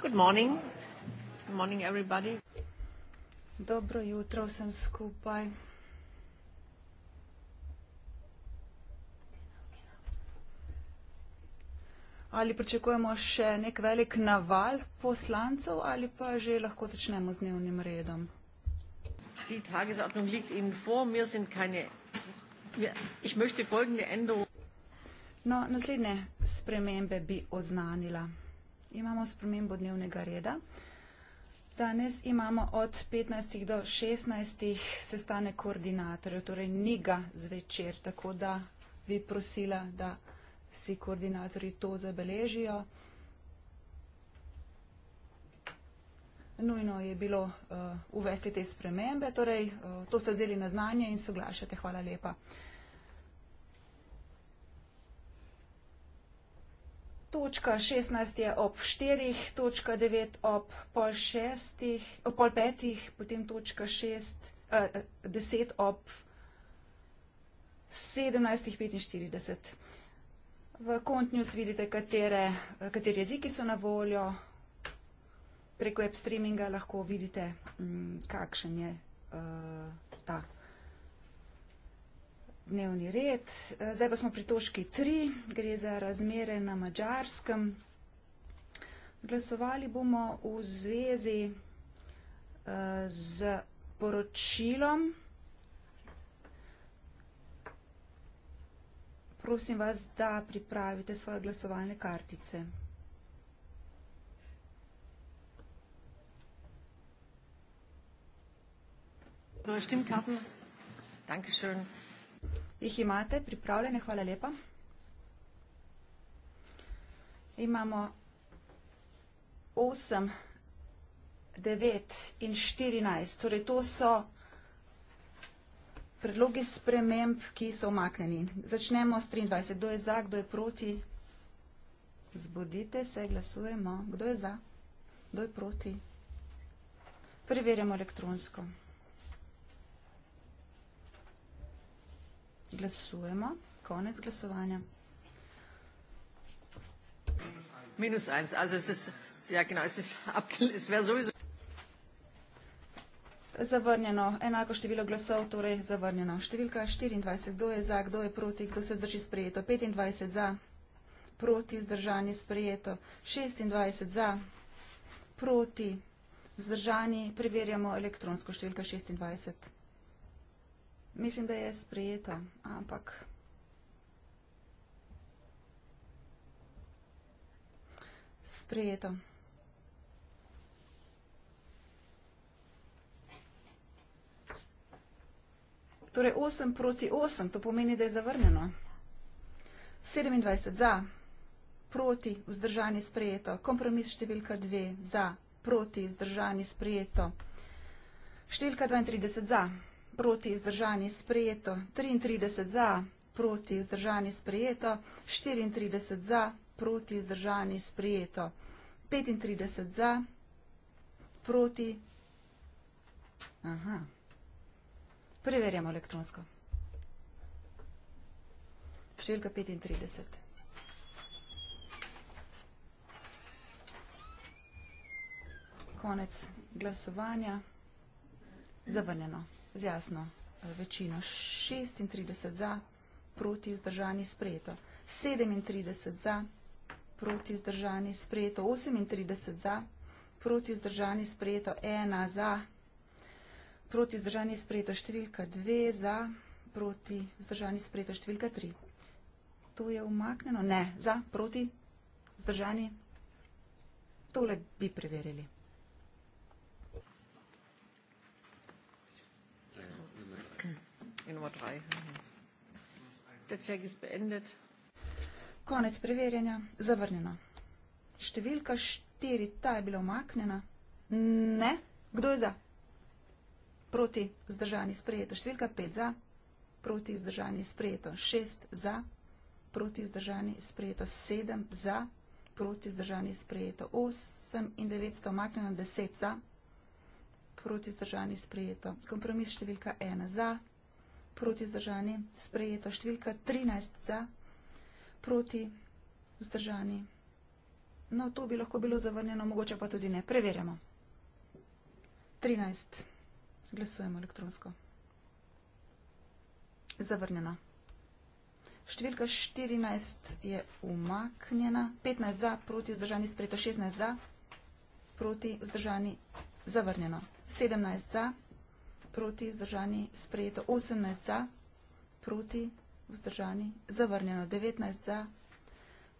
Good morning. Good morning everybody. Dobro jutro vsem skupaj. Ali pričakujemo še neki velik naval poslancev ali pa že lahko začnemo z dnevnim redom? Ja, no, naslednje spremembe bi oznanila imamo spremembo dnevnega reda. Danes imamo od 15. do 16. sestane koordinatorjev, torej nega zvečer, tako da bi prosila, da si koordinatorji to zabeležijo. Nujno je bilo uh, uvesti te spremembe, torej uh, to ste vzeli na znanje in soglašate. Hvala lepa. točka šestnajst je ob štirih, točka devet ob pol šestih, ob pol petih, potem točka šest, eh, deset ob sedemnajstih petinštirideset. V Kontnews vidite, katere, kateri jeziki so na voljo, preko web streaminga lahko vidite, mm, kakšen je eh, ta dnevni red. Zdaj pa smo pri točki tri, gre za razmere na mačarskem. Glasovali bomo v zvezi eh, z poročilom. Prosim vas, da pripravite svoje glasovalne kartice. Neue Stimmkarten. Dankeschön. Jih imate pripravljene? Hvala lepa. Imamo osem, devet in štirinajst. Torej, to so predlogi sprememb, ki so omaknjeni. Začnemo s 23. Kdo je za, kdo je proti? Zbudite se, glasujemo. Kdo je za? Kdo je proti? Preverjamo elektronsko. 23. Glasujemo. Konec glasovanja. Minus eins, also es ist, ja genau, es ist ab, es wäre sowieso. Zavrnjeno, enako število glasov, torej zavrnjeno. Številka 24, kdo je za, kdo je proti, kdo se zdrži sprejeto. 25 za, proti vzdržani sprejeto. 26 za, proti vzdržani, preverjamo elektronsko številka 26. Mislim, da je sprejeta, ampak. Sprejeta. Torej 8 proti 8, to pomeni, da je zavrnjeno. 27 za, proti, vzdržani sprejeto. Kompromis številka 2 za, proti, vzdržani sprejeto. Številka 32 za proti vzdržani sprejeto, 33 za, proti vzdržani sprejeto, 34 za, proti vzdržani sprejeto, 35 za, proti, aha, preverjamo elektronsko. Širka 35. Konec glasovanja. Zavrnjeno z jasno eh, večino 36 za, proti vzdržani sprejeto, 37 za, proti vzdržani sprejeto, 38 za, proti vzdržani sprejeto, 1 za, proti vzdržani sprejeto, številka 2 za, proti vzdržani sprejeto, številka 3. To je umaknjeno? Ne, za, proti vzdržani. Tole bi preverili. Mhm. Konec preverjanja, zavrnjeno. Številka štiri, ta je bila omaknjena. Ne. Kdo je za? Proti zdržani sprejeto. Številka pet za, proti zdržani sprejeto. Šest za, proti zdržani sprejeto. Sedem za, proti zdržani sprejeto. Osem in devetsto omaknjeno. Deset za, proti zdržani sprejeto. Kompromis številka ena za proti zdržani, sprejeto številka 13 za, proti zdržani. No, to bi lahko bilo zavrnjeno, mogoče pa tudi ne. Preverjamo. 13. Glasujemo elektronsko. Zavrnjena. Številka 14 je umaknjena. 15 za, proti zdržani, sprejeto 16 za, proti zdržani, zavrnjeno. 17 za, proti vzdržani, sprejeto 18 za, proti vzdržani, zavrnjeno 19 za,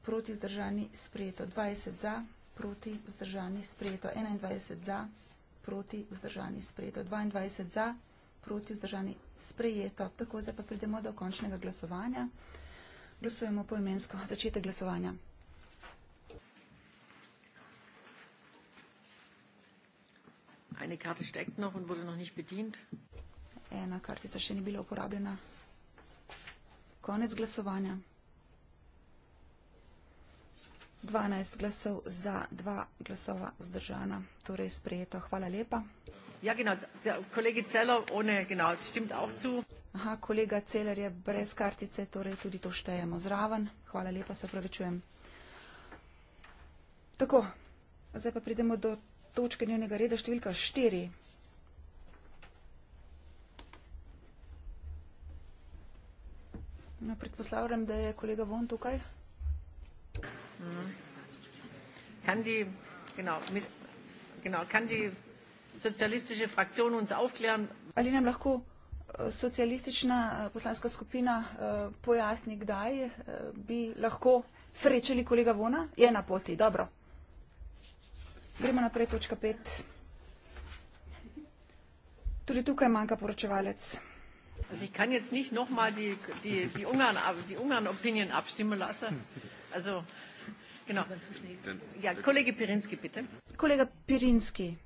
proti vzdržani, sprejeto 20 za, proti vzdržani, sprejeto 21 za, proti vzdržani, sprejeto 22 za, proti vzdržani, sprejeto. Tako zdaj pa pridemo do končnega glasovanja. Glasujemo poimensko. Začetek glasovanja. Eine Karte steckt noch und wurde noch nicht bedient. Ena kartica še ni bila uporabljena. Konec glasovanja. 12 glasov za, 2 glasova vzdržana, torej sprejeto. Hvala lepa. Ja, genau, kolegi Celler, ohne, genau, stimmt auch zu. Aha, kolega Celler je brez kartice, torej tudi to štejemo zraven. Hvala lepa, se pravičujem. Tako, zdaj pa pridemo do točke dnevnega reda številka 4. No, predpostavljam, da je kolega Von tukaj. Mhm. Kandi, genau, mit, genau, kandi socialistische Fraktion uns aufklären? Ali nam lahko eh, socialistična eh, poslanska skupina eh, pojasni, kdaj bi lahko srečali kolega Vona? Je na poti, dobro. Gremo naprej, točka pet. Tudi tukaj manjka poročevalec. Also ich kann jetzt nicht nochmal die, die, die, Ungarn, die Ungarn-Opinion abstimmen lassen. Also, genau. Ja, Kollege Pirinski, bitte. Kollege Pirinski.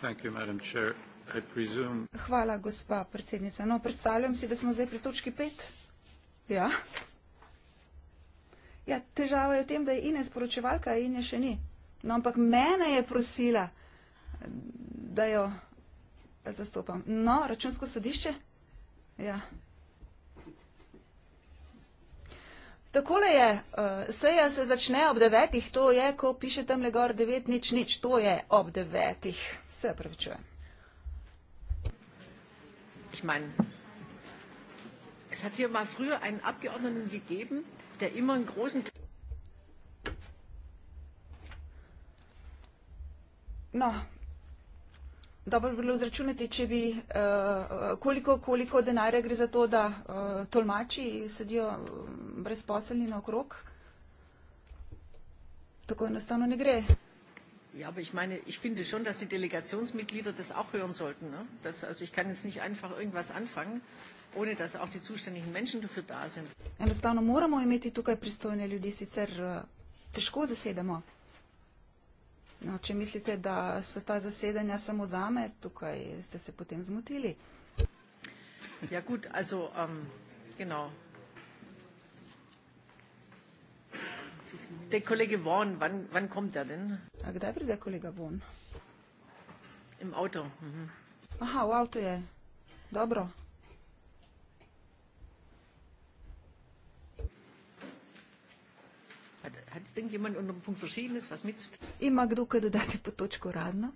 Thank you, Madam Chair. I presume... Hvala, gospa predsednica. No, predstavljam si, da smo zdaj pri točki pet. Ja. Ja, težava je v tem, da je Ine sporočevalka, a Ine še ni. No, ampak mene je prosila, da jo zastopam. No, računsko sodišče? Ja. Takole je, eh, seja se začne ob devetih, to je, ko piše tam legor devet, nič, nič, to je ob devetih. Se pravičujem. Ich meine, es hat hier mal früher einen abgeordneten gegeben, der immer einen großen. No. Dobro bi bilo zračunati, če bi eh, koliko, koliko denarja gre za to, da eh, tolmači sedijo eh, brezposelni na okrog. Tako enostavno ne gre. Ja, aber ich meine, ich finde schon, dass die Delegationsmitglieder das auch hören sollten. Ne? Das, also ich kann jetzt nicht einfach irgendwas anfangen. Enostavno moramo imeti tukaj pristojne ljudi, sicer eh, težko zasedemo. No, če mislite, da so ta zasedanja samo zame, tukaj ste se potem zmotili. Ja, gut, also, um, genau. Der Kollege Vaughn, wann, wann kommt er denn? A kdaj pride kolega Vaughn? Im Auto. Mhm. Aha, v avtu je. Dobro. Ima kdo kaj dodati pod točko razno?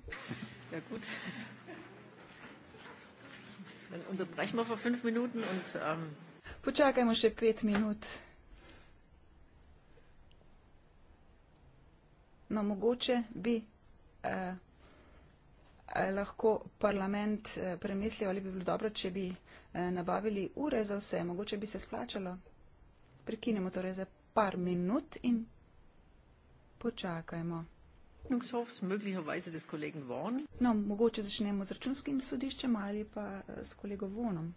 Ja, gut. Ähm, Počakajmo še pet minut. No, mogoče bi eh, eh lahko parlament eh, premislil, ali bi bilo dobro, če bi eh, nabavili ure za vse. Mogoče bi se splačalo. Prekinemo torej za par minut in počakajmo. No, mogoče začnemo z računskim sodiščem ali pa eh, s kolego Vonom.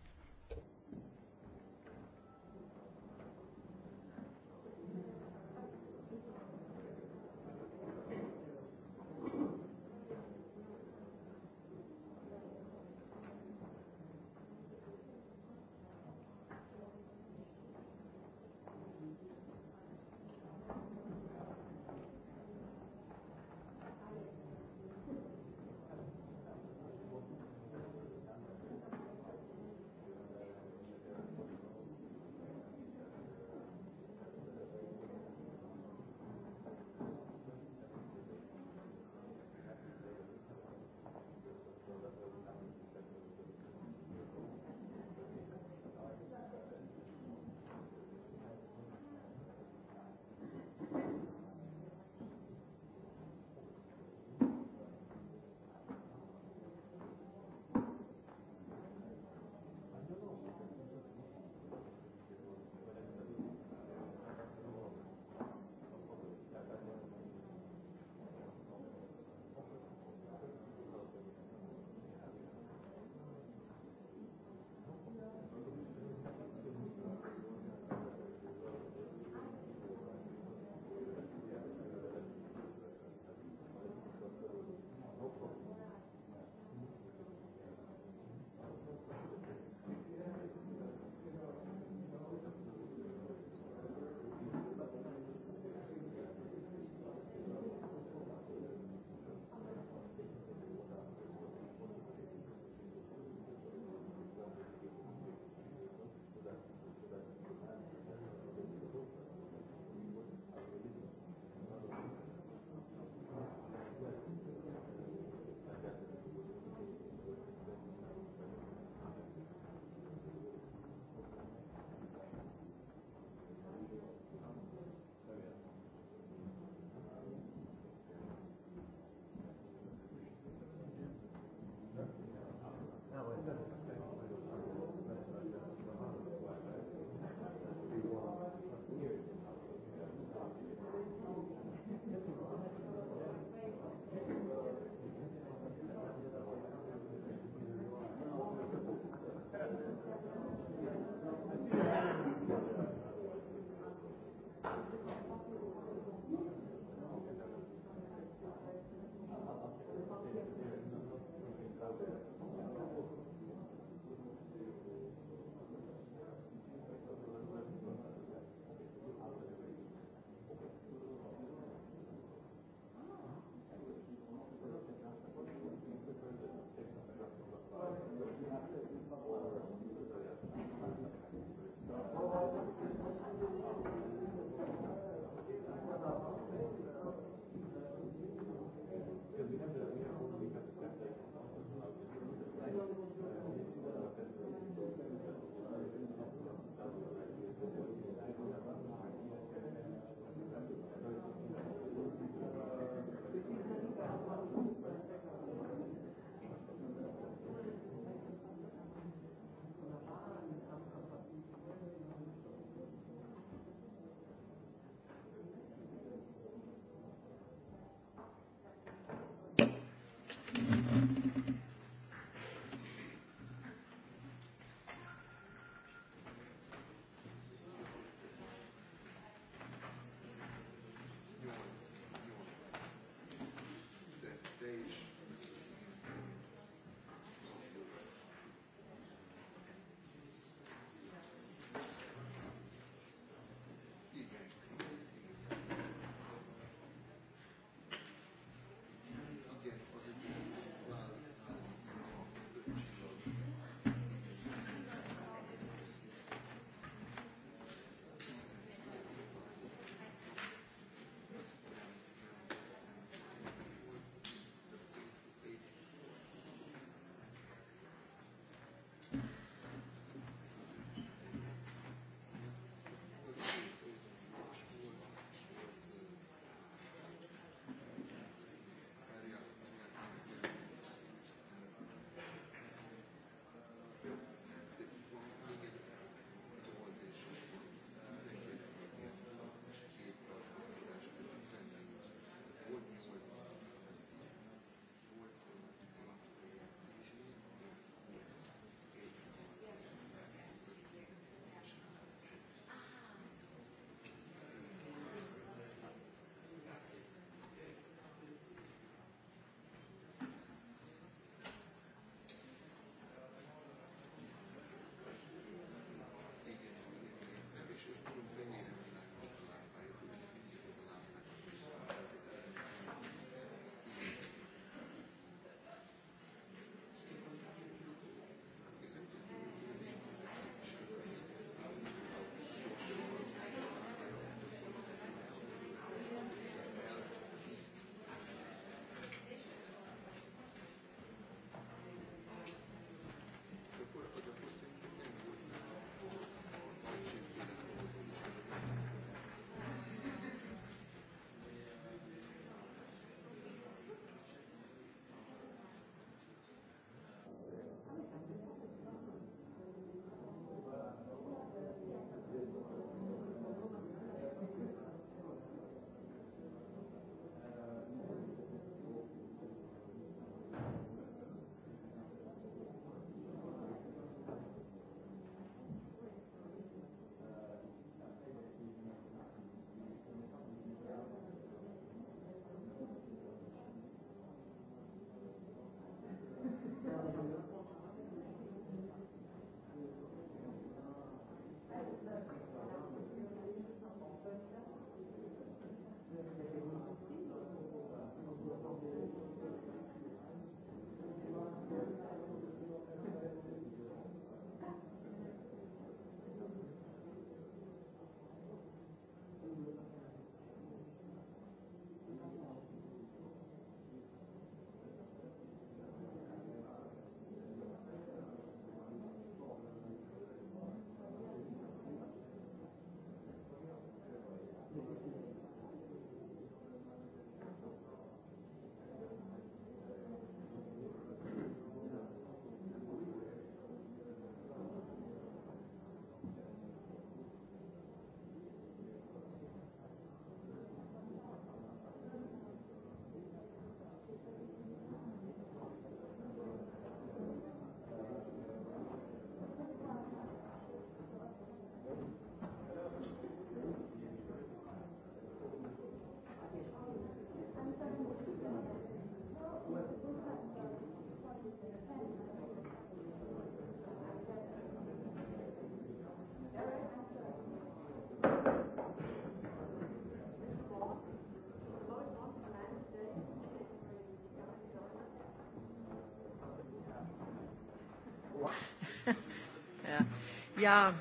Ja,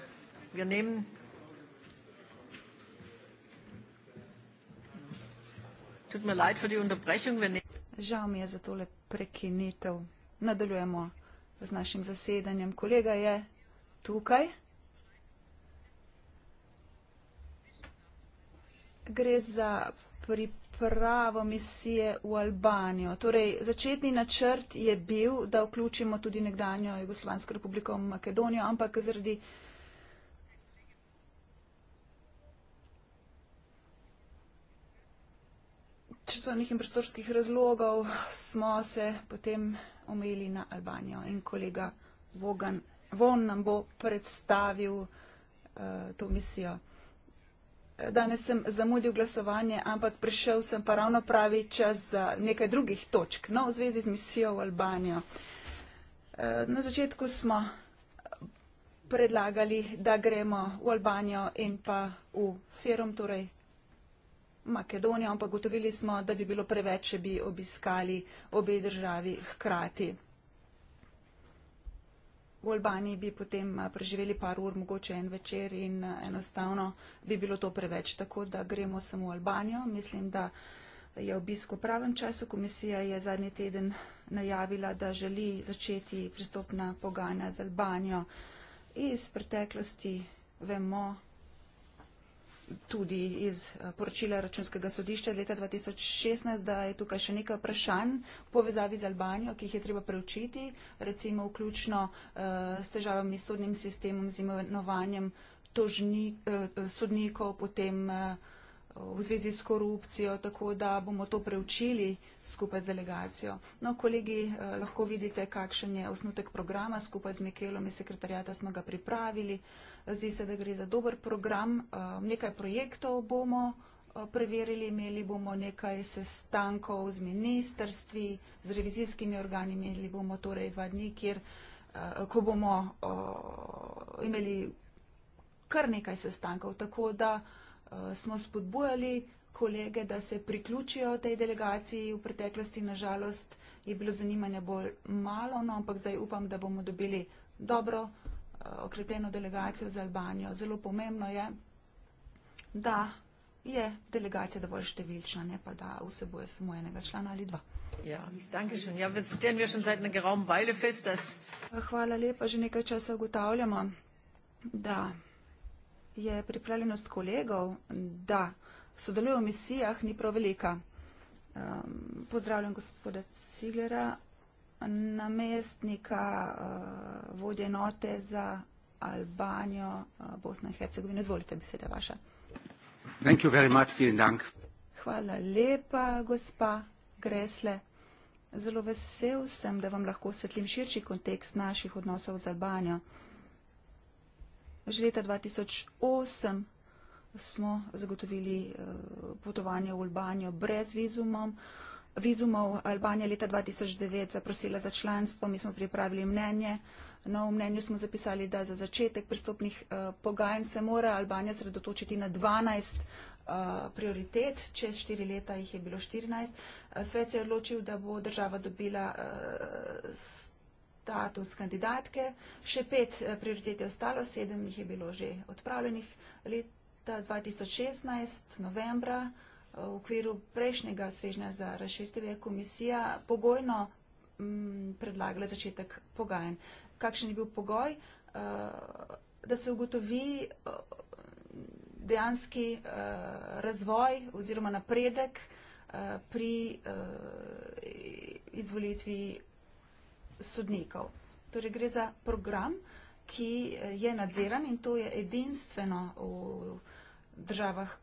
wir nehmen. Tut mir leid für die Unterbrechung. Wir nehmen. Žal mi je za tole prekinitev. Nadaljujemo z našim zasedanjem. Kolega je tukaj. Gre za pripravljanje odpravo misije v Albanijo. Torej, začetni načrt je bil, da vključimo tudi nekdanjo Jugoslovansko republiko Makedonijo, ampak zaradi. časovnih in prostorskih razlogov smo se potem omejili na Albanijo in kolega Vogan Von nam bo predstavil uh, to misijo. Danes sem zamudil glasovanje, ampak prišel sem pa ravno pravi čas za nekaj drugih točk. No, v zvezi z misijo v Albanijo. Eh, na začetku smo predlagali, da gremo v Albanijo in pa v Ferom, torej Makedonijo, ampak gotovili smo, da bi bilo preveč, če bi obiskali obe državi hkrati. V Albaniji bi potem eh, preživeli par ur, mogoče en večer in eh, enostavno bi bilo to preveč. Tako da gremo samo v Albanijo. Mislim, da je obisko pravem času. Komisija je zadnji teden najavila, da želi začeti pristopna pogajanja z Albanijo. Iz preteklosti vemo, tudi iz eh, poročila računskega sodišča iz leta 2016, da je tukaj še nekaj vprašanj v povezavi z Albanijo, ki jih je treba preučiti, recimo vključno eh, s težavami s sodnim sistemom, z imenovanjem tožnik, eh, sodnikov, potem v zvezi s korupcijo, tako da bomo to preučili skupaj z delegacijo. No, kolegi, lahko vidite, kakšen je osnutek programa, skupaj z Mikelom iz sekretarjata smo ga pripravili. Zdi se, da gre za dober program. Eh, nekaj projektov bomo eh, preverili, imeli bomo nekaj sestankov z ministerstvi, z revizijskimi organi, imeli bomo torej dva dni, kjer, eh, ko bomo imeli kar nekaj sestankov, tako da smo spodbujali kolege, da se priključijo tej delegaciji. V preteklosti, nažalost, je bilo zanimanja bolj malo, no, ampak zdaj upam, da bomo dobili dobro Eh, okrepljeno delegacijo za Albanijo. Zelo pomembno je, da je delegacija dovolj številčna, ne pa da vseboje samo enega člana ali dva. Ja, ja, eh, hvala lepa, že nekaj časa ugotavljamo, da je pripravljenost kolegov, da sodelujo v misijah, ni prav velika. Um, pozdravljam gospoda Siglera namestnika eh, vodje enote za Albanijo, eh, Bosno in Hercegovino. Izvolite, beseda vaša. Hvala lepa, gospa Gresle. Zelo vesel sem, da vam lahko osvetlim širši kontekst naših odnosov z Albanijo. Že leta 2008 smo zagotovili eh, potovanje v Albanijo brez vizumom vizumov Albanija leta 2009 zaprosila za članstvo, mi smo pripravili mnenje. No, v mnenju smo zapisali, da za začetek pristopnih uh, pogajanj se mora Albanija sredotočiti na 12 uh, eh, prioritet, čez 4 leta jih je bilo 14. Eh, svet se je odločil, da bo država dobila uh, status kandidatke, še 5 uh, prioritet je ostalo, 7 jih je bilo že odpravljenih leta 2016, novembra v okviru prejšnjega svežnja za rašitelje komisija pogojno m, mm, predlagala začetek pogajanj. Kakšen je bil pogoj, eh, da se ugotovi eh, dejanski eh, razvoj oziroma napredek pri izvolitvi sodnikov. Torej gre za program, ki je nadziran in to je edinstveno v državah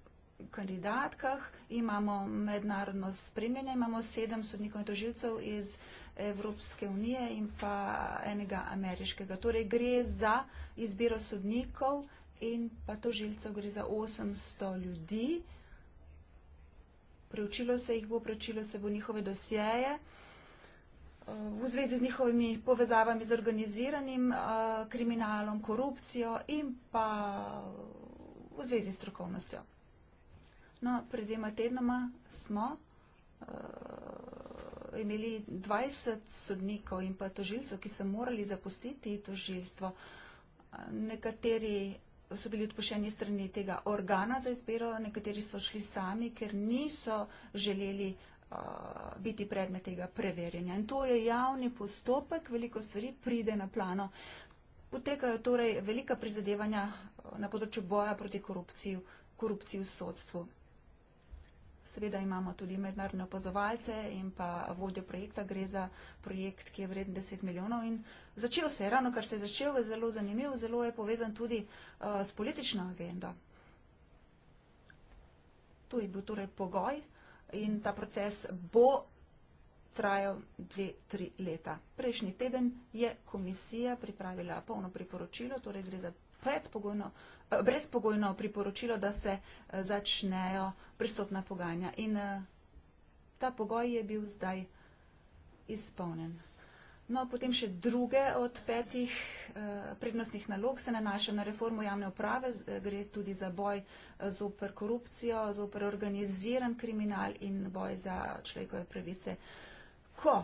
kandidatkah, imamo mednarodno spremljanje, imamo sedem sodnikov in tožilcev iz Evropske unije in pa enega ameriškega. Torej gre za izbiro sodnikov in pa tožilcev, gre za 800 ljudi. Preučilo se jih bo, preučilo se bo njihove dosjeje. V zvezi z njihovimi povezavami z organiziranim eh, kriminalom, korupcijo in pa v zvezi s strokovnostjo. No, pred dvema tednoma smo uh, imeli 20 sodnikov in pa tožilcev, ki so morali zapustiti tožilstvo. Nekateri so bili odpušeni strani tega organa za izbiro, nekateri so šli sami, ker niso želeli uh, biti predmet tega preverjanja. In to je javni postopek, veliko stvari pride na plano. Potekajo torej velika prizadevanja eh, na področju boja proti korupciji, korupciji v sodstvu. Sveda imamo tudi mednarodne opazovalce in pa vodjo projekta. Gre za projekt, ki je vreden 10 milijonov in začel se je. Ravno kar se je začel, je zelo zanimiv, zelo je povezan tudi uh, s politično agendo. To je bil torej pogoj in ta proces bo trajal dve, tri leta. Prejšnji teden je komisija pripravila polno priporočilo, torej gre za predpogojno, eh, brezpogojno priporočilo, da se eh, začnejo pristopna pogajanja. In eh, ta pogoj je bil zdaj izpolnen. No, potem še druge od petih prednostnih nalog se nanaša na reformo javne uprave, gre tudi za boj zoper korupcijo, zoper organiziran kriminal in boj za človekove pravice. Ko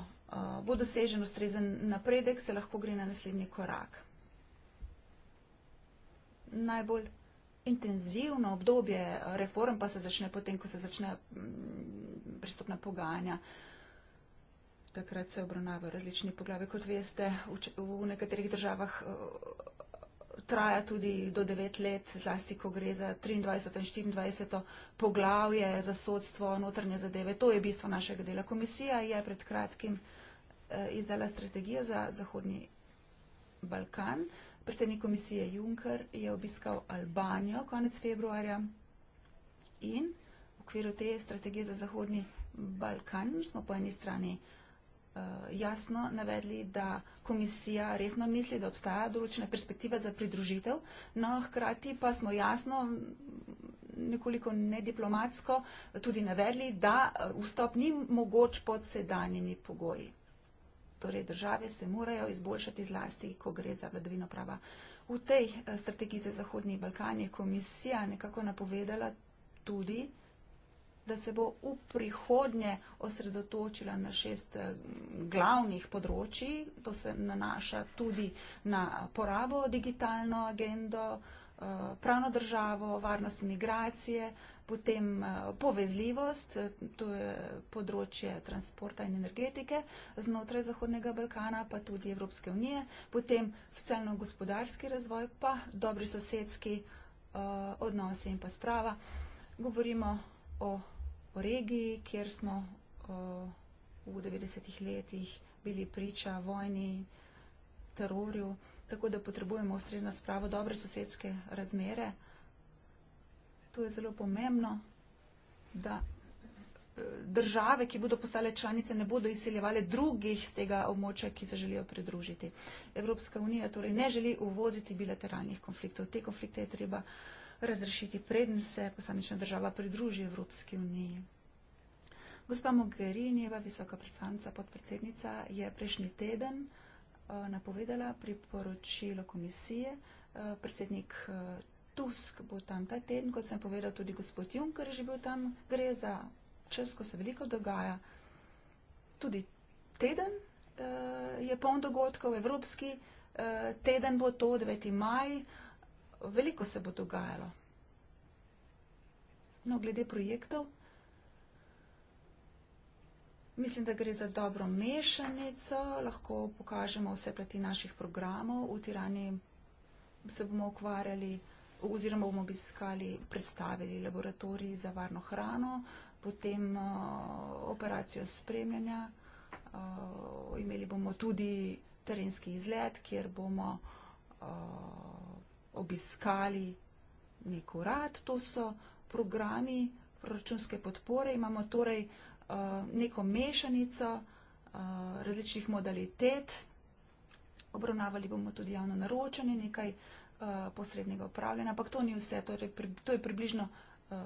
bo dosežen ustrezen napredek, se lahko gre na naslednji korak najbolj intenzivno obdobje reform, pa se začne potem, ko se začne mm, pristopna pogajanja. Takrat se obravnava različni poglavi. Kot veste, v, v nekaterih državah eh, traja tudi do 9 let, zlasti ko gre za 23 in 24 poglavje za sodstvo, notranje zadeve. To je bistvo našega dela. Komisija je pred kratkim eh, izdala strategijo za Zahodni Balkan predsednik komisije Juncker je obiskal Albanijo konec februarja in v okviru te strategije za Zahodni Balkan smo po eni strani eh, jasno navedli, da komisija resno misli, da obstaja določena perspektiva za pridružitev, no hkrati pa smo jasno, nekoliko nediplomatsko tudi navedli, da eh, vstop ni mogoč pod sedanjimi pogoji. Torej, države se morajo izboljšati zlasti, ko gre za vladavino prava. V tej eh, strategiji za Zahodni Balkan je komisija nekako napovedala tudi, da se bo v prihodnje osredotočila na šest eh, glavnih področji. To se nanaša tudi na porabo, digitalno agendo, eh, pravno državo, varnost in migracije potem eh, povezljivost, to je področje transporta in energetike znotraj Zahodnega Balkana, pa tudi Evropske unije, potem socialno-gospodarski razvoj, pa dobri sosedski eh, odnosi in pa sprava. Govorimo o, o regiji, kjer smo o, eh, v 90-ih letih bili priča vojni, terorju, tako da potrebujemo ustrezno spravo, dobre sosedske razmere to je zelo pomembno, da eh, države, ki bodo postale članice, ne bodo izseljevale drugih z tega območja, ki se želijo pridružiti. Evropska unija torej ne želi uvoziti bilateralnih konfliktov. Te konflikte je treba razrešiti predn se posamična država pridruži Evropski uniji. Gospa Mogherinjeva, visoka predstavnica, podpredsednica, je prejšnji teden eh, napovedala priporočilo komisije. Eh, predsednik Tusk bo tam ta teden, kot sem povedal, tudi gospod Juncker je že bil tam, gre za čas, ko se veliko dogaja. Tudi teden uh, je poln dogodkov, evropski uh, teden bo to, 9. maj, veliko se bo dogajalo. No, glede projektov, mislim, da gre za dobro mešanico, lahko pokažemo vse plati naših programov. V Tirani se bomo ukvarjali oziroma bomo obiskali, predstavili laboratorij za varno hrano, potem uh, operacijo spremljanja. Uh, imeli bomo tudi terenski izlet, kjer bomo uh, obiskali nek urad. To so programi proračunske podpore. Imamo torej uh, neko mešanico uh, različnih modalitet. Obravnavali bomo tudi javno naročanje, nekaj uh, Eh, posrednega upravljanja, ampak to ni vse, torej, pri, to je približno. Uh,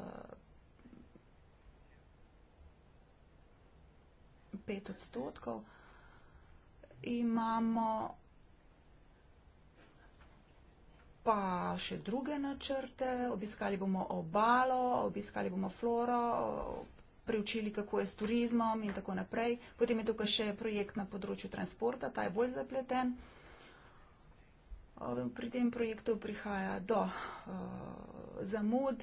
pet odstotkov, imamo pa še druge načrte, obiskali bomo obalo, obiskali bomo floro, preučili, kako je s turizmom in tako naprej. Potem je tukaj še projekt na področju transporta, ta je bolj zapleten. Uh, Ehm, pri tem projektu prihaja do uh, zamud,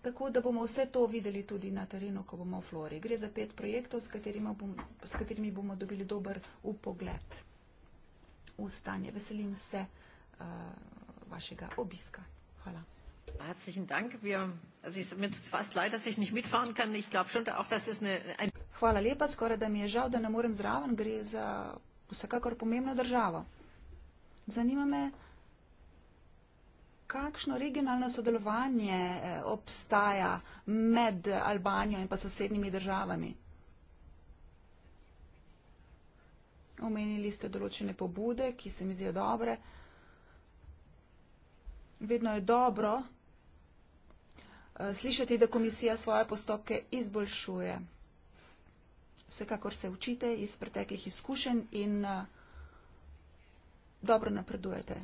tako da bomo vse to videli tudi na terenu, ko bomo v Flori. Gre za pet projektov, s katerimi bomo, s katerimi bomo dobili dober upogled v stanje. Veselim se uh, vašega obiska. Hvala. Hvala lepa, skoraj da mi je žal, da ne morem zraven. Gre za vsekakor pomembno državo. Zanima me, kakšno regionalno sodelovanje eh, obstaja med Albanijo in pa sosednjimi državami. Omenili ste določene pobude, ki se mi zdijo dobre. Vedno je dobro eh, slišati, da komisija svoje postopke izboljšuje vsekakor se učite iz preteklih izkušenj in eh, dobro napredujete.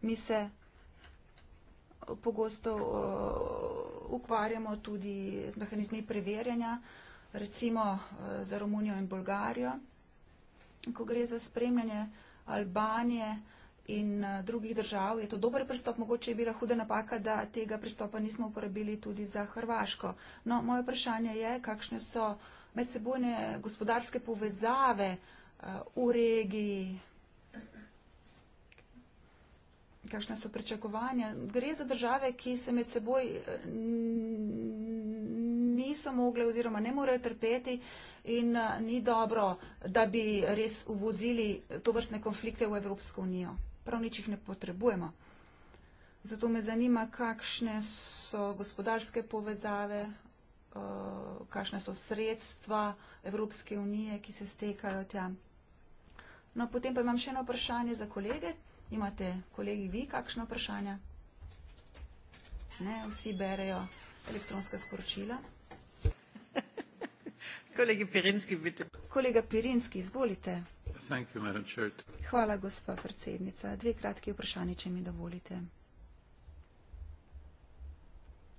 Mi se eh, pogosto eh, ukvarjamo tudi z mehanizmi preverjanja, recimo za Romunijo in Bolgarijo, ko gre za spremljanje Albanije in eh, drugih držav. Je to dober pristop, mogoče je bila huda napaka, da tega pristopa nismo uporabili tudi za Hrvaško. No, moje vprašanje je, kakšne so medsebojne gospodarske povezave eh, v regiji, kakšne so pričakovanja. Gre za države, ki se med seboj eh, niso mogli oziroma ne morejo trpeti in ni dobro, da bi res uvozili to vrstne konflikte v Evropsko unijo prav nič jih ne potrebujemo. Zato me zanima, kakšne so gospodarske povezave, eh, kakšne so sredstva Evropske unije, ki se stekajo tja. No, potem pa imam še eno vprašanje za kolege. Imate kolegi vi kakšno vprašanje? Ne, vsi berejo elektronska sporočila. Kolega Pirinski, izvolite. Hvala, gospa predsednica. Dve kratki vprašanji, če mi dovolite.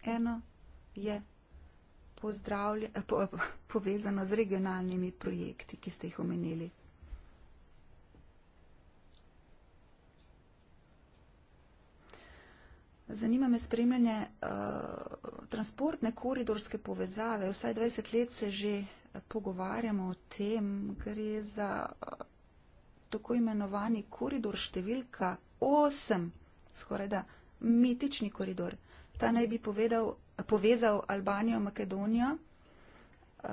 Eno je eh, po, eh, povezano z regionalnimi projekti, ki ste jih omenili. Zanima me spremljanje uh, transportne koridorske povezave. Vsaj 20 let se že pogovarjamo o tem, gre za eh, tako imenovani koridor številka 8, skoraj da mitični koridor. Ta naj bi povedal, povezal Albanijo, Makedonijo eh,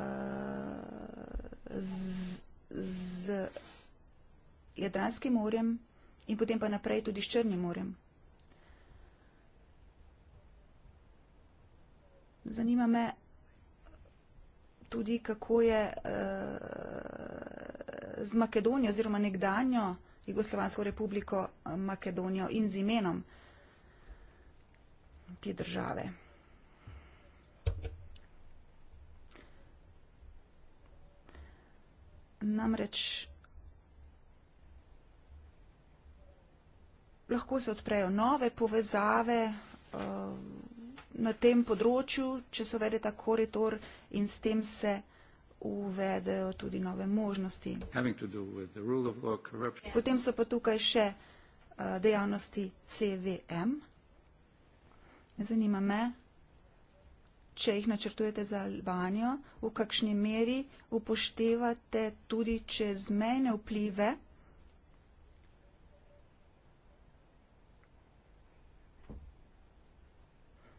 z, z Jadranskim morjem in potem pa naprej tudi s Črnim morjem. Zanima me, tudi, kako je eh, z Makedonijo oziroma nekdanjo Jugoslovansko republiko eh, Makedonijo in z imenom te države. Namreč lahko se odprejo nove povezave. Uh, na tem področju, če se uvede ta koridor in s tem se uvedejo tudi nove možnosti. Law, Potem so pa tukaj še uh, dejavnosti CVM. Zanima me, če jih načrtujete za Albanijo, v kakšni meri upoštevate tudi čezmejne vplive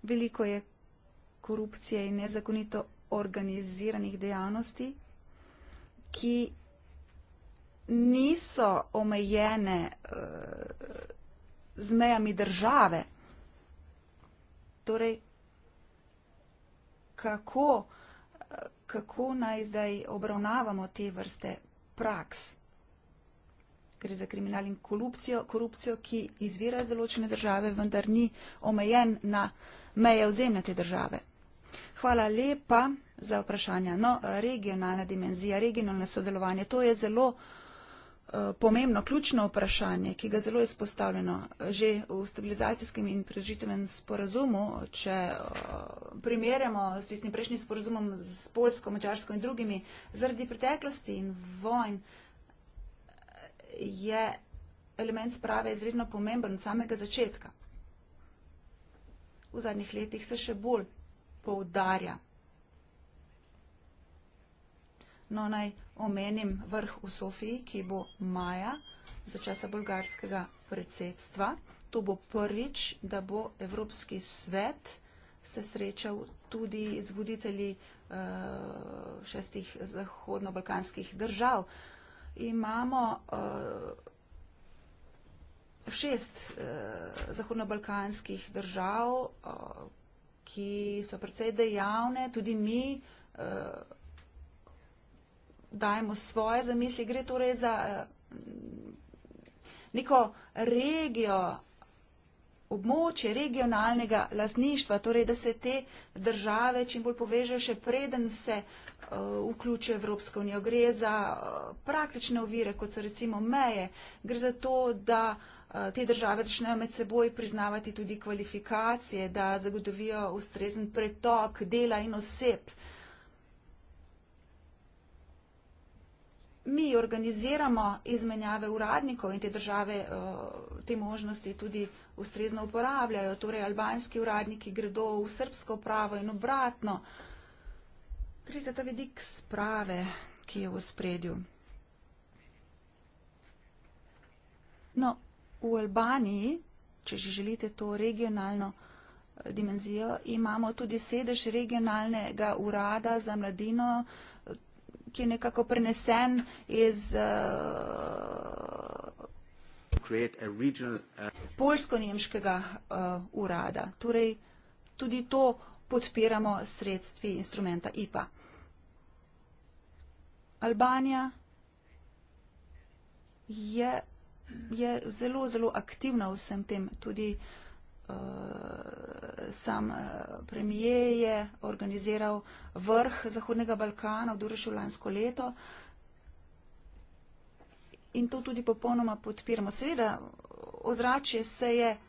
veliko je korupcije in nezakonito organiziranih dejavnosti, ki niso omejene eh, z mejami države. Torej, kako, eh, kako naj zdaj obravnavamo te vrste praks? Gre za kriminal in korupcijo, korupcijo, ki izvira iz določene države, vendar ni omejen na uh, meje ozemlja te države. Hvala lepa za vprašanja. No, regionalna dimenzija, regionalne sodelovanje, to je zelo eh, pomembno, ključno vprašanje, ki ga zelo izpostavljeno že v stabilizacijskem in prežitevnem sporazumu, če eh, primerjamo s tistim prejšnjim sporazumom s Polsko, Mačarsko in drugimi, zaradi preteklosti in vojn eh, je element sprave izredno pomemben od samega začetka v zadnjih letih se še bolj poudarja. No, naj omenim vrh v Sofiji, ki bo maja za časa bolgarskega predsedstva. To bo prvič, da bo Evropski svet se srečal tudi z voditelji eh, šestih zahodno-balkanskih držav. Imamo uh, šest uh, zahodnobalkanskih držav, uh, ki so predvsej dejavne, tudi mi uh, dajemo svoje zamisli. Gre torej za uh, neko regijo, območje regionalnega lasništva, torej da se te države čim bolj povežejo, še preden se vključuje Evropska unija. Gre za praktične ovire, kot so recimo meje. Gre za to, da uh, Eh, te države začnejo med seboj priznavati tudi kvalifikacije, da zagotovijo ustrezen pretok dela in oseb. Mi organiziramo izmenjave uradnikov in te države eh, te možnosti tudi ustrezno uporabljajo. Torej, albanski uradniki gredo v srpsko pravo in obratno. Gre za ta vidik sprave, ki je v spredju. No, v Albaniji, če že želite to regionalno eh, dimenzijo, imamo tudi sedež regionalnega urada za mladino, eh, ki je nekako prenesen iz eh, polsko-nemškega uh, urada. Torej, tudi to podpiramo sredstvi instrumenta IPA. Albanija je je zelo, zelo aktivna v vsem tem. Tudi uh, sam eh, premije je organiziral vrh Zahodnega Balkana v Durešu lansko leto. In to tudi popolnoma podpiramo. Seveda, ozračje se je eh,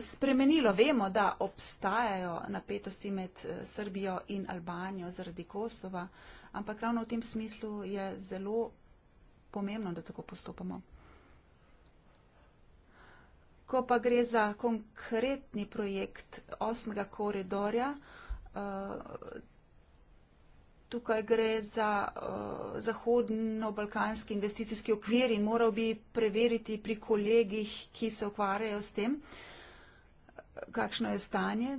spremenilo. Vemo, da obstajajo napetosti med Srbijo in Albanijo zaradi Kosova, ampak ravno v tem smislu je zelo pomembno, da tako postopamo. Ko pa gre za konkretni projekt osmega koridorja, eh, tukaj gre za eh, Zahodno-Balkanski investicijski okvir in moral bi preveriti pri kolegih, ki se ukvarjajo s tem, kakšno je stanje,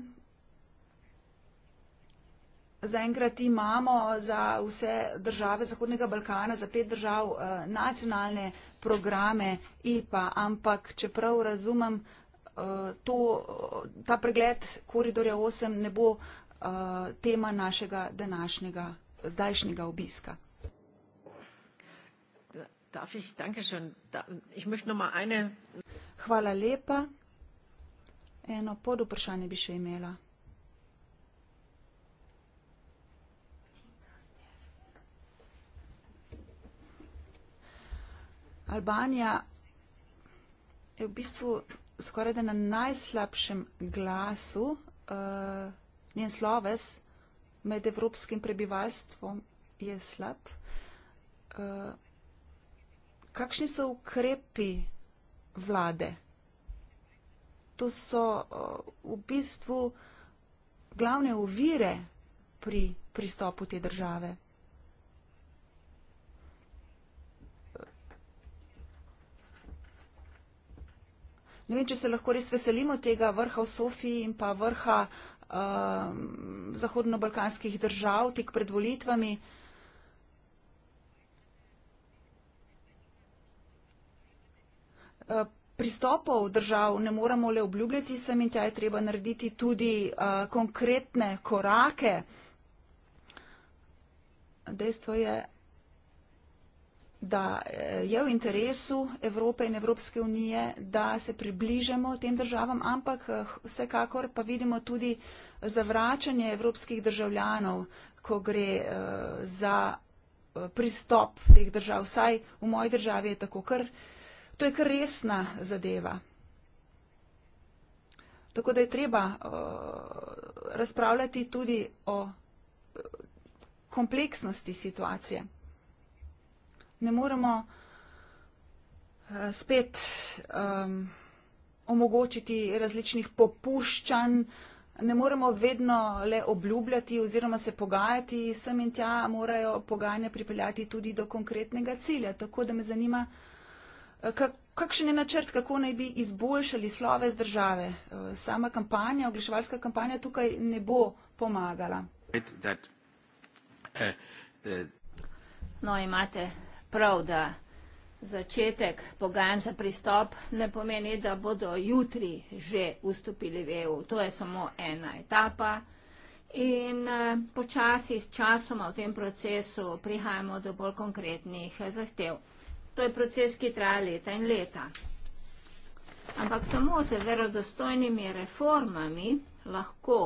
zaenkrat imamo za vse države Zahodnega Balkana, za pet držav, eh, nacionalne programe IPA, ampak čeprav razumem, eh, to, ta pregled koridorja 8 ne bo eh, tema našega današnjega, zdajšnjega obiska. Darf ich, danke schön. Da, ich möchte noch mal eine... Hvala lepa. Eno podvprašanje bi še imela. Albanija je v bistvu skoraj da na najslabšem glasu uh, njen sloves med evropskim prebivalstvom je slab. Uh, kakšni so ukrepi vlade? To so uh, v bistvu glavne ovire pri pristopu te države. Ne vem, če se lahko res veselimo tega vrha v Sofiji in pa vrha uh, zahodno-balkanskih držav tik pred volitvami. Uh, pristopov držav ne moramo le obljubljati, sem in tja je treba narediti tudi uh, konkretne korake. Dejstvo je, da eh, je v interesu Evrope in Evropske unije, da se približamo tem državam, ampak eh, vsekakor pa vidimo tudi zavračanje evropskih državljanov, ko gre eh, za pristop teh držav. Vsaj v moji državi je tako, ker to je kar resna zadeva. Tako da je treba razpravljati tudi o kompleksnosti situacije ne moremo eh, spet um, omogočiti različnih popuščanj, ne moremo vedno le obljubljati oziroma se pogajati sem in tja, morajo pogajanja pripeljati tudi do konkretnega cilja. Tako da me zanima, eh, kak, kakšen je načrt, kako naj bi izboljšali slove z države. Eh, sama kampanja, oglaševalska kampanja tukaj ne bo pomagala. Uh, uh, no, imate prav, da začetek pogajanj za pristop ne pomeni, da bodo jutri že vstopili v EU. To je samo ena etapa. In eh, počasi s časoma v tem procesu prihajamo do bolj konkretnih zahtev. To je proces, ki traja leta in leta. Ampak samo z verodostojnimi reformami lahko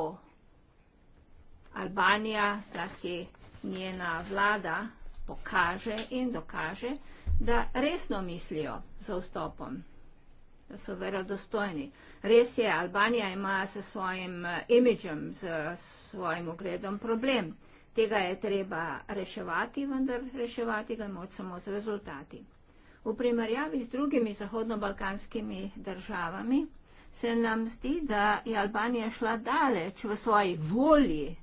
Albanija, zlasti njena vlada, pokaže in dokaže, da resno mislijo za vstopom, da so verodostojni. Res je, Albanija ima s svojim eh, imidžem, s svojim ogledom problem. Tega je treba reševati, vendar reševati ga moč samo z rezultati. V primerjavi z drugimi zahodnobalkanskimi državami se nam zdi, da je Albanija šla daleč v svoji volji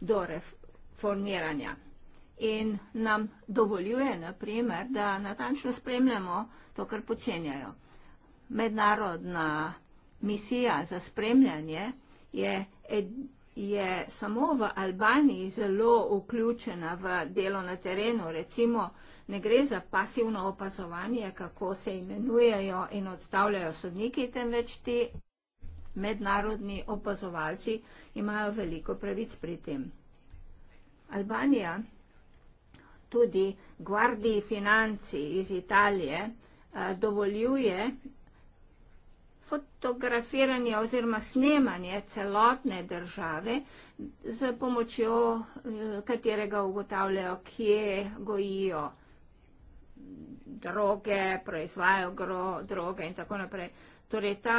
do reformiranja in nam dovoljuje, na primer, da natančno spremljamo to, kar počenjajo. Mednarodna misija za spremljanje je, je samo v Albaniji zelo vključena v delo na terenu. Recimo, ne gre za pasivno opazovanje, kako se imenujejo in odstavljajo sodniki, temveč ti mednarodni opazovalci imajo veliko pravic pri tem. Albanija tudi Guardii Financi iz Italije eh, dovoljuje fotografiranje oziroma snemanje celotne države z pomočjo eh, katerega ugotavljajo, kje gojijo droge, proizvajajo droge in tako naprej. Torej ta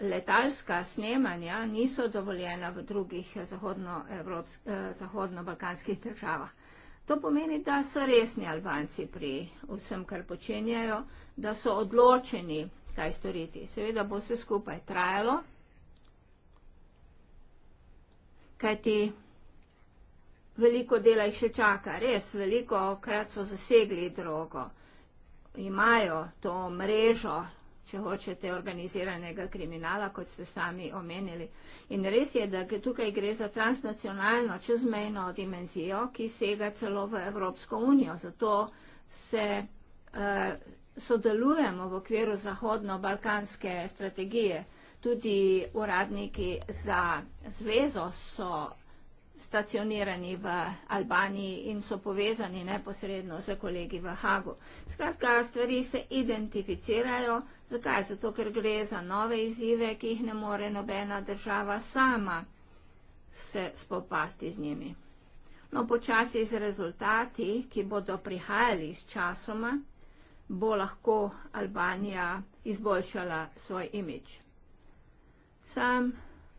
letalska snemanja niso dovoljena v drugih eh, zahodnobalkanskih državah. To pomeni, da so resni Albanci pri vsem, kar počenjajo, da so odločeni, kaj storiti. Seveda bo vse skupaj trajalo, kajti veliko dela jih še čaka. Res, veliko krat so zasegli drogo, imajo to mrežo, če hočete, organiziranega kriminala, kot ste sami omenili. In res je, da tukaj gre za transnacionalno, čezmejno dimenzijo, ki sega celo v Evropsko unijo. Zato se uh, sodelujemo v okviru Zahodno-Balkanske strategije. Tudi uradniki za zvezo so stacionirani v Albaniji in so povezani neposredno z kolegi v Hagu. Skratka, stvari se identificirajo. Zakaj? Zato, ker gre za nove izzive, ki jih ne more nobena država sama se spopasti z njimi. No, počasi z rezultati, ki bodo prihajali s časoma, bo lahko Albanija izboljšala svoj imič. Sam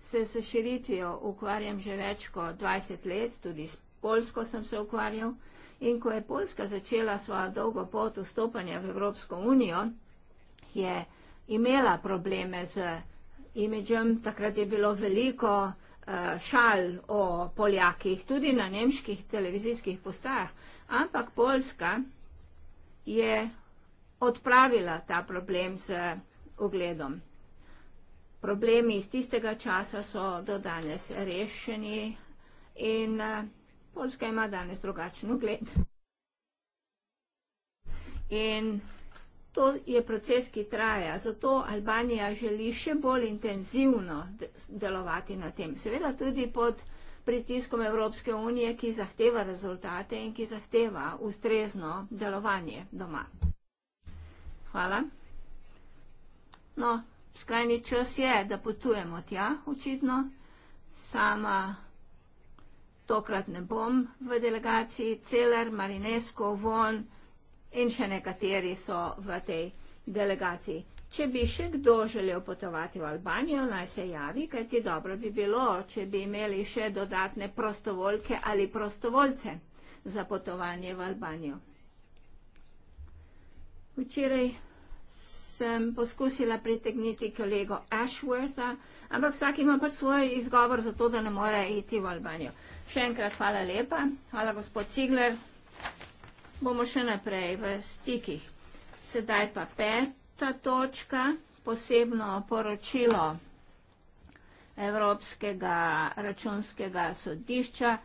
se s širitvijo ukvarjam že več kot 20 let, tudi s Poljsko sem se ukvarjal. In ko je Poljska začela svojo dolgo pot vstopanja v Evropsko unijo, je imela probleme z imidžem, takrat je bilo veliko eh, šal o Poljakih, tudi na nemških televizijskih postajah. Ampak Poljska je odpravila ta problem z ugledom problemi iz tistega časa so do danes rešeni in eh, Poljska ima danes drugačen ugled. In to je proces, ki traja, zato Albanija želi še bolj intenzivno delovati na tem. Seveda tudi pod pritiskom Evropske unije, ki zahteva rezultate in ki zahteva ustrezno delovanje doma. Hvala. No, skrajni čas je, da potujemo tja, očitno. Sama tokrat ne bom v delegaciji, Celer, Marinesko, Von in še nekateri so v tej delegaciji. Če bi še kdo želel potovati v Albanijo, naj se javi, kajti dobro bi bilo, če bi imeli še dodatne prostovoljke ali prostovoljce za potovanje v Albanijo. Včeraj sem poskusila pritegniti kolego Ashwortha, ampak vsak ima pač svoj izgovor za to, da ne more iti v Albanijo. Še enkrat hvala lepa. Hvala, gospod Cigler. Bomo še naprej v stikih. Sedaj pa peta točka, posebno poročilo Evropskega računskega sodišča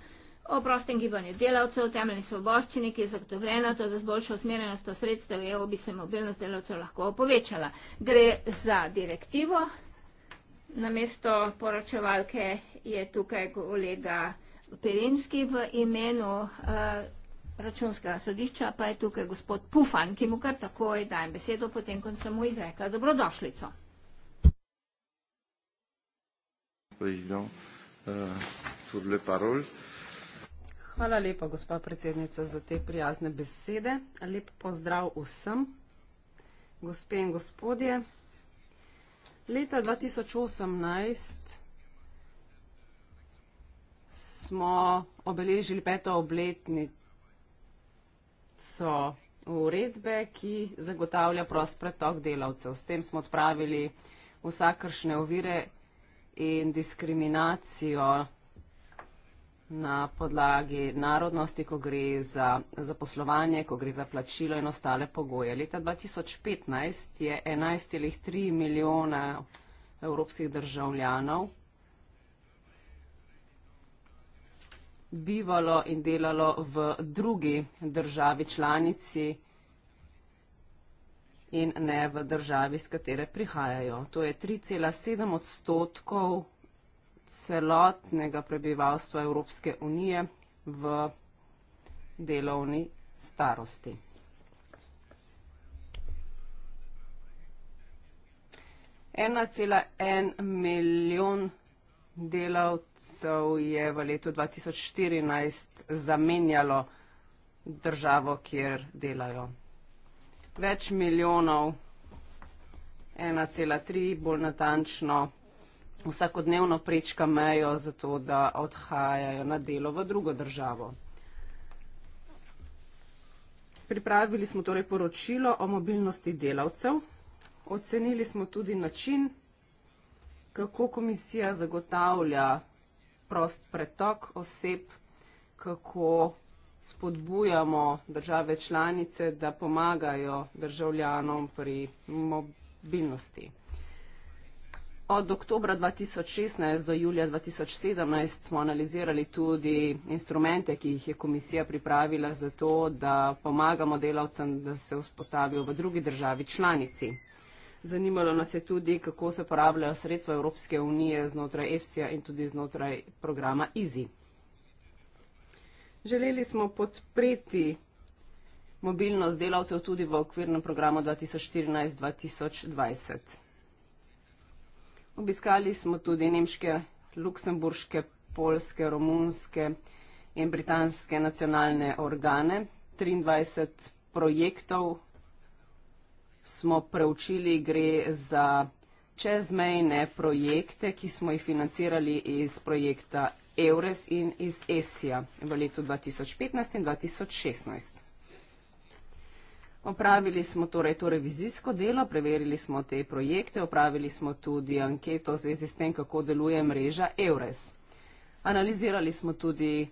o prostem gibanju delavcev, temeljni svoboščini, ki je zagotovljena, to, da z boljšo usmerjenost v sredstev EU bi se mobilnost delavcev lahko povečala. Gre za direktivo, na mesto poročevalke je tukaj kolega Perinski v imenu uh, računskega sodišča, pa je tukaj gospod Pufan, ki mu kar takoj dajem besedo, potem, ko sem mu izrekla dobrodošlico. Président, euh, sur le parole. Hvala lepa, gospa predsednica, za te prijazne besede. Lep pozdrav vsem, gospe in gospodje. Leta 2018 smo obeležili peto obletnico uredbe, ki zagotavlja prost pretok delavcev. S tem smo odpravili vsakršne ovire in diskriminacijo na podlagi narodnosti, ko gre za zaposlovanje, ko gre za plačilo in ostale pogoje. Leta 2015 je 11,3 milijona evropskih državljanov bivalo in delalo v drugi državi članici in ne v državi, z katere prihajajo. To je 3,7 odstotkov celotnega prebivalstva Evropske unije v delovni starosti. Ena cela en milijon delavcev je v letu 2014 zamenjalo državo, kjer delajo. Več milijonov, ena cela tri bolj natančno, vsakodnevno prečka mejo za to, da odhajajo na delo v drugo državo. Pripravili smo torej poročilo o mobilnosti delavcev. Ocenili smo tudi način, kako komisija zagotavlja prost pretok oseb, kako spodbujamo države članice, da pomagajo državljanom pri mobilnosti od oktobra 2016 do julija 2017 smo analizirali tudi instrumente, ki jih je komisija pripravila za to, da pomagamo delavcem, da se vzpostavijo v drugi državi članici. Zanimalo nas je tudi, kako se porabljajo sredstva Evropske unije znotraj EFSI-ja in tudi znotraj programa IZI. Želeli smo podpreti mobilnost delavcev tudi v okvirnem programu 2014-2020. Obiskali smo tudi nemške, luksemburške, polske, romunske in britanske nacionalne organe. 23 projektov smo preučili, gre za čezmejne projekte, ki smo jih financirali iz projekta EURES in iz ESIA v letu 2015 in 2016. Opravili smo torej to revizijsko delo, preverili smo te projekte, opravili smo tudi anketo v zvezi s tem, kako deluje mreža EURES. Analizirali smo tudi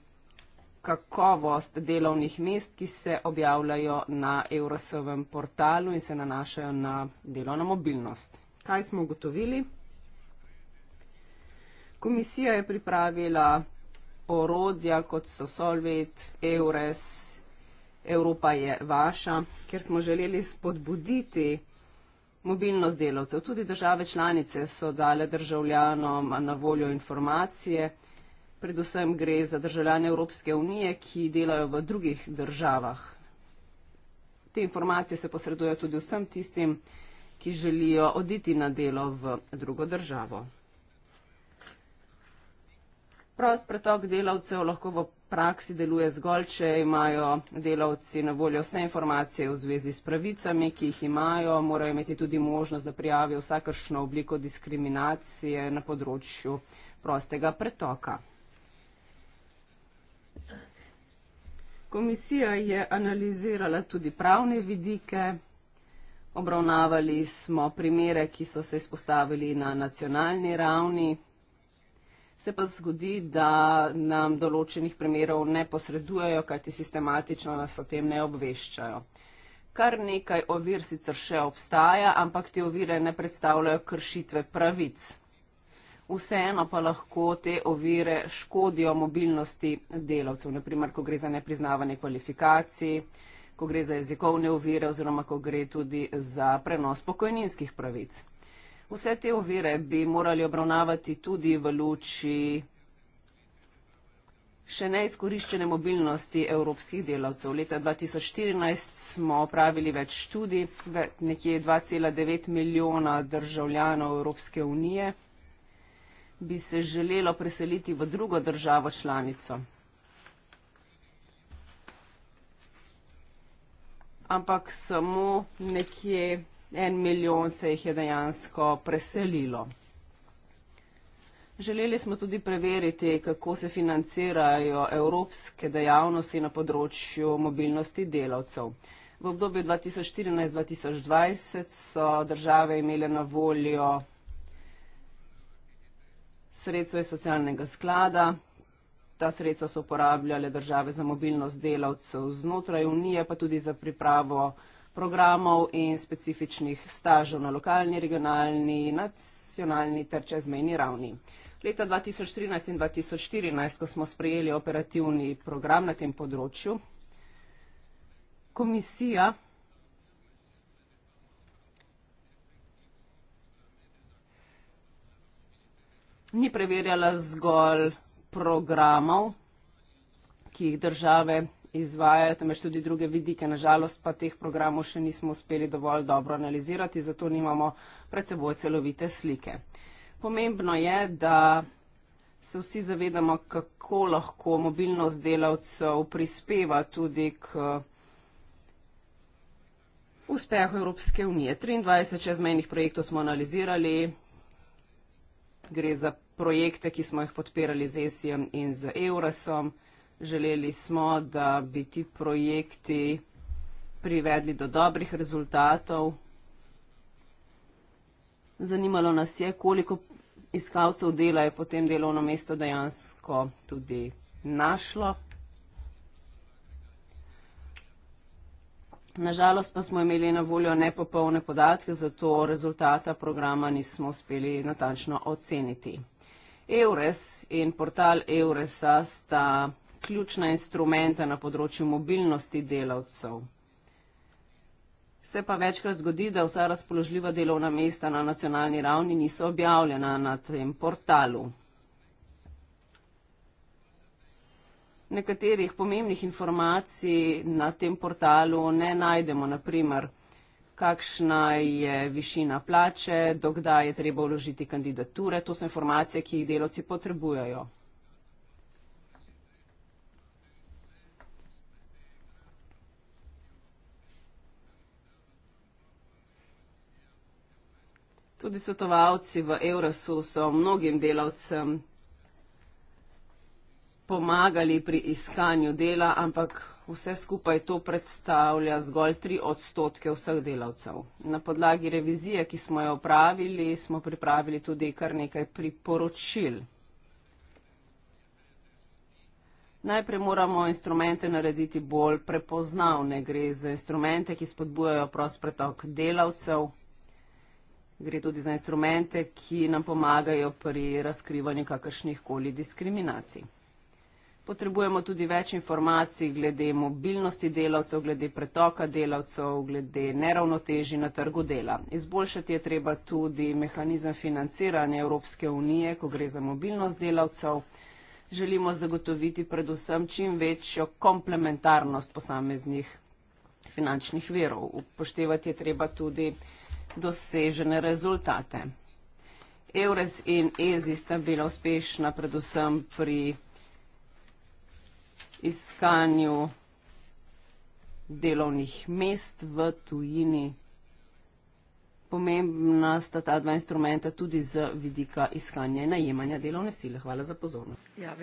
kakovost delovnih mest, ki se objavljajo na EUROSovem portalu in se nanašajo na delovno mobilnost. Kaj smo ugotovili? Komisija je pripravila orodja kot so Solvit, EURES, Evropa je vaša, ker smo želeli spodbuditi mobilnost delavcev. Tudi države članice so dale državljanom na voljo informacije. Predvsem gre za državljane Evropske unije, ki delajo v drugih državah. Te informacije se posredujejo tudi vsem tistim, ki želijo oditi na delo v drugo državo. Prost pretok delavcev lahko v praksi deluje zgolj, če imajo delavci na voljo vse informacije v zvezi s pravicami, ki jih imajo, morajo imeti tudi možnost, da prijavijo vsakršno obliko diskriminacije na področju prostega pretoka. Komisija je analizirala tudi pravne vidike, obravnavali smo primere, ki so se izpostavili na nacionalni ravni, Se pa zgodi, da nam določenih primerov ne posredujejo, kajti sistematično nas o tem ne obveščajo. Kar nekaj ovir sicer še obstaja, ampak te ovire ne predstavljajo kršitve pravic. Vseeno pa lahko te ovire škodijo mobilnosti delavcev, naprimer, ko gre za nepriznavanje kvalifikacij, ko gre za jezikovne ovire oziroma ko gre tudi za prenos pokojninskih pravic. Vse te ovire bi morali obravnavati tudi v luči še neizkoriščene mobilnosti evropskih delavcev. Leta 2014 smo opravili več študij, nekje 2,9 milijona državljanov Evropske unije bi se želelo preseliti v drugo državo članico. Ampak samo nekje en milijon se jih je dejansko preselilo. Želeli smo tudi preveriti, kako se financirajo evropske dejavnosti na področju mobilnosti delavcev. V obdobju 2014-2020 so države imele na voljo sredstvo iz socialnega sklada. Ta sredstva so uporabljale države za mobilnost delavcev znotraj Unije, pa tudi za pripravo programov in specifičnih stažev na lokalni, regionalni, nacionalni ter čezmejni ravni. Leta 2013 in 2014, ko smo sprejeli operativni program na tem področju, komisija ni preverjala zgolj programov, ki jih države izvajajo, temveč tudi druge vidike. Nažalost pa teh programov še nismo uspeli dovolj dobro analizirati, zato nimamo pred seboj celovite slike. Pomembno je, da se vsi zavedamo, kako lahko mobilnost delavcev prispeva tudi k uspehu Evropske unije. 23 čezmejnih projektov smo analizirali, gre za projekte, ki smo jih podpirali z ESI-em in z EURES-om. Želeli smo, da bi ti projekti privedli do dobrih rezultatov. Zanimalo nas je, koliko iskalcev dela je potem delovno mesto dejansko tudi našlo. Nažalost pa smo imeli na voljo nepopolne podatke, zato rezultata programa nismo uspeli natančno oceniti. EURES in portal EURESA sta ključna instrumenta na področju mobilnosti delavcev. Se pa večkrat zgodi, da vsa razpoložljiva delovna mesta na nacionalni ravni niso objavljena na tem portalu. Nekaterih pomembnih informacij na tem portalu ne najdemo, naprimer, kakšna je višina plače, dokdaj je treba vložiti kandidature, to so informacije, ki jih delavci potrebujejo. Tudi svetovalci v Eurasu so mnogim delavcem pomagali pri iskanju dela, ampak vse skupaj to predstavlja zgolj tri odstotke vseh delavcev. Na podlagi revizije, ki smo jo opravili, smo pripravili tudi kar nekaj priporočil. Najprej moramo instrumente narediti bolj prepoznavne. Gre za instrumente, ki spodbujajo prost pretok delavcev, gre tudi za instrumente, ki nam pomagajo pri razkrivanju kakršnih koli diskriminacij. Potrebujemo tudi več informacij glede mobilnosti delavcev, glede pretoka delavcev, glede neravnoteži na trgu dela. Izboljšati je treba tudi mehanizem financiranja Evropske unije, ko gre za mobilnost delavcev. Želimo zagotoviti predvsem čim večjo komplementarnost posameznih finančnih verov. Upoštevati je treba tudi dosežene rezultate. Eures in EZI sta bila uspešna predvsem pri iskanju delovnih mest v tujini. Pomembna sta ta dva instrumenta tudi z vidika iskanja in najemanja delovne sile. Hvala za pozornost. Ja,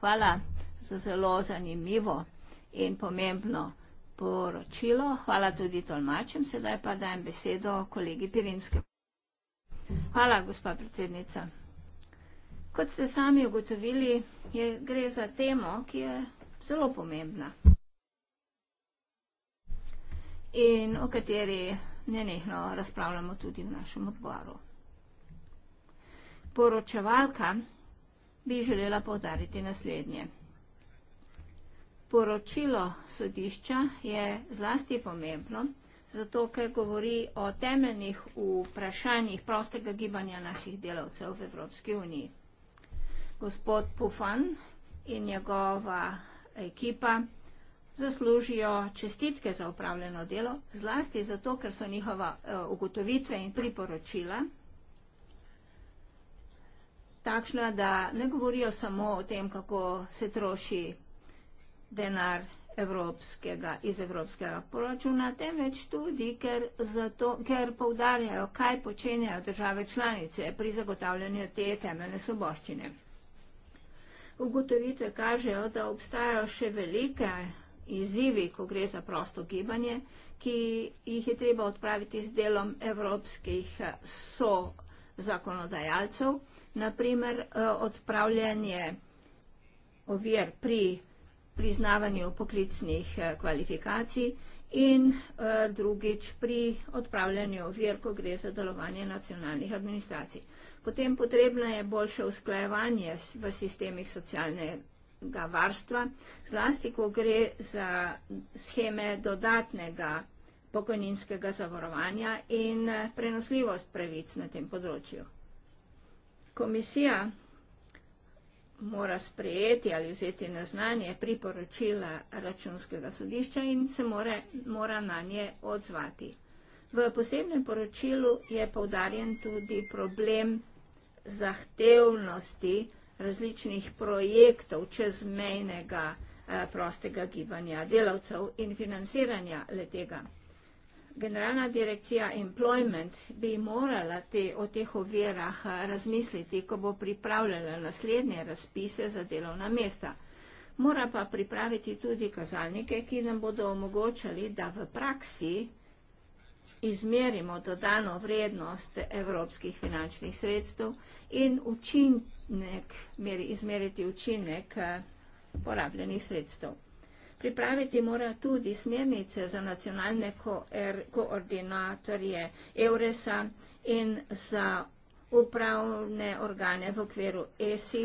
Hvala za zelo zanimivo in pomembno poročilo. Hvala tudi tolmačem. Sedaj pa dajem besedo kolegi Pirinske. Hvala, gospa predsednica. Kot ste sami ugotovili, je, gre za temo, ki je zelo pomembna in o kateri nenehno razpravljamo tudi v našem odboru. Poročevalka bi želela povdariti naslednje. Poročilo sodišča je zlasti pomembno, zato ker govori o temeljnih vprašanjih prostega gibanja naših delavcev v Evropski uniji. Gospod Pufan in njegova ekipa zaslužijo čestitke za upravljeno delo, zlasti zato, ker so njihova eh, ugotovitve in priporočila takšna, da ne govorijo samo o tem, kako se troši denar evropskega, iz evropskega poročuna, temveč tudi, ker, zato, ker povdarjajo, kaj počenjajo države članice pri zagotavljanju te temeljne sloboščine. Ugotovitve kažejo, da obstajajo še velike izzivi, ko gre za prosto gibanje, ki jih je treba odpraviti z delom evropskih sozakonodajalcev, naprimer eh, odpravljanje ovir pri priznavanju poklicnih eh, kvalifikacij in eh, drugič pri odpravljanju ovir, ko gre za delovanje nacionalnih administracij. Potem potrebno je boljše usklajevanje v sistemih socialnega varstva, zlasti ko gre za scheme dodatnega pokojninskega zavarovanja in eh, prenosljivost pravic na tem področju. Komisija mora sprejeti ali vzeti na znanje priporočila računskega sodišča in se more, mora na nje odzvati. V posebnem poročilu je povdarjen tudi problem zahtevnosti različnih projektov čezmejnega eh, prostega gibanja delavcev in financiranja letega generalna direkcija Employment bi morala te, o teh ovirah eh, razmisliti, ko bo pripravljala naslednje razpise za delovna mesta. Mora pa pripraviti tudi kazalnike, ki nam bodo omogočali, da v praksi izmerimo dodano vrednost evropskih finančnih sredstev in učinek, izmeriti učinek eh, porabljenih sredstev. Pripraviti mora tudi smernice za nacionalne ko er, koordinatorje EURES-a in za upravne organe v okviru ESI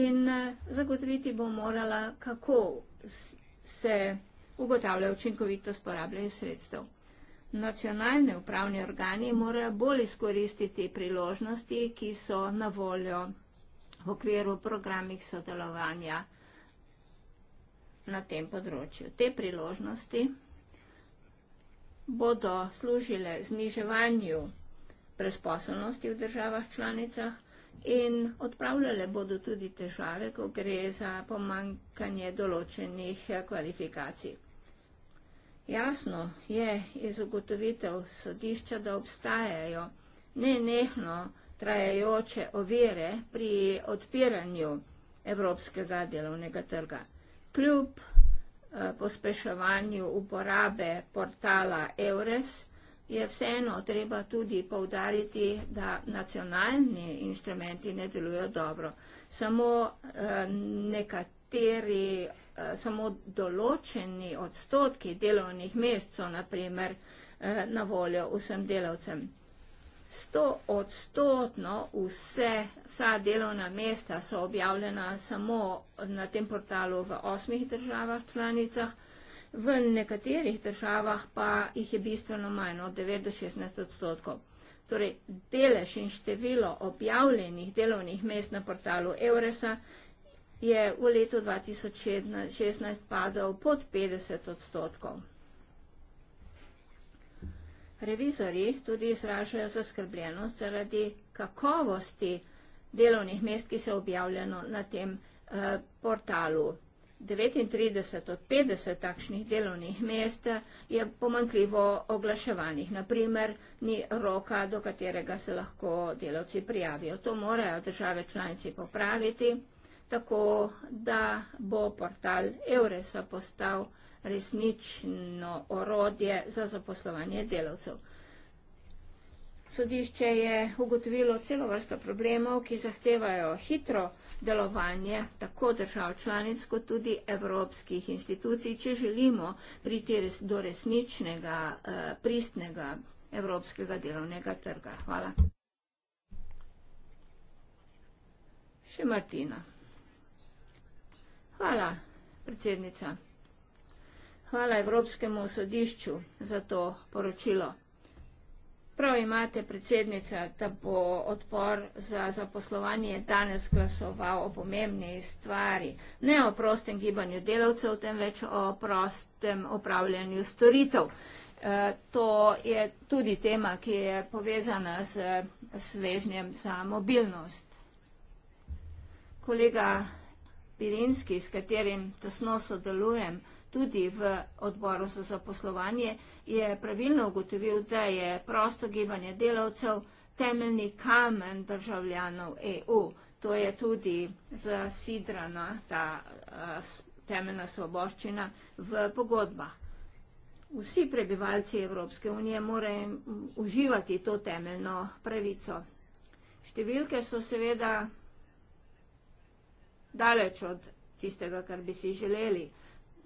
in eh, zagotoviti bo morala, kako se ugotavlja učinkovitost porabljenih sredstev. Nacionalne upravne organi morajo bolj izkoristiti priložnosti, ki so na voljo v okviru programih sodelovanja na tem področju. Te priložnosti bodo služile zniževanju brezposelnosti v državah članicah in odpravljale bodo tudi težave, ko gre za pomankanje določenih kvalifikacij. Jasno je iz ugotovitev sodišča, da obstajajo nenehno trajajoče ovire pri odpiranju evropskega delovnega trga kljub eh, pospeševanju uporabe portala EURES je vseeno treba tudi poudariti, da nacionalni inštrumenti ne delujejo dobro. Samo eh, nekateri, eh, samo določeni odstotki delovnih mest so naprimer na voljo vsem delavcem sto odstotno vse, vsa delovna mesta so objavljena samo na tem portalu v osmih državah članicah, v nekaterih državah pa jih je bistveno manj, od 9 do 16 odstotkov. Torej, delež in število objavljenih delovnih mest na portalu Euresa je v letu 2016 padal pod 50 odstotkov. Revizori tudi izražajo zaskrbljenost zaradi kakovosti delovnih mest, ki se objavljajo na tem eh, portalu. 39 od 50 takšnih delovnih mest eh, je pomankljivo oglaševanih. Naprimer, ni roka, do katerega se lahko delavci prijavijo. To morajo države članici popraviti, tako da bo portal Eureso postal vsega resnično orodje za zaposlovanje delavcev. Sodišče je ugotovilo celo vrsto problemov, ki zahtevajo hitro delovanje tako držav članic kot tudi evropskih institucij, če želimo priti res, do resničnega, eh, pristnega evropskega delovnega trga. Hvala. Še Martina. Hvala, predsednica. Hvala Evropskemu sodišču za to poročilo. Prav imate, predsednica, da bo odpor za zaposlovanje danes glasoval o pomembni stvari. Ne o prostem gibanju delavcev, temveč o prostem upravljanju storitev. E, to je tudi tema, ki je povezana z svežnjem za mobilnost. Kolega Bilinski, s katerim tesno sodelujem, tudi v odboru za zaposlovanje, je pravilno ugotovil, da je prosto gibanje delavcev temeljni kamen državljanov EU. To je tudi zasidrana ta eh, temeljna svoboščina v pogodbah. Vsi prebivalci Evropske unije morajo uživati to temeljno pravico. Številke so seveda daleč od tistega, kar bi si želeli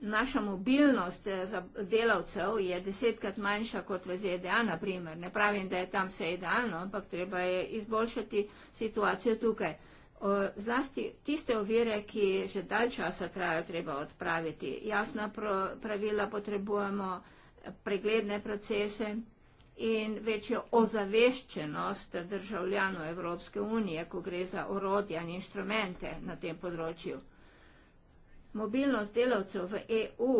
naša mobilnost eh, delavcev je desetkrat manjša kot v ZDA, naprimer. Ne pravim, da je tam vse idealno, ampak treba je izboljšati situacijo tukaj. Zlasti tiste ovire, ki že dal časa trajajo, treba odpraviti. Jasna pravila potrebujemo, pregledne procese in večjo ozaveščenost državljanov Evropske unije, ko gre za orodja in inštrumente na tem področju. Mobilnost delavcev v EU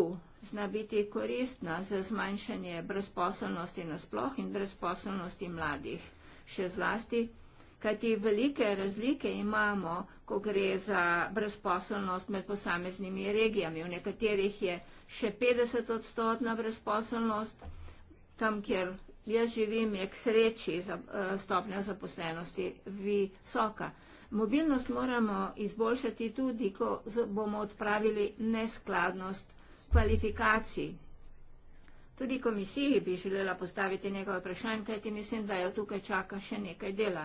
zna biti koristna za zmanjšanje brezposelnosti nasploh in brezposelnosti mladih še zlasti, kajti velike razlike imamo, ko gre za brezposelnost med posameznimi regijami. V nekaterih je še 50 odstotna brezposelnost, tam, kjer jaz živim, je k sreči eh, stopnja zaposlenosti visoka. Mobilnost moramo izboljšati tudi, ko bomo odpravili neskladnost kvalifikacij. Tudi komisiji bi želela postaviti nekaj vprašanj, kajti mislim, da jo tukaj čaka še nekaj dela.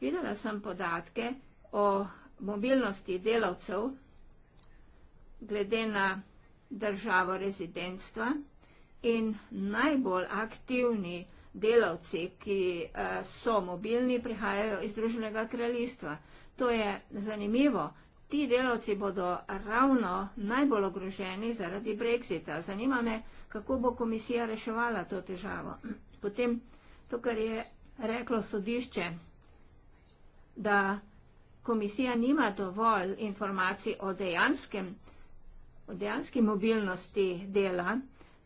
Videla sem podatke o mobilnosti delavcev glede na državo rezidentstva in najbolj aktivni delavci, ki eh, so mobilni, prihajajo iz Združenega kraljestva. To je zanimivo. Ti delavci bodo ravno najbolj ogroženi zaradi brexita. Zanima me, kako bo komisija reševala to težavo. Potem to, kar je reklo sodišče, da komisija nima dovolj informacij o dejanskem, o dejanski mobilnosti dela,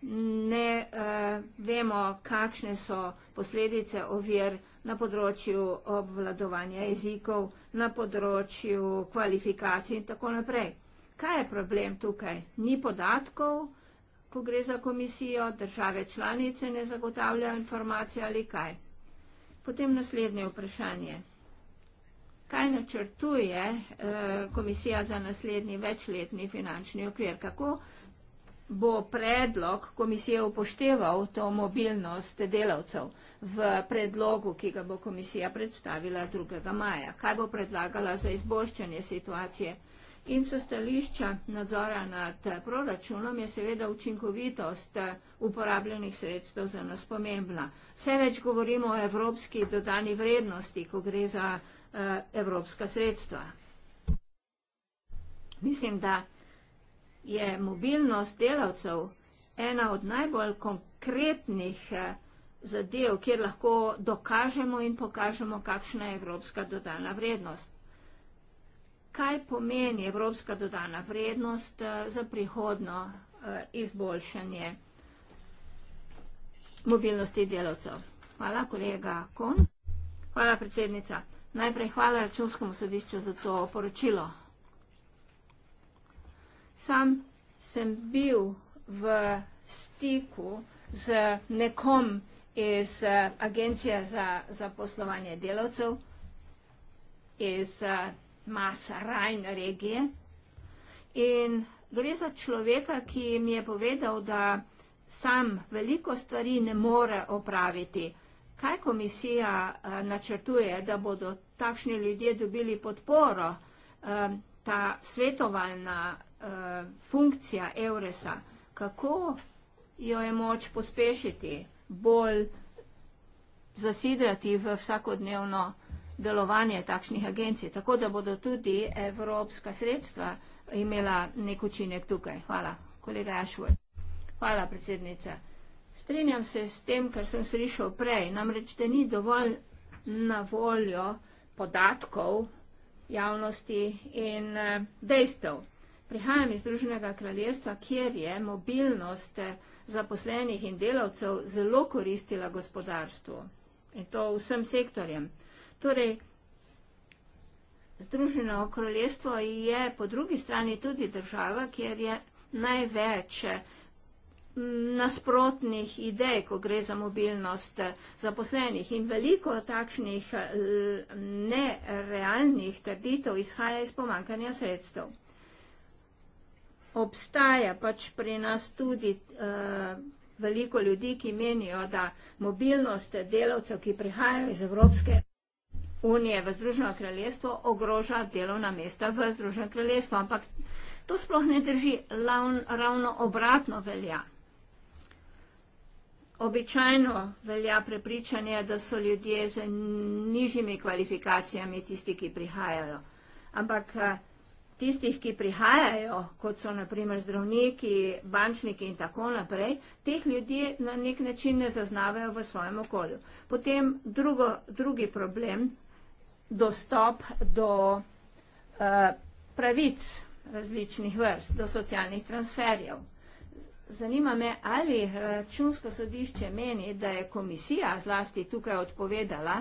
ne eh, vemo, kakšne so posledice ovir na področju obvladovanja jezikov, na področju kvalifikacij in tako naprej. Kaj je problem tukaj? Ni podatkov, ko gre za komisijo, države članice ne zagotavljajo informacije ali kaj. Potem naslednje vprašanje. Kaj načrtuje eh, komisija za naslednji večletni finančni okvir? Kako bo predlog komisije upošteval to mobilnost delavcev v predlogu, ki ga bo komisija predstavila 2. maja. Kaj bo predlagala za izboljšanje situacije? In so stališča nadzora nad proračunom je seveda učinkovitost uporabljenih sredstev za nas pomembna. Vse več govorimo o evropski dodani vrednosti, ko gre za eh, evropska sredstva. Mislim, da je mobilnost delavcev ena od najbolj konkretnih eh, zadev, kjer lahko dokažemo in pokažemo, kakšna je evropska dodana vrednost. Kaj pomeni evropska dodana vrednost eh, za prihodno eh, izboljšanje mobilnosti delavcev? Hvala, kolega Kon. Hvala, predsednica. Najprej hvala računskemu sodišču za to poročilo sam sem bil v stiku z nekom iz eh, agencije za, za poslovanje delavcev iz eh, Masarajn regije in gre za človeka, ki mi je povedal, da sam veliko stvari ne more opraviti. Kaj komisija eh, načrtuje, da bodo takšni ljudje dobili podporo, ta svetovalna Eh, funkcija Euresa, kako jo je moč pospešiti, bolj zasidrati v vsakodnevno delovanje takšnih agencij, tako da bodo tudi evropska sredstva imela nek učinek tukaj. Hvala, kolega Ashwood. Hvala, predsednica. Strenjam se s tem, kar sem slišal prej, namreč, da ni dovolj na voljo podatkov javnosti in eh, dejstev. Prihajam iz Združenega kraljestva, kjer je mobilnost eh, zaposlenih in delavcev zelo koristila gospodarstvu in to vsem sektorjem. Torej, Združeno kraljestvo je po drugi strani tudi država, kjer je največ eh, nasprotnih idej, ko gre za mobilnost eh, zaposlenih in veliko takšnih nerealnih trditev izhaja iz pomankanja sredstev obstaja pač pri nas tudi uh, veliko ljudi, ki menijo, da mobilnost delavcev, ki prihajajo iz Evropske unije v Združeno kraljestvo, ogroža delovna mesta v Združeno kraljestvo. Ampak to sploh ne drži, Lavn, ravno obratno velja. Običajno velja prepričanje, da so ljudje z nižjimi kvalifikacijami tisti, ki prihajajo. Ampak uh, tistih, ki prihajajo, kot so naprimer zdravniki, bančniki in tako naprej, teh ljudi na nek način ne zaznavajo v svojem okolju. Potem drugo, drugi problem, dostop do uh, pravic različnih vrst, do socialnih transferjev. Zanima me, ali računsko sodišče meni, da je komisija zlasti tukaj odpovedala,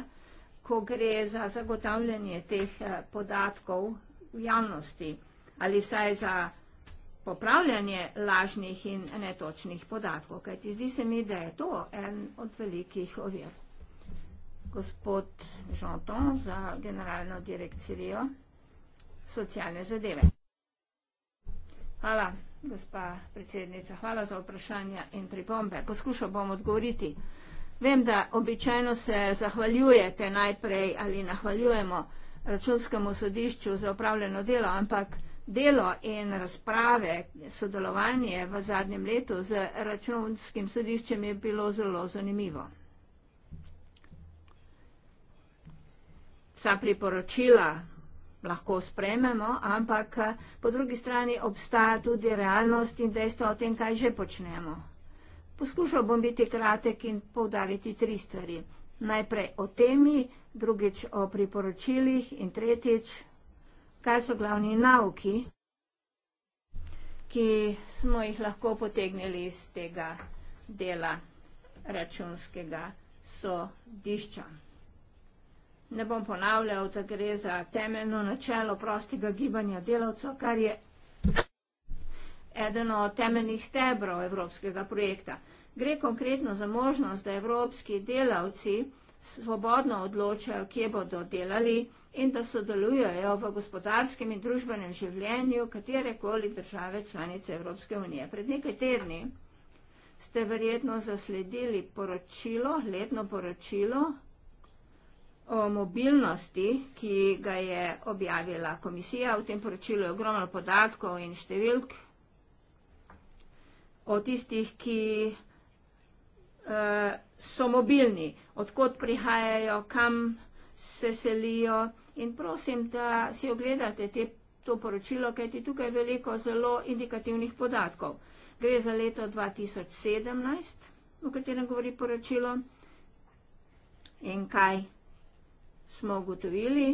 ko gre za zagotavljanje teh eh, podatkov v javnosti ali vsaj za popravljanje lažnih in netočnih podatkov, kajti zdi se mi, da je to en od velikih ovir. Gospod Žonton za generalno direkcijo socialne zadeve. Hvala, gospa predsednica, hvala za vprašanja in pripombe. Poskušal bom odgovoriti. Vem, da običajno se zahvaljujete najprej ali nahvaljujemo vsega, računskemu sodišču za upravljeno delo, ampak delo in razprave, sodelovanje v zadnjem letu z računskim sodiščem je bilo zelo zanimivo. Ta priporočila lahko sprememo, ampak po drugi strani obstaja tudi realnost in dejstvo o tem, kaj že počnemo. Poskušal bom biti kratek in povdariti tri stvari. Najprej o temi, drugič o priporočilih in tretjič, kaj so glavni nauki, ki smo jih lahko potegnili iz tega dela računskega sodišča. Ne bom ponavljal, da gre za temeljno načelo prostega gibanja delavcev, kar je eden od temeljnih stebrov evropskega projekta. Gre konkretno za možnost, da evropski delavci svobodno odločajo, kje bodo delali in da sodelujejo v gospodarskem in družbenem življenju katerekoli države članice Evropske unije. Pred nekaj tedni ste verjetno zasledili poročilo, letno poročilo o mobilnosti, ki ga je objavila komisija. V tem poročilu je ogromno podatkov in številk o tistih, ki Eh, so mobilni, odkot prihajajo, kam se selijo. In prosim, da si ogledate te, to poročilo, kajti tukaj je veliko zelo indikativnih podatkov. Gre za leto 2017, o katerem govori poročilo. In kaj smo ugotovili?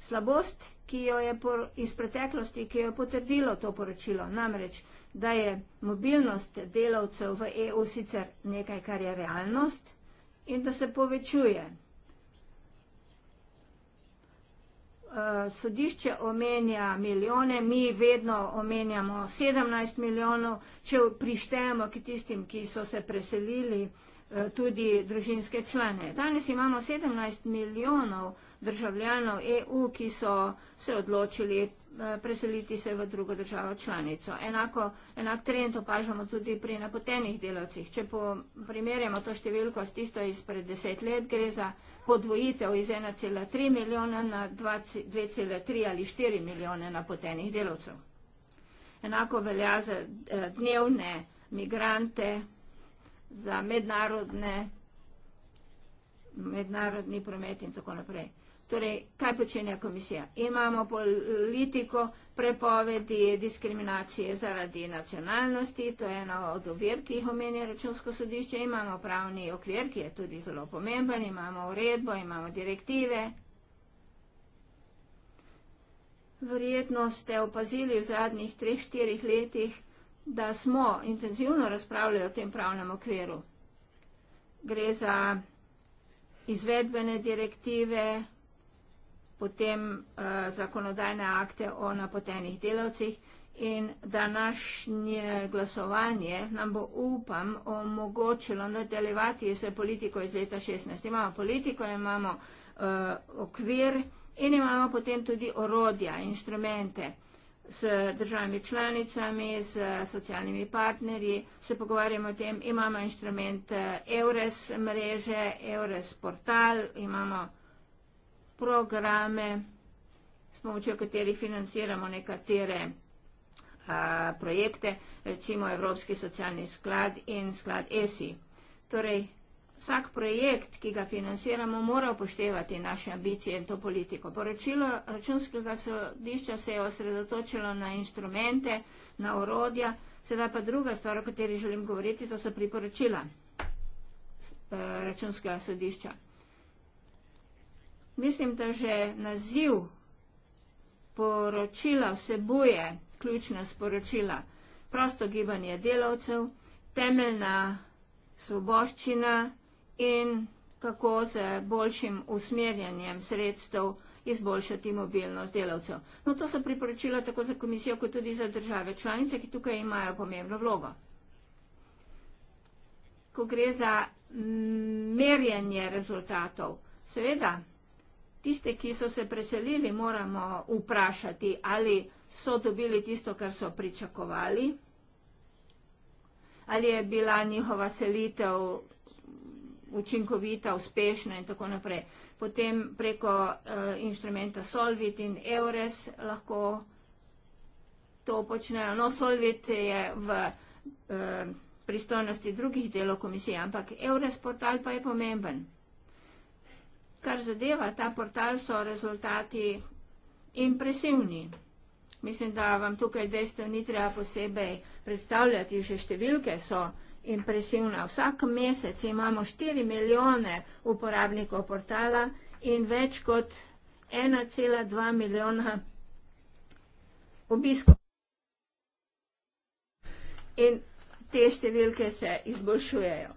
slabost, ki jo je por, iz preteklosti, ki jo je potrdilo to poročilo, namreč, da je mobilnost delavcev v EU sicer nekaj, kar je realnost in da se povečuje. Eh, sodišče omenja milijone, mi vedno omenjamo 17 milijonov, če prištejemo k tistim, ki so se preselili, eh, tudi družinske člane. Danes imamo 17 milijonov državljanov EU, ki so se odločili eh, preseliti se v drugo državo članico. Enako, enak trend opažamo tudi pri napotenih delavcih. Če primerjamo to številko s tisto izpred deset let, gre za podvojitev iz 1,3 milijona na 2,3 ali 4 milijone napotenih delavcev. Enako velja za eh, dnevne migrante, za mednarodne, mednarodni promet in tako naprej. Torej, kaj počenja komisija? Imamo politiko prepovedi diskriminacije zaradi nacionalnosti, to je ena od ovir, ki jih omenja računsko sodišče, imamo pravni okvir, ki je tudi zelo pomemben, imamo uredbo, imamo direktive. Verjetno ste opazili v zadnjih treh, štirih letih, da smo intenzivno razpravljali o tem pravnem okviru. Gre za izvedbene direktive, potem uh, zakonodajne akte o napotenih delavcih in današnje glasovanje nam bo, upam, omogočilo nadaljevati z politiko iz leta 2016. Imamo politiko, imamo uh, okvir in imamo potem tudi orodja, inštrumente s državami članicami, s socialnimi partnerji, se pogovarjamo o tem, imamo inštrument eh, EURES mreže, EURES portal, imamo programe, s pomočjo katerih financiramo nekatere a, projekte, recimo Evropski socialni sklad in sklad ESI. Torej, vsak projekt, ki ga financiramo, mora upoštevati naše ambicije in to politiko. Poročilo računskega sodišča se je osredotočilo na instrumente, na orodja, sedaj pa druga stvar, o kateri želim govoriti, to so priporočila e, računskega sodišča. Mislim, da že naziv poročila vsebuje ključna sporočila. Prosto gibanje delavcev, temeljna svoboščina in kako z boljšim usmerjanjem sredstev izboljšati mobilnost delavcev. No, to so priporočila tako za komisijo, kot tudi za države članice, ki tukaj imajo pomembno vlogo. Ko gre za merjanje rezultatov, seveda, Tiste, ki so se preselili, moramo vprašati, ali so dobili tisto, kar so pričakovali, ali je bila njihova selitev učinkovita, uspešna in tako naprej. Potem preko uh, inštrumenta Solvit in Eures lahko to počnejo. No, Solvit je v uh, pristojnosti drugih delov komisije, ampak Eures portal pa je pomemben kar zadeva ta portal, so rezultati impresivni. Mislim, da vam tukaj dejstva ni treba posebej predstavljati, že številke so impresivne. Vsak mesec imamo 4 milijone uporabnikov portala in več kot 1,2 milijona obiskov. In te številke se izboljšujejo.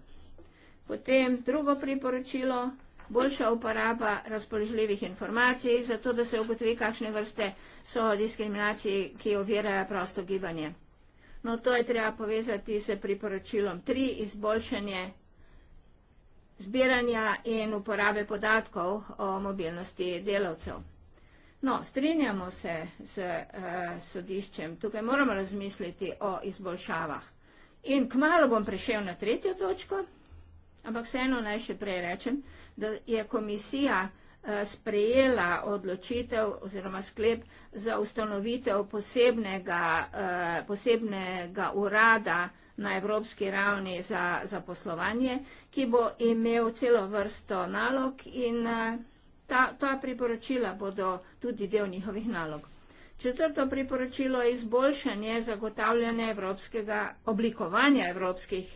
Potem drugo priporočilo, boljša uporaba razpoložljivih informacij, zato da se ugotovi, kakšne vrste so diskriminacije, ki ovirajo prosto gibanje. No, to je treba povezati s priporočilom 3, izboljšanje zbiranja in uporabe podatkov o mobilnosti delavcev. No, strinjamo se s uh, eh, sodiščem, tukaj moramo razmisliti o izboljšavah. In kmalo bom prišel na tretjo točko, ampak vseeno naj še prej rečem, uh, da je komisija eh, sprejela odločitev oziroma sklep za ustanovitev posebnega, eh, posebnega urada na evropski ravni za, za poslovanje, ki bo imel celo vrsto nalog in eh, ta, ta priporočila bodo tudi del njihovih nalog. Četrto priporočilo je izboljšanje zagotavljanja evropskega, oblikovanja evropskih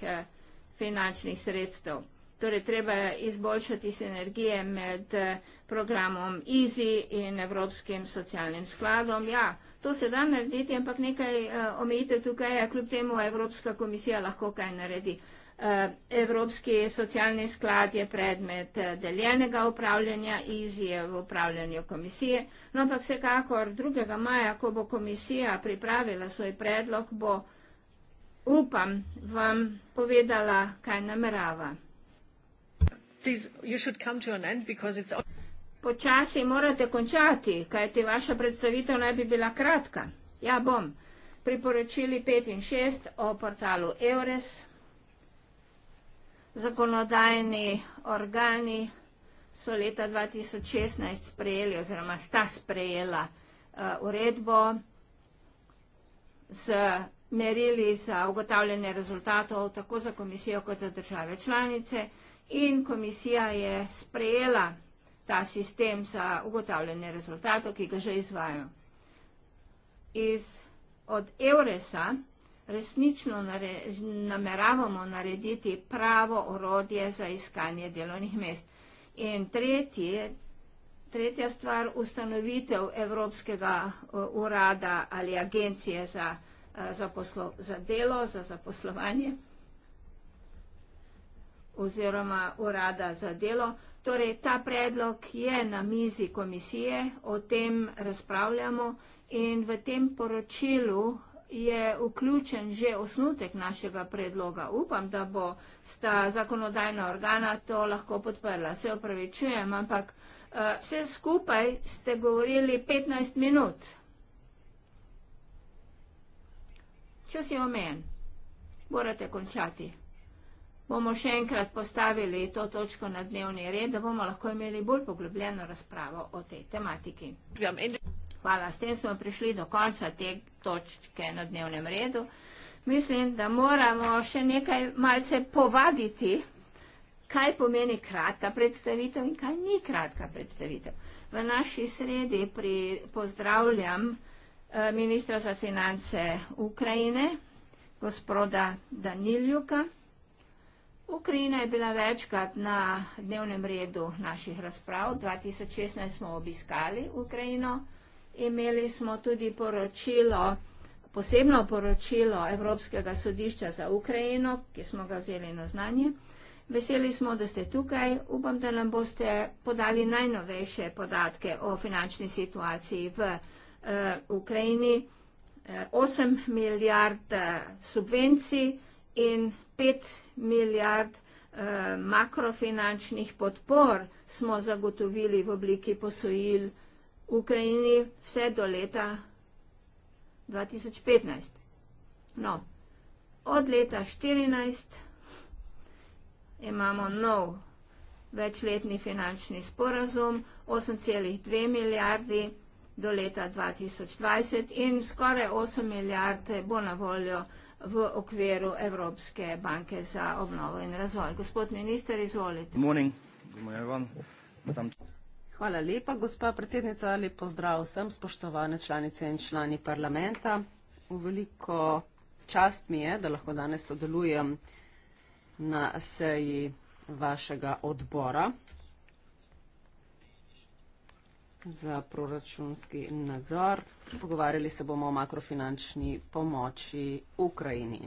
finančnih sredstev. Torej, treba je izboljšati sinergije med eh, programom EZI in Evropskim socialnim skladom. Ja, to se da narediti, ampak nekaj eh, omejitev tukaj je, kljub temu Evropska komisija lahko kaj naredi. Eh, Evropski socialni sklad je predmet deljenega upravljanja, EZI je v upravljanju komisije, no ampak vsekakor 2. maja, ko bo komisija pripravila svoj predlog, bo, upam, vam povedala, kaj namerava. Please, you should come to an end because it's. Počasi morate končati, kajti vaša predstavitev naj bi bila kratka. Ja, bom. Priporočili 5 in 6 o portalu EURES, zakonodajni organi so leta 2016 sprejeli oziroma sta sprejela uh, uredbo z merili za ugotavljanje rezultatov tako za komisijo kot za države članice in komisija je sprejela ta sistem za ugotavljanje rezultatov, ki ga že izvajo. Od Euresa resnično nameravamo narediti pravo orodje za iskanje delovnih mest. In tretja stvar, ustanovitev Evropskega eh, urada ali agencije za eh, delo, za zaposlovanje oziroma urada za delo. Torej, ta predlog je na mizi komisije, o tem razpravljamo in v tem poročilu je vključen že osnutek našega predloga. Upam, da bo sta zakonodajna organa to lahko podprla. Se opravičujem, ampak uh, vse skupaj ste govorili 15 minut. Čas je omen. Morate končati bomo še enkrat postavili to točko na dnevni red, da bomo lahko imeli bolj poglobljeno razpravo o tej tematiki. Hvala, s tem smo prišli do konca te točke na dnevnem redu. Mislim, da moramo še nekaj malce povaditi, kaj pomeni kratka predstavitev in kaj ni kratka predstavitev. V naši sredi pri, pozdravljam eh, ministra za finance Ukrajine, gospoda Daniljuka. Ukrajina je bila večkrat na dnevnem redu naših razprav. 2016 smo obiskali Ukrajino, imeli smo tudi poročilo, posebno poročilo Evropskega sodišča za Ukrajino, ki smo ga vzeli na znanje. Veseli smo, da ste tukaj. Upam, da nam boste podali najnovejše podatke o finančni situaciji v uh, Ukrajini. 8 eh, milijard eh, subvencij in pet milijard eh, makrofinančnih podpor smo zagotovili v obliki posojil Ukrajini vse do leta 2015. No, od leta 2014 imamo nov večletni finančni sporazum 8,2 milijardi do leta 2020 in skoraj 8 milijarde bo na voljo vsega v okviru Evropske banke za obnovo in razvoj. Gospod minister, izvolite. Morning. Hvala lepa, gospa predsednica. Lep pozdrav vsem, spoštovane članice in člani parlamenta. V veliko čast mi je, da lahko danes sodelujem na seji vašega odbora za proračunski nadzor. Pogovarjali se bomo o makrofinančni pomoči Ukrajini.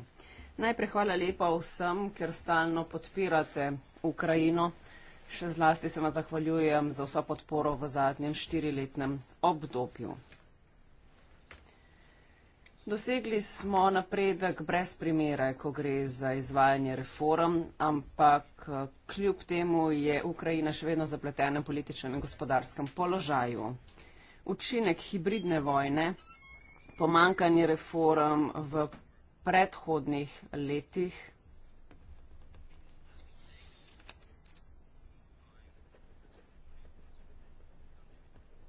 Najprej hvala lepa vsem, ker stalno podpirate Ukrajino. Še zlasti se vam zahvaljujem za vso podporo v zadnjem štiriletnem obdobju. Dosegli smo napredek brez primere, ko gre za izvajanje reform, ampak kljub temu je Ukrajina še vedno zapletena v političnem in gospodarskem položaju. Učinek hibridne vojne, pomankanje reform v predhodnih letih.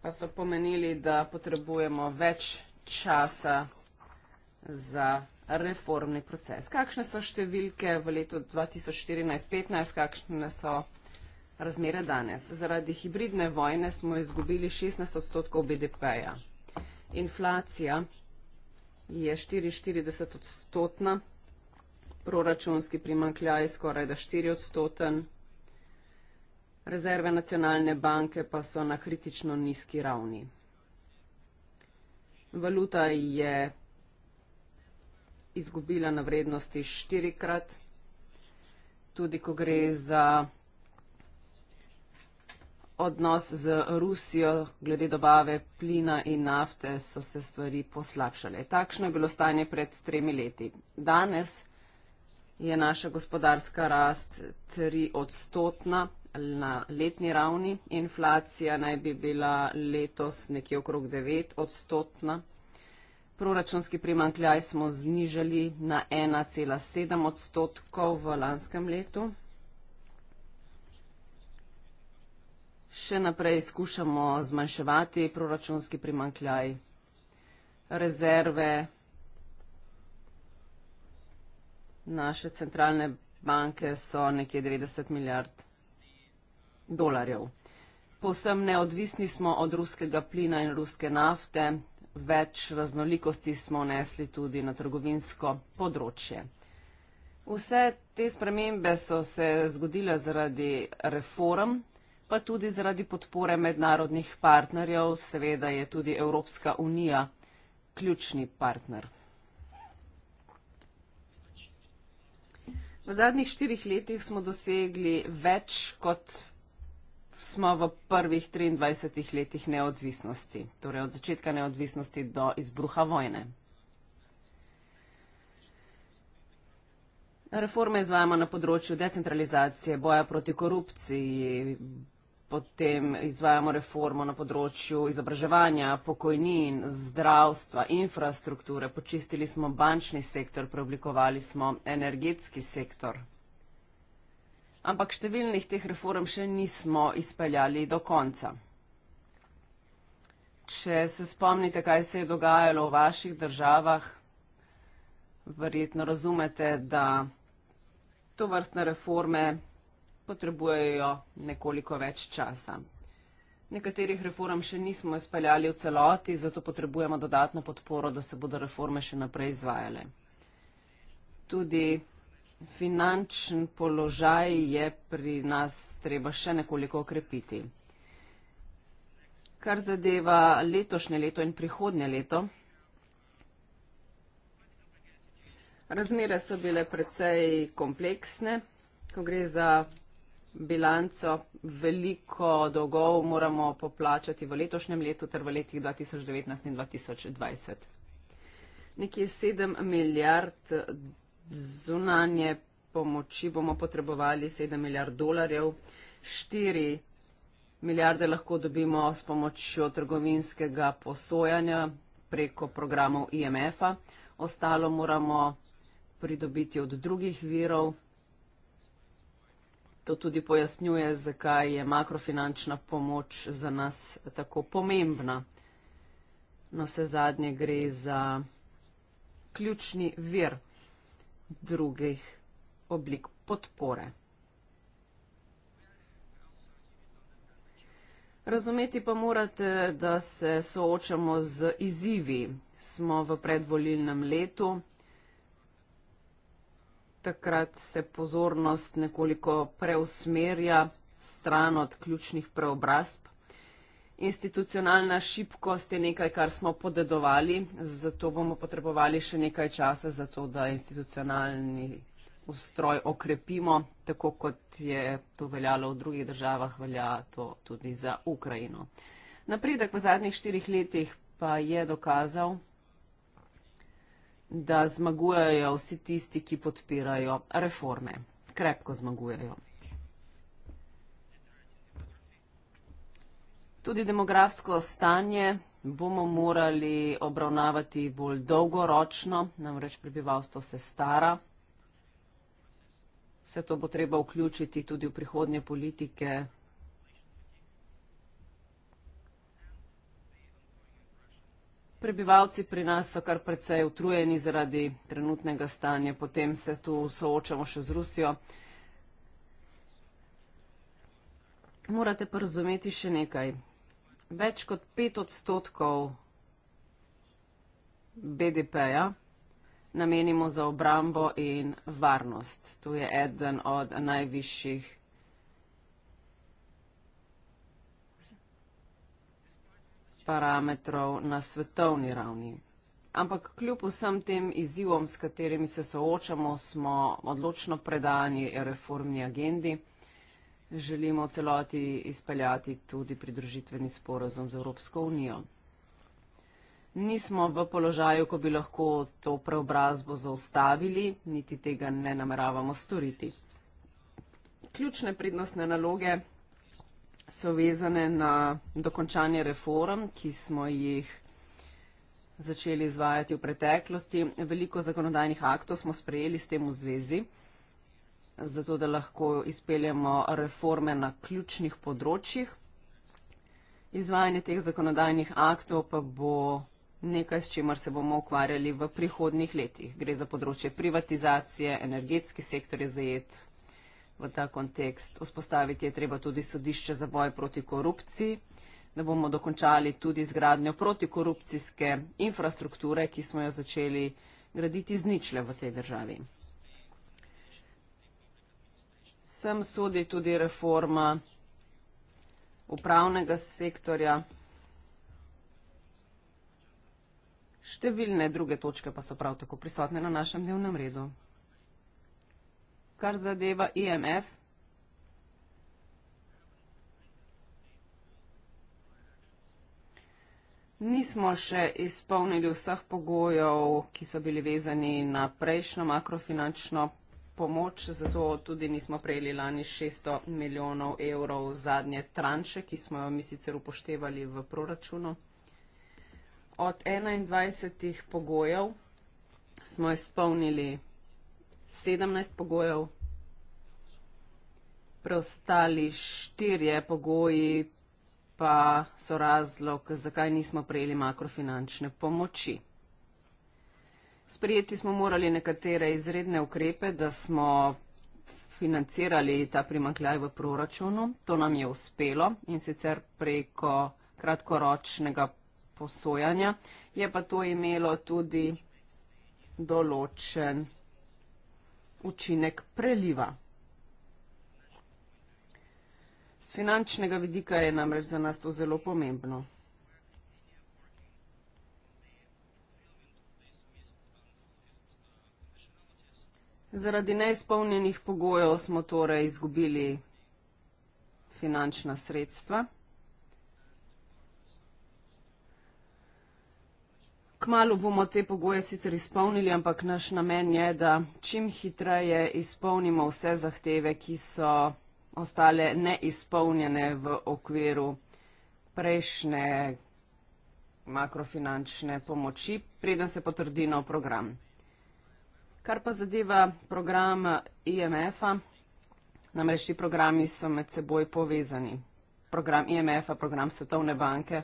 pa so pomenili, da potrebujemo več časa za reformni proces. Kakšne so številke v letu 2014-2015, kakšne so razmere danes? Zaradi hibridne vojne smo izgubili 16 odstotkov BDP-ja. Inflacija je 44 odstotna, proračunski primankljaj skoraj da 4 odstoten, rezerve nacionalne banke pa so na kritično nizki ravni. Valuta je izgubila na vrednosti štirikrat, tudi ko gre za odnos z Rusijo glede dobave plina in nafte, so se stvari poslabšale. Takšno je bilo stanje pred tremi leti. Danes je naša gospodarska rast tri odstotna na letni ravni. Inflacija naj bi bila letos nekje okrog devet odstotna. Proračunski primankljaj smo znižali na 1,7 odstotkov v lanskem letu. Še naprej skušamo zmanjševati proračunski primankljaj, rezerve naše centralne banke so nekje 90 milijard dolarjev. Povsem neodvisni smo od ruskega plina in ruske nafte, več raznolikosti smo nesli tudi na trgovinsko področje. Vse te spremembe so se zgodile zaradi reform, pa tudi zaradi podpore mednarodnih partnerjev, seveda je tudi Evropska unija ključni partner. V zadnjih štirih letih smo dosegli več kot smo v prvih 23 letih neodvisnosti, torej od začetka neodvisnosti do izbruha vojne. Reforme izvajamo na področju decentralizacije, boja proti korupciji, potem izvajamo reformo na področju izobraževanja, pokojnin, zdravstva, infrastrukture, počistili smo bančni sektor, preoblikovali smo energetski sektor ampak številnih teh reform še nismo izpeljali do konca. Če se spomnite, kaj se je dogajalo v vaših državah, verjetno razumete, da to vrstne reforme potrebujejo nekoliko več časa. Nekaterih reform še nismo izpeljali v celoti, zato potrebujemo dodatno podporo, da se bodo reforme še naprej izvajale. Tudi finančen položaj je pri nas treba še nekoliko okrepiti. Kar zadeva letošnje leto in prihodnje leto, razmere so bile precej kompleksne, ko gre za bilanco, veliko dolgov moramo poplačati v letošnjem letu ter v letih 2019 in 2020. Nekje 7 milijard zunanje pomoči bomo potrebovali 7 milijard dolarjev, 4 milijarde lahko dobimo s pomočjo trgovinskega posojanja preko programov IMF-a, ostalo moramo pridobiti od drugih virov. To tudi pojasnjuje, zakaj je makrofinančna pomoč za nas tako pomembna. No, vse zadnje gre za ključni vir drugih oblik podpore. Razumeti pa morate, da se soočamo z izzivi. Smo v predvolilnem letu, takrat se pozornost nekoliko preusmerja stran od ključnih preobrazb, institucionalna šibkost je nekaj, kar smo podedovali, zato bomo potrebovali še nekaj časa za to, da institucionalni ustroj okrepimo, tako kot je to veljalo v drugih državah, velja to tudi za Ukrajino. Napredek v zadnjih štirih letih pa je dokazal, da zmagujejo vsi tisti, ki podpirajo reforme. Krepko zmagujejo. Tudi demografsko stanje bomo morali obravnavati bolj dolgoročno, namreč prebivalstvo se stara. Vse to bo treba vključiti tudi v prihodnje politike. Prebivalci pri nas so kar precej utrujeni zaradi trenutnega stanja, potem se tu soočamo še z Rusijo. Morate pa razumeti še nekaj več kot pet odstotkov BDP-ja namenimo za obrambo in varnost. To je eden od najvišjih parametrov na svetovni ravni. Ampak kljub vsem tem izzivom, s katerimi se soočamo, smo odločno predani reformni agendi želimo v celoti izpeljati tudi pridružitveni sporozum z Evropsko unijo. Nismo v položaju, ko bi lahko to preobrazbo zaustavili, niti tega ne nameravamo storiti. Ključne prednostne naloge so vezane na dokončanje reform, ki smo jih začeli izvajati v preteklosti. Veliko zakonodajnih aktov smo sprejeli s tem v zvezi zato da lahko izpeljemo reforme na ključnih področjih. Izvajanje teh zakonodajnih aktov pa bo nekaj, s čimer se bomo ukvarjali v prihodnih letih. Gre za področje privatizacije, energetski sektor je zajet v ta kontekst. Vzpostaviti je treba tudi sodišče za boj proti korupciji, da bomo dokončali tudi zgradnjo protikorupcijske infrastrukture, ki smo jo začeli graditi z ničle v tej državi sem sodi tudi reforma upravnega sektorja. Številne druge točke pa so prav tako prisotne na našem dnevnem redu. Kar zadeva IMF, nismo še izpolnili vseh pogojev, ki so bili vezani na prejšnjo makrofinančno pomoč, zato tudi nismo prejeli lani 600 milijonov evrov zadnje tranše, ki smo jo mi sicer upoštevali v proračunu. Od 21 pogojev smo izpolnili 17 pogojev, preostali 4 pogoji pa so razlog, zakaj nismo prejeli makrofinančne pomoči. Sprijeti smo morali nekatere izredne ukrepe, da smo financirali ta primankljaj v proračunu. To nam je uspelo in sicer preko kratkoročnega posojanja. Je pa to imelo tudi določen učinek preliva. Z finančnega vidika je namreč za nas to zelo pomembno. Zaradi neizpolnjenih pogojev smo torej izgubili finančna sredstva. Kmalo bomo te pogoje sicer izpolnili, ampak naš namen je, da čim hitreje izpolnimo vse zahteve, ki so ostale neizpolnjene v okviru prejšnje makrofinančne pomoči, preden se potrdi nov program. Kar pa zadeva program IMF-a, namreč ti programi so med seboj povezani. Program IMF-a, program Svetovne banke,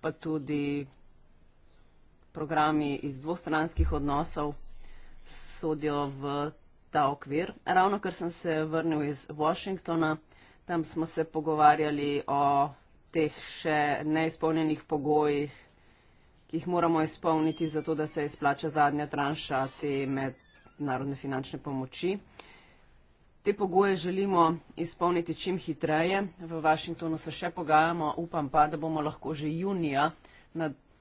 pa tudi programi iz dvostranskih odnosov sodijo v ta okvir. Ravno kar sem se vrnil iz Washingtona, tam smo se pogovarjali o teh še neizpolnjenih pogojih ki jih moramo izpolniti, zato da se izplača zadnja tranša te mednarodne finančne pomoči. Te pogoje želimo izpolniti čim hitreje. V Washingtonu se še pogajamo, upam pa, da bomo lahko že junija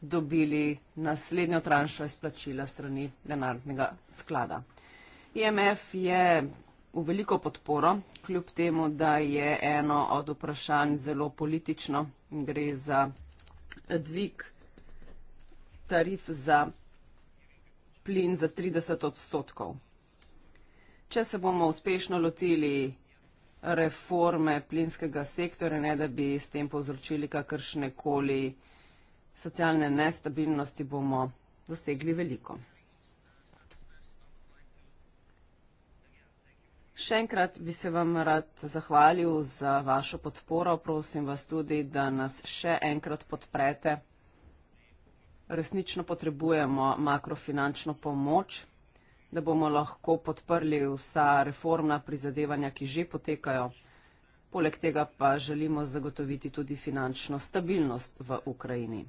dobili naslednjo tranšo izplačila strani denarnega sklada. IMF je v veliko podporo, kljub temu, da je eno od vprašanj zelo politično in gre za dvig tarif za plin za 30 odstotkov. Če se bomo uspešno lotili reforme plinskega sektora, ne da bi s tem povzročili kakršne koli socialne nestabilnosti, bomo dosegli veliko. Še enkrat bi se vam rad zahvalil za vašo podporo. Prosim vas tudi, da nas še enkrat podprete resnično potrebujemo makrofinančno pomoč, da bomo lahko podprli vsa reformna prizadevanja, ki že potekajo. Poleg tega pa želimo zagotoviti tudi finančno stabilnost v Ukrajini.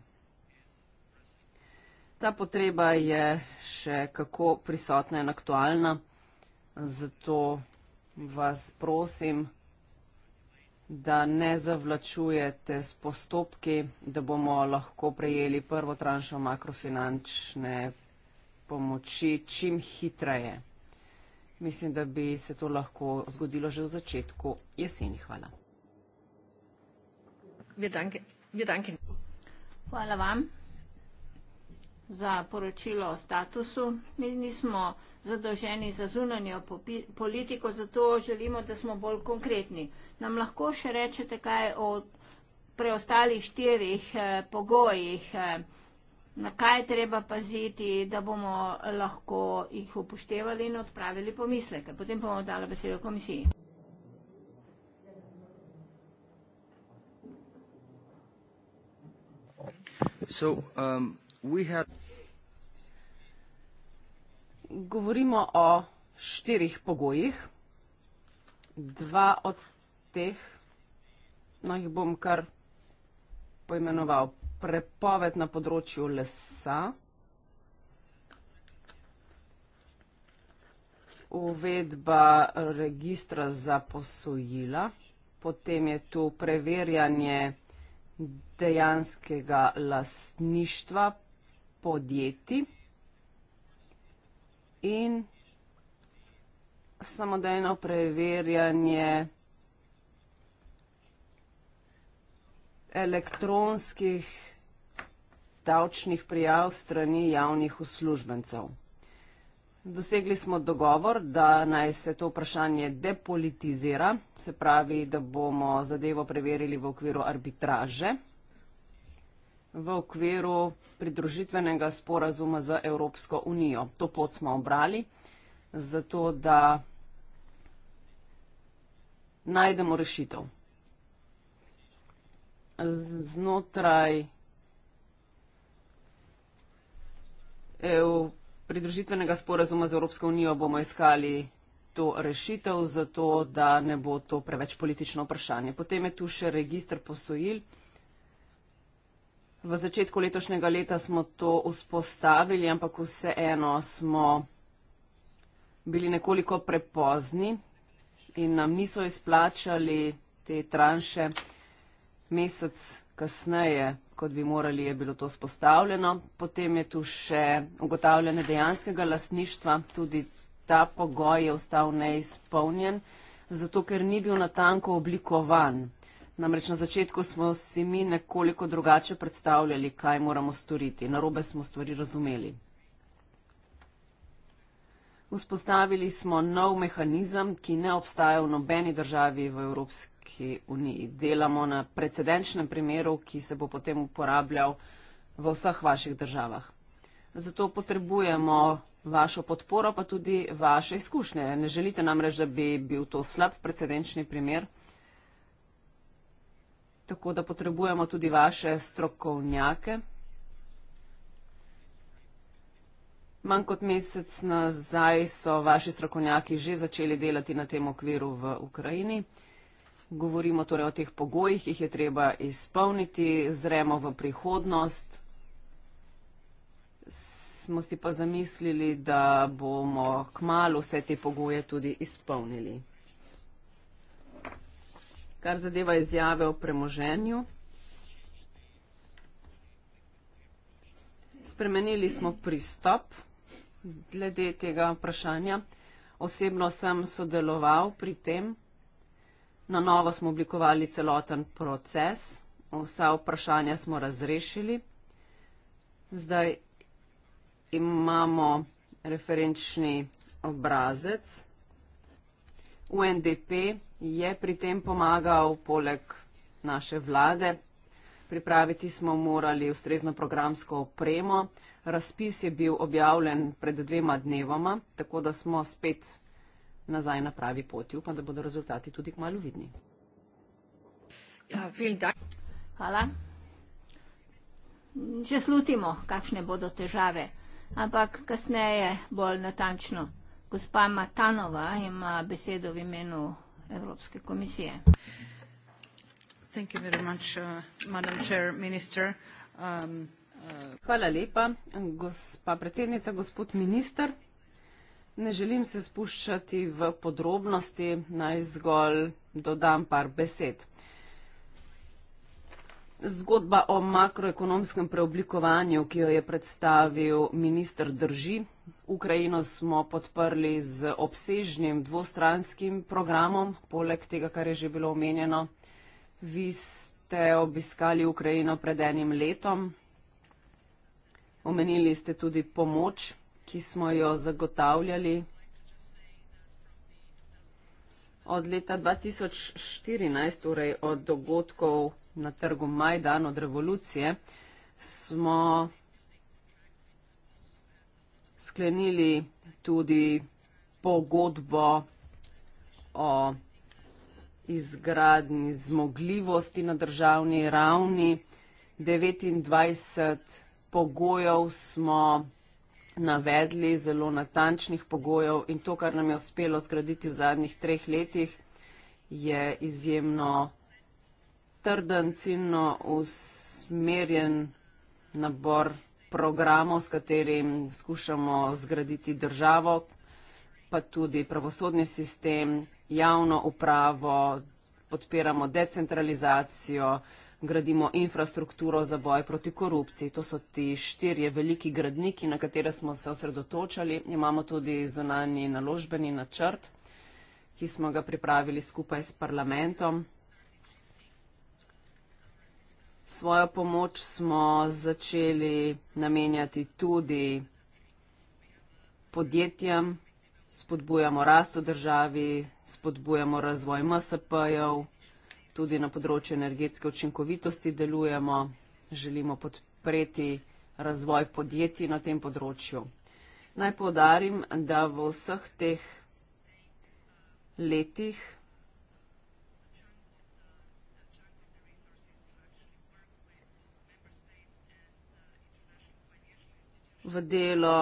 Ta potreba je še kako prisotna in aktualna, zato vas prosim, da ne zavlačujete s postopki, da bomo lahko prejeli prvo tranšo makrofinančne pomoči čim hitreje. Mislim, da bi se to lahko zgodilo že v začetku jeseni. Hvala. Ja, ja, Hvala vam za poročilo o statusu. Mi nismo zadolženi za zunanjo politiko, zato želimo, da smo bolj konkretni. Nam lahko še rečete kaj o preostalih štirih eh, pogojih, eh, na kaj treba paziti, da bomo lahko jih upoštevali in odpravili pomisleke. Potem bomo dali besedo komisiji. So, um, we have govorimo o štirih pogojih. Dva od teh, no jih bom kar poimenoval, prepoved na področju lesa, uvedba registra za posojila, potem je tu preverjanje dejanskega lasništva podjetij in samodejno preverjanje elektronskih davčnih prijav strani javnih uslužbencev. Dosegli smo dogovor, da naj se to vprašanje depolitizira, se pravi, da bomo zadevo preverili v okviru arbitraže v okviru pridružitvenega sporazuma z Evropsko unijo. To pot smo obrali, zato da najdemo rešitev. Znotraj pridružitvenega sporazuma z Evropsko unijo bomo iskali to rešitev, zato da ne bo to preveč politično vprašanje. Potem je tu še registr posojil. V začetku letošnjega leta smo to vzpostavili, ampak vseeno smo bili nekoliko prepozni in nam niso izplačali te tranše mesec kasneje, kot bi morali, je bilo to spostavljeno. Potem je tu še ugotavljanje dejanskega lasništva, tudi ta pogoj je ostal neizpolnjen, zato ker ni bil natanko oblikovan. Namreč na začetku smo si mi nekoliko drugače predstavljali, kaj moramo storiti. Narobe smo stvari razumeli. Vzpostavili smo nov mehanizem, ki ne obstaja v nobeni državi v Evropski uniji. Delamo na precedenčnem primeru, ki se bo potem uporabljal v vseh vaših državah. Zato potrebujemo vašo podporo, pa tudi vaše izkušnje. Ne želite namreč, da bi bil to slab precedenčni primer tako da potrebujemo tudi vaše strokovnjake. Manj kot mesec nazaj so vaši strokovnjaki že začeli delati na tem okviru v Ukrajini. Govorimo torej o teh pogojih, jih je treba izpolniti, zremo v prihodnost. Smo si pa zamislili, da bomo k malu vse te pogoje tudi izpolnili kar zadeva izjave o premoženju. Spremenili smo pristop glede tega vprašanja. Osebno sem sodeloval pri tem. Na novo smo oblikovali celoten proces. Vsa vprašanja smo razrešili. Zdaj imamo referenčni obrazec. UNDP je pri tem pomagal poleg naše vlade. Pripraviti smo morali ustrezno programsko opremo. Razpis je bil objavljen pred dvema dnevoma, tako da smo spet nazaj na pravi poti. Upam, da bodo rezultati tudi kmalo vidni. Ja, Hvala. Že slutimo, kakšne bodo težave, ampak kasneje bolj natančno. Gospa Matanova ima besedo v imenu Evropske komisije. Uh, um, uh, Hvala lepa, gospa predsednica, gospod minister. Ne želim se spuščati v podrobnosti, naj zgolj dodam par besed. Zgodba o makroekonomskem preoblikovanju, ki jo je predstavil minister, drži. Ukrajino smo podprli z obsežnim dvostranskim programom, poleg tega, kar je že bilo omenjeno. Vi ste obiskali Ukrajino pred enim letom. Omenili ste tudi pomoč, ki smo jo zagotavljali. Od leta 2014, torej od dogodkov na trgu Majdan, od revolucije, smo sklenili tudi pogodbo o izgradni zmogljivosti na državni ravni. 29 pogojev smo navedli, zelo natančnih pogojev in to, kar nam je uspelo zgraditi v zadnjih treh letih, je izjemno trden, ciljno usmerjen nabor programov, s katerim skušamo zgraditi državo, pa tudi pravosodni sistem, javno upravo, podpiramo decentralizacijo, gradimo infrastrukturo za boj proti korupciji. To so ti štirje veliki gradniki, na katere smo se osredotočali. Imamo tudi zunanji naložbeni načrt, ki smo ga pripravili skupaj s parlamentom. Svojo pomoč smo začeli namenjati tudi podjetjem, spodbujamo rast v državi, spodbujamo razvoj MSP-jev, tudi na področju energetske učinkovitosti delujemo, želimo podpreti razvoj podjetij na tem področju. Naj povdarim, da v vseh teh letih v delo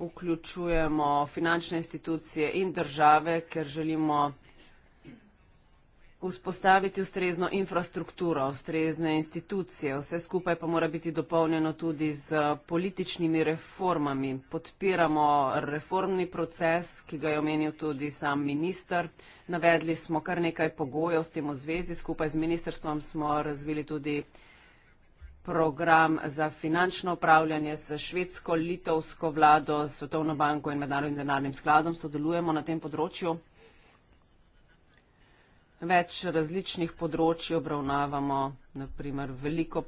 vključujemo finančne institucije in države, ker želimo vzpostaviti ustrezno infrastrukturo, ustrezne institucije. Vse skupaj pa mora biti dopolnjeno tudi z političnimi reformami. Podpiramo reformni proces, ki ga je omenil tudi sam minister. Navedli smo kar nekaj pogojev s tem v zvezi. Skupaj z ministerstvom smo razvili tudi program za finančno upravljanje s švedsko, litovsko vlado, Svetovno banko in Mednarodnim denarnim skladom. Sodelujemo na tem področju. Več različnih področji obravnavamo, naprimer veliko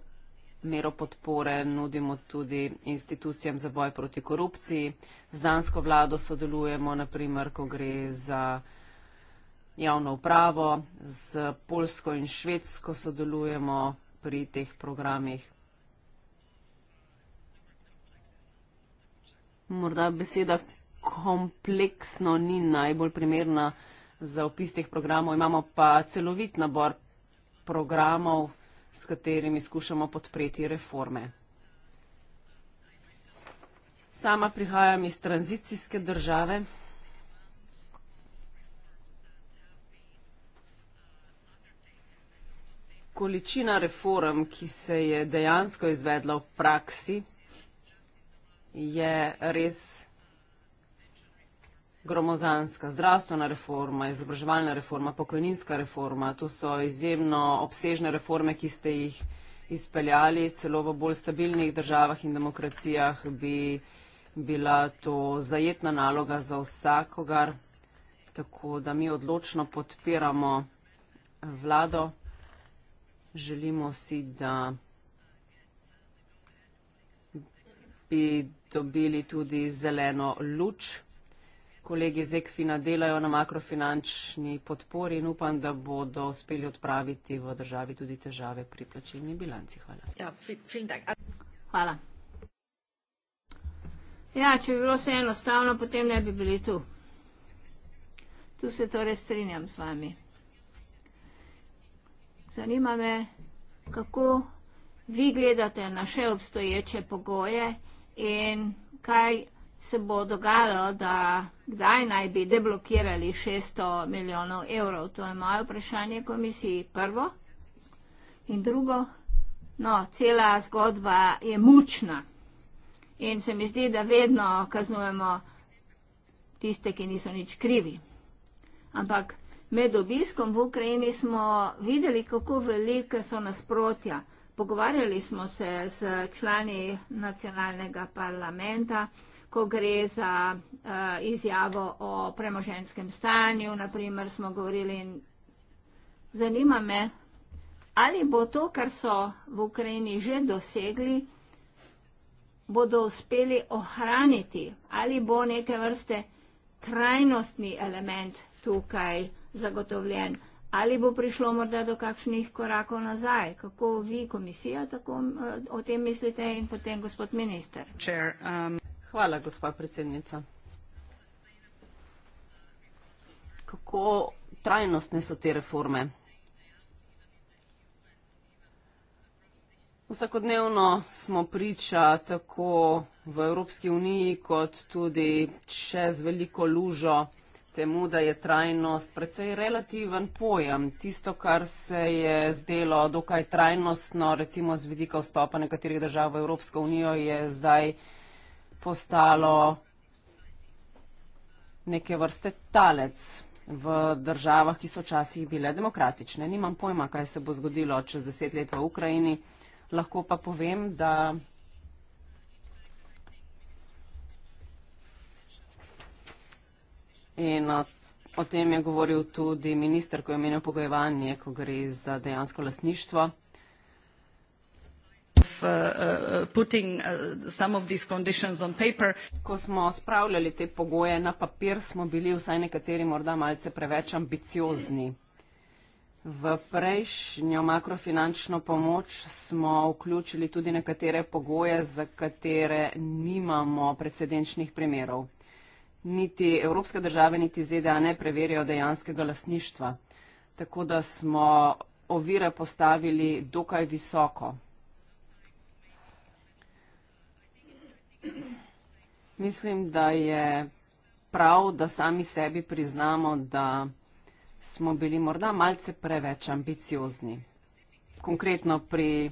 mero podpore nudimo tudi institucijam za boj proti korupciji. Z dansko vlado sodelujemo, naprimer, ko gre za javno upravo, z polsko in švedsko sodelujemo pri teh programih. Morda beseda kompleksno ni najbolj primerna za opis teh programov, imamo pa celovit nabor programov, s katerimi skušamo podpreti reforme. Sama prihajam iz tranzicijske države. količina reform, ki se je dejansko izvedla v praksi, je res gromozanska. Zdravstvena reforma, izobraževalna reforma, pokojninska reforma, to so izjemno obsežne reforme, ki ste jih izpeljali, celo v bolj stabilnih državah in demokracijah bi bila to zajetna naloga za vsakogar, tako da mi odločno podpiramo vlado. Želimo si, da bi dobili tudi zeleno luč. Kolegi z Ekfina delajo na makrofinančni podpori in upam, da bodo uspeli odpraviti v državi tudi težave pri plačilni bilanci. Hvala. Ja, Hvala. Ja, če bi bilo vse enostavno, potem ne bi bili tu. Tu se torej strinjam z vami. Zanima me, kako vi gledate na še obstoječe pogoje in kaj se bo dogajalo, da kdaj naj bi deblokirali 600 milijonov evrov? To je moje vprašanje komisiji prvo. In drugo, no, cela zgodba je mučna. In se mi zdi, da vedno kaznujemo tiste, ki niso nič krivi. Ampak Med obiskom v Ukrajini smo videli, kako velike so nasprotja. Pogovarjali smo se z člani nacionalnega parlamenta, ko gre za uh, izjavo o premoženskem stanju, naprimer smo govorili in zanima me, ali bo to, kar so v Ukrajini že dosegli, bodo uspeli ohraniti, ali bo neke vrste trajnostni element tukaj zagotovljen. Ali bo prišlo morda do kakšnih korakov nazaj? Kako vi, komisija, tako eh, o tem mislite in potem gospod minister? Chair, um... Hvala, gospa predsednica. Kako trajnostne so te reforme? Vsakodnevno smo priča tako v Evropski uniji kot tudi čez veliko lužo temu, da je trajnost precej relativen pojem. Tisto, kar se je zdelo dokaj trajnostno, recimo z vidika vstopa nekaterih držav v Evropsko unijo, je zdaj postalo neke vrste talec v državah, ki so včasih bile demokratične. Nimam pojma, kaj se bo zgodilo čez deset let v Ukrajini. Lahko pa povem, da In uh, o tem je govoril tudi minister, ko je omenil pogojevanje, ko gre za dejansko lasništvo. Uh, uh, putting, uh, some of these conditions on paper. Ko smo spravljali te pogoje na papir, smo bili vsaj nekateri morda malce preveč ambiciozni. V prejšnjo makrofinančno pomoč smo vključili tudi nekatere pogoje, za katere nimamo precedenčnih primerov niti evropske države, niti ZDA ne preverjajo dejanskega lasništva. Tako da smo ovire postavili dokaj visoko. Mislim, da je prav, da sami sebi priznamo, da smo bili morda malce preveč ambiciozni. Konkretno pri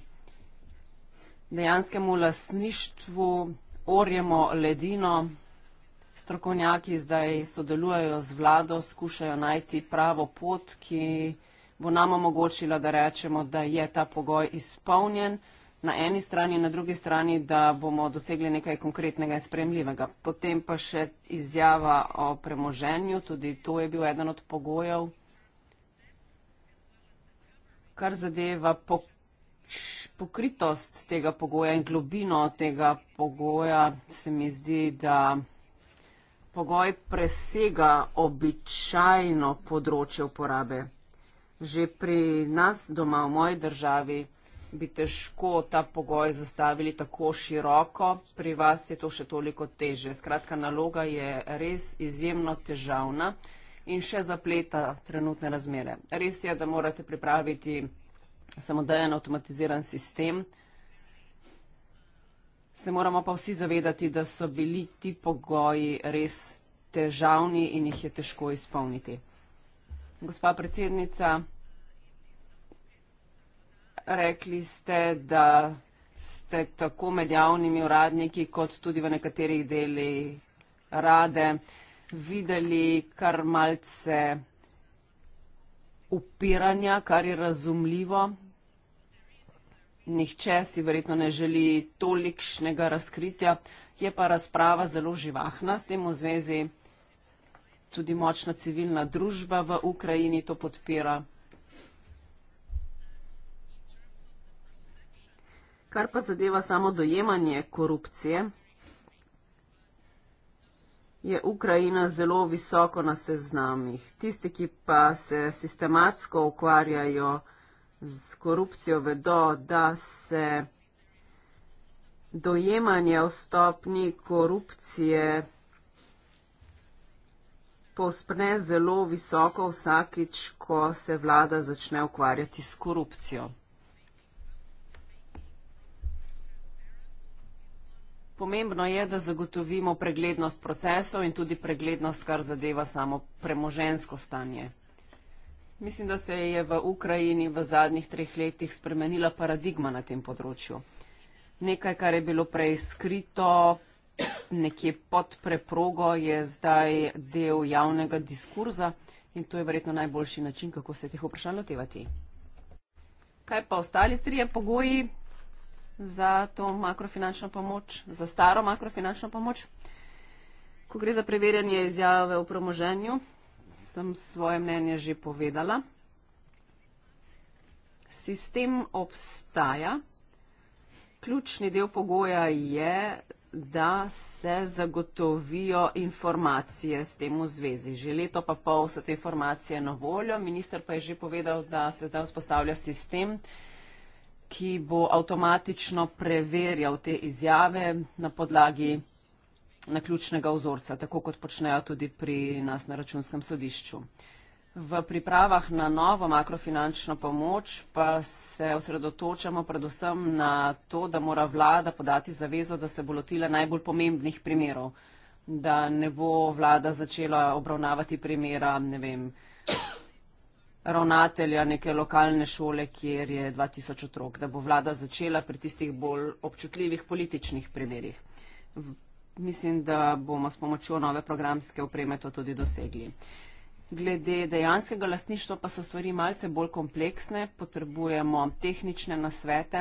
dejanskemu lasništvu orjemo ledino strokovnjaki zdaj sodelujejo z vlado, skušajo najti pravo pot, ki bo nam omogočila, da rečemo, da je ta pogoj izpolnjen na eni strani, na drugi strani, da bomo dosegli nekaj konkretnega in spremljivega. Potem pa še izjava o premoženju, tudi to je bil eden od pogojev. Kar zadeva pokritost tega pogoja in globino tega pogoja, se mi zdi, da pogoj presega običajno področje uporabe. Že pri nas doma v moji državi bi težko ta pogoj zastavili tako široko, pri vas je to še toliko teže. Skratka, naloga je res izjemno težavna in še zapleta trenutne razmere. Res je, da morate pripraviti samodejen avtomatiziran sistem, se moramo pa vsi zavedati, da so bili ti pogoji res težavni in jih je težko izpolniti. Gospa predsednica, rekli ste, da ste tako med javnimi uradniki, kot tudi v nekaterih deli rade, videli kar malce upiranja, kar je razumljivo, nihče si verjetno ne želi tolikšnega razkritja, je pa razprava zelo živahna s tem v zvezi. Tudi močna civilna družba v Ukrajini to podpira. Kar pa zadeva samo dojemanje korupcije, je Ukrajina zelo visoko na seznamih. Tisti, ki pa se sistematsko ukvarjajo z korupcijo vedo, da se dojemanje o stopni korupcije povzpne zelo visoko vsakič, ko se vlada začne ukvarjati s korupcijo. Pomembno je, da zagotovimo preglednost procesov in tudi preglednost, kar zadeva samo premoženjsko stanje. Mislim, da se je v Ukrajini v zadnjih treh letih spremenila paradigma na tem področju. Nekaj, kar je bilo prej skrito, nekje pod preprogo, je zdaj del javnega diskurza in to je verjetno najboljši način, kako se teh vprašanj lotevati. Kaj pa ostali trije pogoji za to makrofinančno pomoč, za staro makrofinančno pomoč? Ko gre za preverjanje izjave o premoženju, sem svoje mnenje že povedala. Sistem obstaja. Ključni del pogoja je, da se zagotovijo informacije s tem v zvezi. Že leto pa pol so te informacije na voljo. Minister pa je že povedal, da se zdaj vzpostavlja sistem, ki bo avtomatično preverjal te izjave na podlagi naključnega vzorca, tako kot počnejo tudi pri nas na računskem sodišču. V pripravah na novo makrofinančno pomoč pa se osredotočamo predvsem na to, da mora vlada podati zavezo, da se bo lotila najbolj pomembnih primerov, da ne bo vlada začela obravnavati primera, ne vem, ravnatelja neke lokalne šole, kjer je 2000 otrok, da bo vlada začela pri tistih bolj občutljivih političnih primerih mislim, da bomo s pomočjo nove programske opreme to tudi dosegli. Glede dejanskega lasništva pa so stvari malce bolj kompleksne, potrebujemo tehnične nasvete,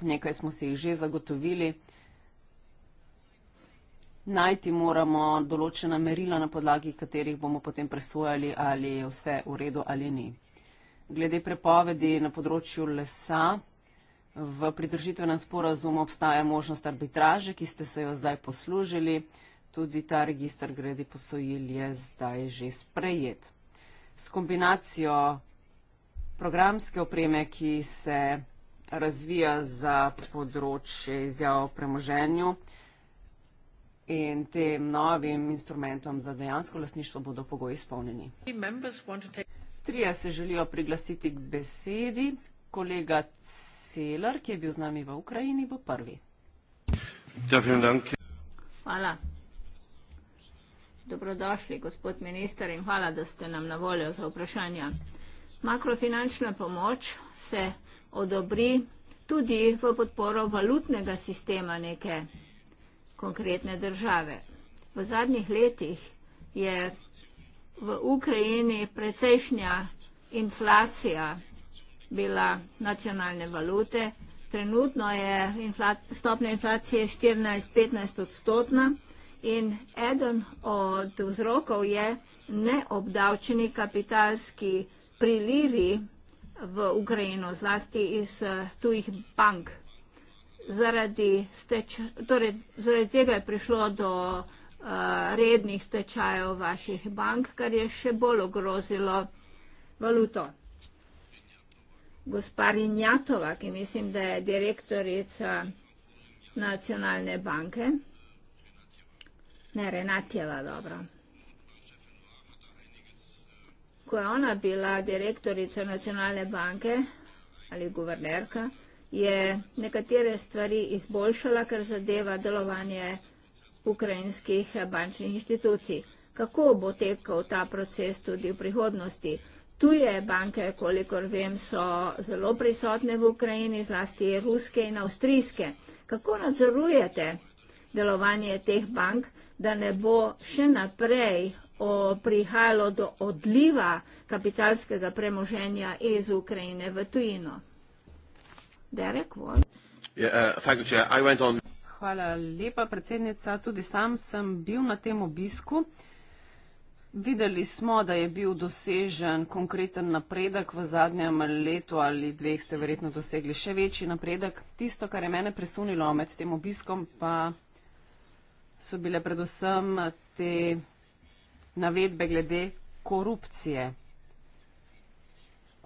nekaj smo si jih že zagotovili. Najti moramo določena merila, na podlagi katerih bomo potem presojali, ali je vse v redu ali ni. Glede prepovedi na področju lesa, V pridružitvenem sporazumu obstaja možnost arbitraže, ki ste se jo zdaj poslužili. Tudi ta registr gredi posojil je zdaj že sprejet. S kombinacijo programske opreme, ki se razvija za področje izjav o premoženju in tem novim instrumentom za dejansko lasništvo bodo pogoji izpolnjeni. Trije se želijo priglasiti k besedi. Kolega C. Seler, ki je bil z nami v Ukrajini, bo prvi. Ja, hvala. Dobrodošli, gospod minister, in hvala, da ste nam na voljo za vprašanja. Makrofinančna pomoč se odobri tudi v podporo valutnega sistema neke konkretne države. V zadnjih letih je v Ukrajini precejšnja inflacija bila nacionalne valute. Trenutno je stopnja inflacije 14-15 odstotna in eden od vzrokov je neobdavčeni kapitalski prilivi v Ukrajino, zlasti iz tujih bank. Zaradi, steč, torej, zaradi tega je prišlo do uh, rednih stečajev vaših bank, kar je še bolj ogrozilo valuto gospa Rinjatova, ki mislim, da je direktorica nacionalne banke. Ne, Renatjeva, dobro. Ko je ona bila direktorica nacionalne banke ali guvernerka, je nekatere stvari izboljšala, ker zadeva delovanje ukrajinskih bančnih inštitucij. Kako bo tekal ta proces tudi v prihodnosti? Tuje banke, kolikor vem, so zelo prisotne v Ukrajini, zlasti ruske in avstrijske. Kako nadzorujete delovanje teh bank, da ne bo še naprej prihajalo do odliva kapitalskega premoženja iz Ukrajine v tujino? Derek Wall. Uh, Hvala lepa, predsednica. Tudi sam sem bil na tem obisku. Videli smo, da je bil dosežen konkreten napredek v zadnjem letu ali dveh, ste verjetno dosegli še večji napredek. Tisto, kar je mene presunilo med tem obiskom, pa so bile predvsem te navedbe glede korupcije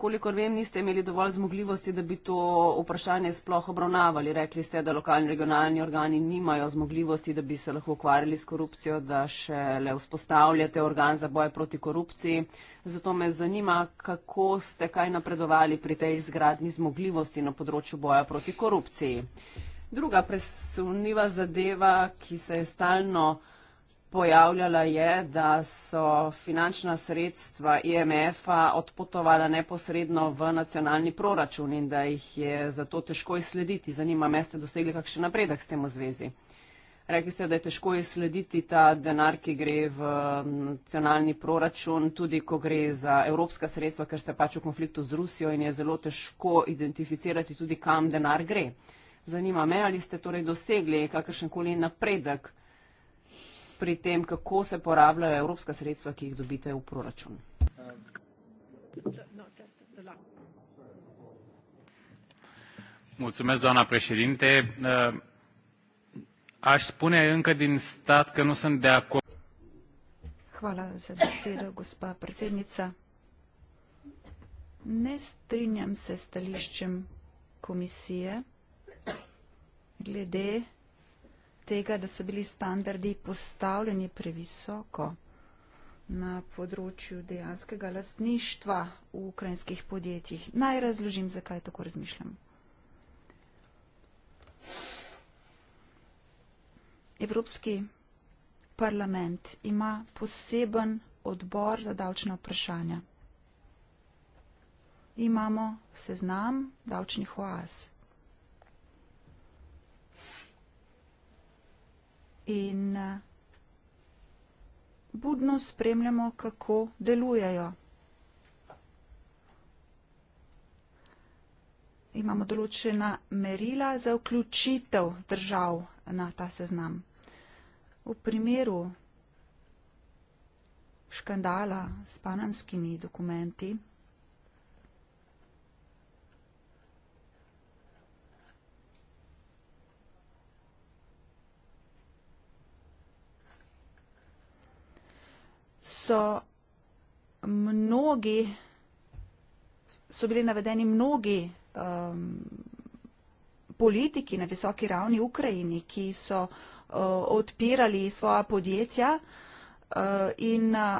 kolikor vem, niste imeli dovolj zmogljivosti, da bi to vprašanje sploh obravnavali. Rekli ste, da lokalni regionalni organi nimajo zmogljivosti, da bi se lahko ukvarjali s korupcijo, da še le vzpostavljate organ za boj proti korupciji. Zato me zanima, kako ste kaj napredovali pri tej izgradni zmogljivosti na področju boja proti korupciji. Druga presunljiva zadeva, ki se je stalno pojavljala je, da so finančna sredstva IMF-a odpotovala neposredno v nacionalni proračun in da jih je zato težko izslediti. Zanima me, ste dosegli kakšen napredek s tem v zvezi. Rekli ste, da je težko izslediti ta denar, ki gre v nacionalni proračun, tudi ko gre za evropska sredstva, ker ste pač v konfliktu z Rusijo in je zelo težko identificirati tudi, kam denar gre. Zanima me, ali ste torej dosegli kakršenkoli napredek pri tem, kako se porabljajo evropska sredstva, ki jih dobite v proračun? Mulțumesc, doamna președinte. Eh, aș spune încă din stat că nu sunt de acord. Hvala za besedo, gospa predsednica. Ne strinjam se s stališčem komisije glede tega, da so bili standardi postavljeni previsoko na področju dejanskega lastništva v ukrajinskih podjetjih. Naj razložim, zakaj tako razmišljam. Evropski parlament ima poseben odbor za davčne vprašanja. Imamo seznam davčnih oaz. in eh, budno spremljamo, kako delujejo. Imamo določena merila za vključitev držav na ta seznam. V primeru škandala s panamskimi dokumenti, so mnogi, so bili navedeni mnogi um, politiki na visoki ravni v Ukrajini, ki so uh, odpirali svoja podjetja uh, in uh,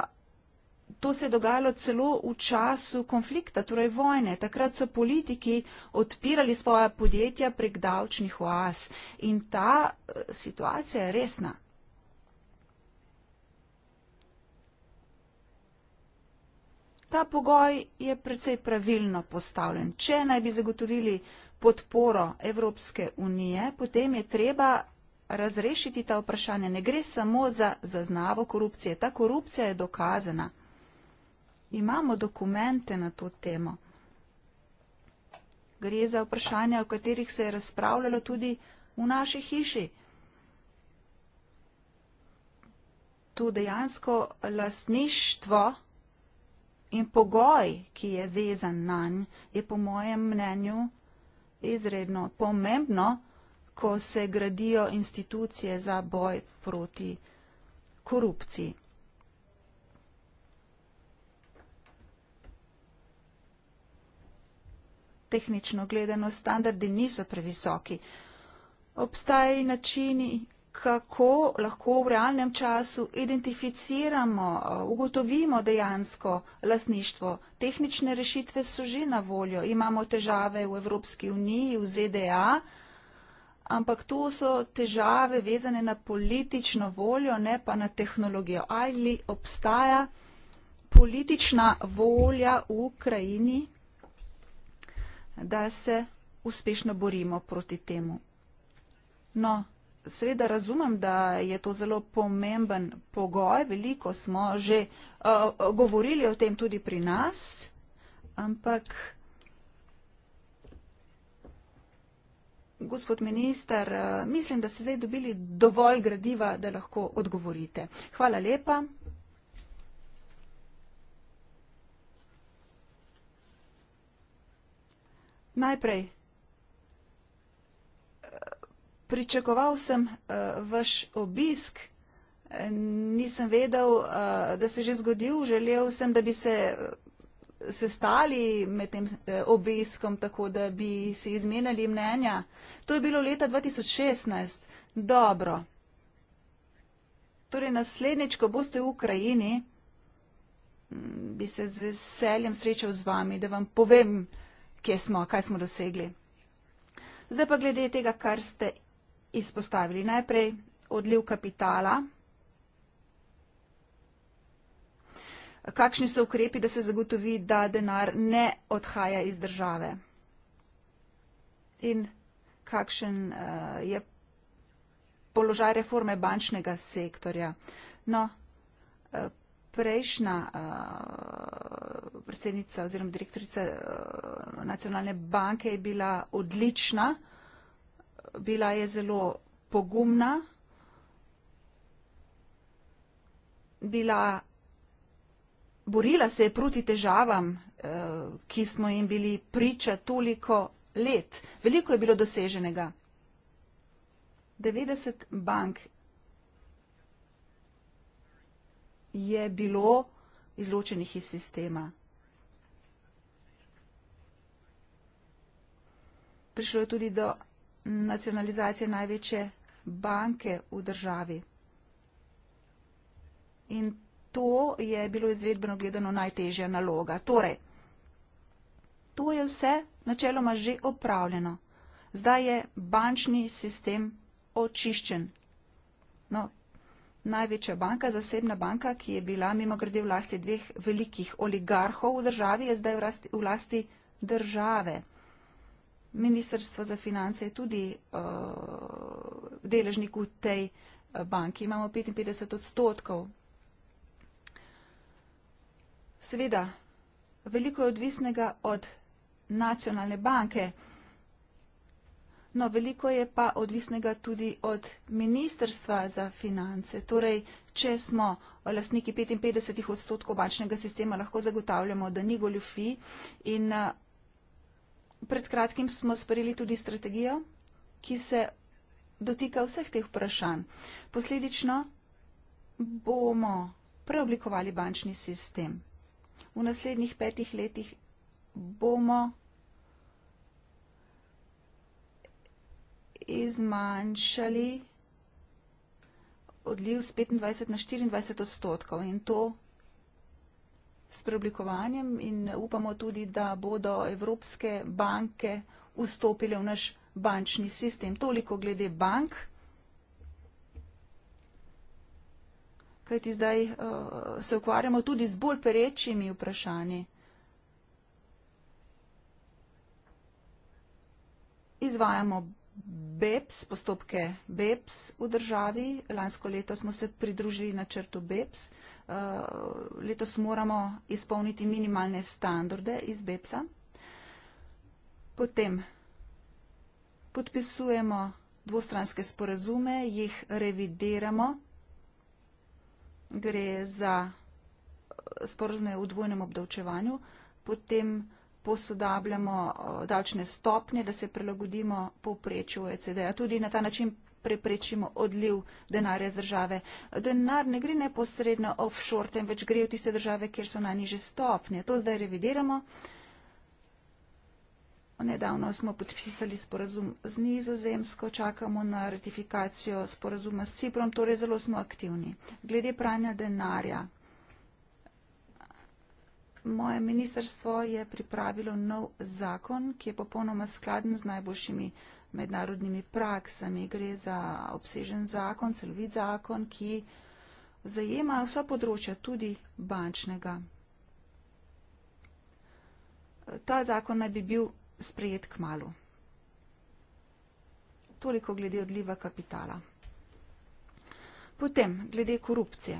To se je dogajalo celo v času konflikta, torej vojne. Takrat so politiki odpirali svoja podjetja prek davčnih oaz. In ta uh, situacija je resna. Ta pogoj je precej pravilno postavljen. Če naj bi zagotovili podporo Evropske unije, potem je treba razrešiti ta vprašanja. Ne gre samo za zaznavo korupcije. Ta korupcija je dokazana. Imamo dokumente na to temo. Gre za vprašanja, o katerih se je razpravljalo tudi v naši hiši. To dejansko lastništvo in pogoj, ki je vezan na nj, je po mojem mnenju izredno pomembno, ko se gradijo institucije za boj proti korupciji. Tehnično gledano standardi niso previsoki. Obstajajo načini, kako lahko v realnem času identificiramo, eh, ugotovimo dejansko lasništvo. Tehnične rešitve so že na voljo. Imamo težave v Evropski uniji, v ZDA, ampak to so težave vezane na politično voljo, ne pa na tehnologijo. Ali obstaja politična volja v Ukrajini, da se uspešno borimo proti temu? No, Seveda razumem, da je to zelo pomemben pogoj, veliko smo že uh, govorili o tem tudi pri nas, ampak gospod minister, uh, mislim, da ste zdaj dobili dovolj gradiva, da lahko odgovorite. Hvala lepa. Najprej pričakoval sem uh, vaš obisk, nisem vedel, uh, da se je že zgodil, želel sem, da bi se eh, sestali med tem obiskom, tako da bi se izmenjali mnenja. To je bilo leta 2016. Dobro. Torej naslednjič, ko boste v Ukrajini, mm, bi se z veseljem srečal z vami, da vam povem, kje smo, kaj smo dosegli. Zdaj pa glede tega, kar ste izpostavili najprej odliv kapitala. Kakšni so ukrepi, da se zagotovi, da denar ne odhaja iz države? In kakšen uh, je položaj reforme bančnega sektorja? No, eh, prejšnja uh, predsednica oziroma direktorica uh, Nacionalne banke je bila odlična bila je zelo pogumna, bila, borila se je proti težavam, eh, ki smo jim bili priča toliko let. Veliko je bilo doseženega. 90 bank je bilo izločenih iz sistema. Prišlo je tudi do nacionalizacije največje banke v državi. In to je bilo izvedbeno gledano najtežja naloga. Torej, to je vse načeloma že opravljeno. Zdaj je bančni sistem očiščen. No, največja banka, zasebna banka, ki je bila mimo grede v lasti dveh velikih oligarhov v državi, je zdaj v lasti države. Ministrstvo za finance je tudi uh, deležnik v tej uh, banki, imamo 55 odstotkov. Seveda, veliko je odvisnega od nacionalne banke, no veliko je pa odvisnega tudi od Ministrstva za finance. Torej, če smo lastniki 55 odstotkov bančnega sistema, lahko zagotavljamo, da ni goljufi in uh, pred kratkim smo sprejeli tudi strategijo, ki se dotika vseh teh vprašanj. Posledično bomo preoblikovali bančni sistem. V naslednjih petih letih bomo izmanjšali odliv z 25 na 24 odstotkov in to s preoblikovanjem in upamo tudi, da bodo evropske banke vstopile v naš bančni sistem. Toliko glede bank. Kajti zdaj uh, se ukvarjamo tudi z bolj perečimi vprašanji. Izvajamo BEPS, postopke BEPS v državi. Lansko leto smo se pridružili na črtu BEPS. Eh, letos moramo izpolniti minimalne standarde iz BEPS-a. Potem podpisujemo dvostranske sporazume, jih revidiramo. Gre za eh, sporazume v dvojnem obdavčevanju. Potem posodabljamo eh, davčne stopnje, da se prilagodimo povprečju OECD-a. Tudi na ta način preprečimo odliv denarja z države. Denar ne gre neposredno offshore, temveč gre v tiste države, kjer so najniže stopnje. To zdaj revidiramo. Nedavno smo podpisali sporazum z nizozemsko, čakamo na ratifikacijo sporazuma s Ciprom, torej zelo smo aktivni. Glede pranja denarja. Moje ministerstvo je pripravilo nov zakon, ki je popolnoma skladen z najboljšimi mednarodnimi praksami. Gre za obsežen zakon, celovit zakon, ki zajema vsa področja, tudi bančnega. Ta zakon naj bi bil sprejet k malu. Toliko glede odliva kapitala. Potem, glede korupcije.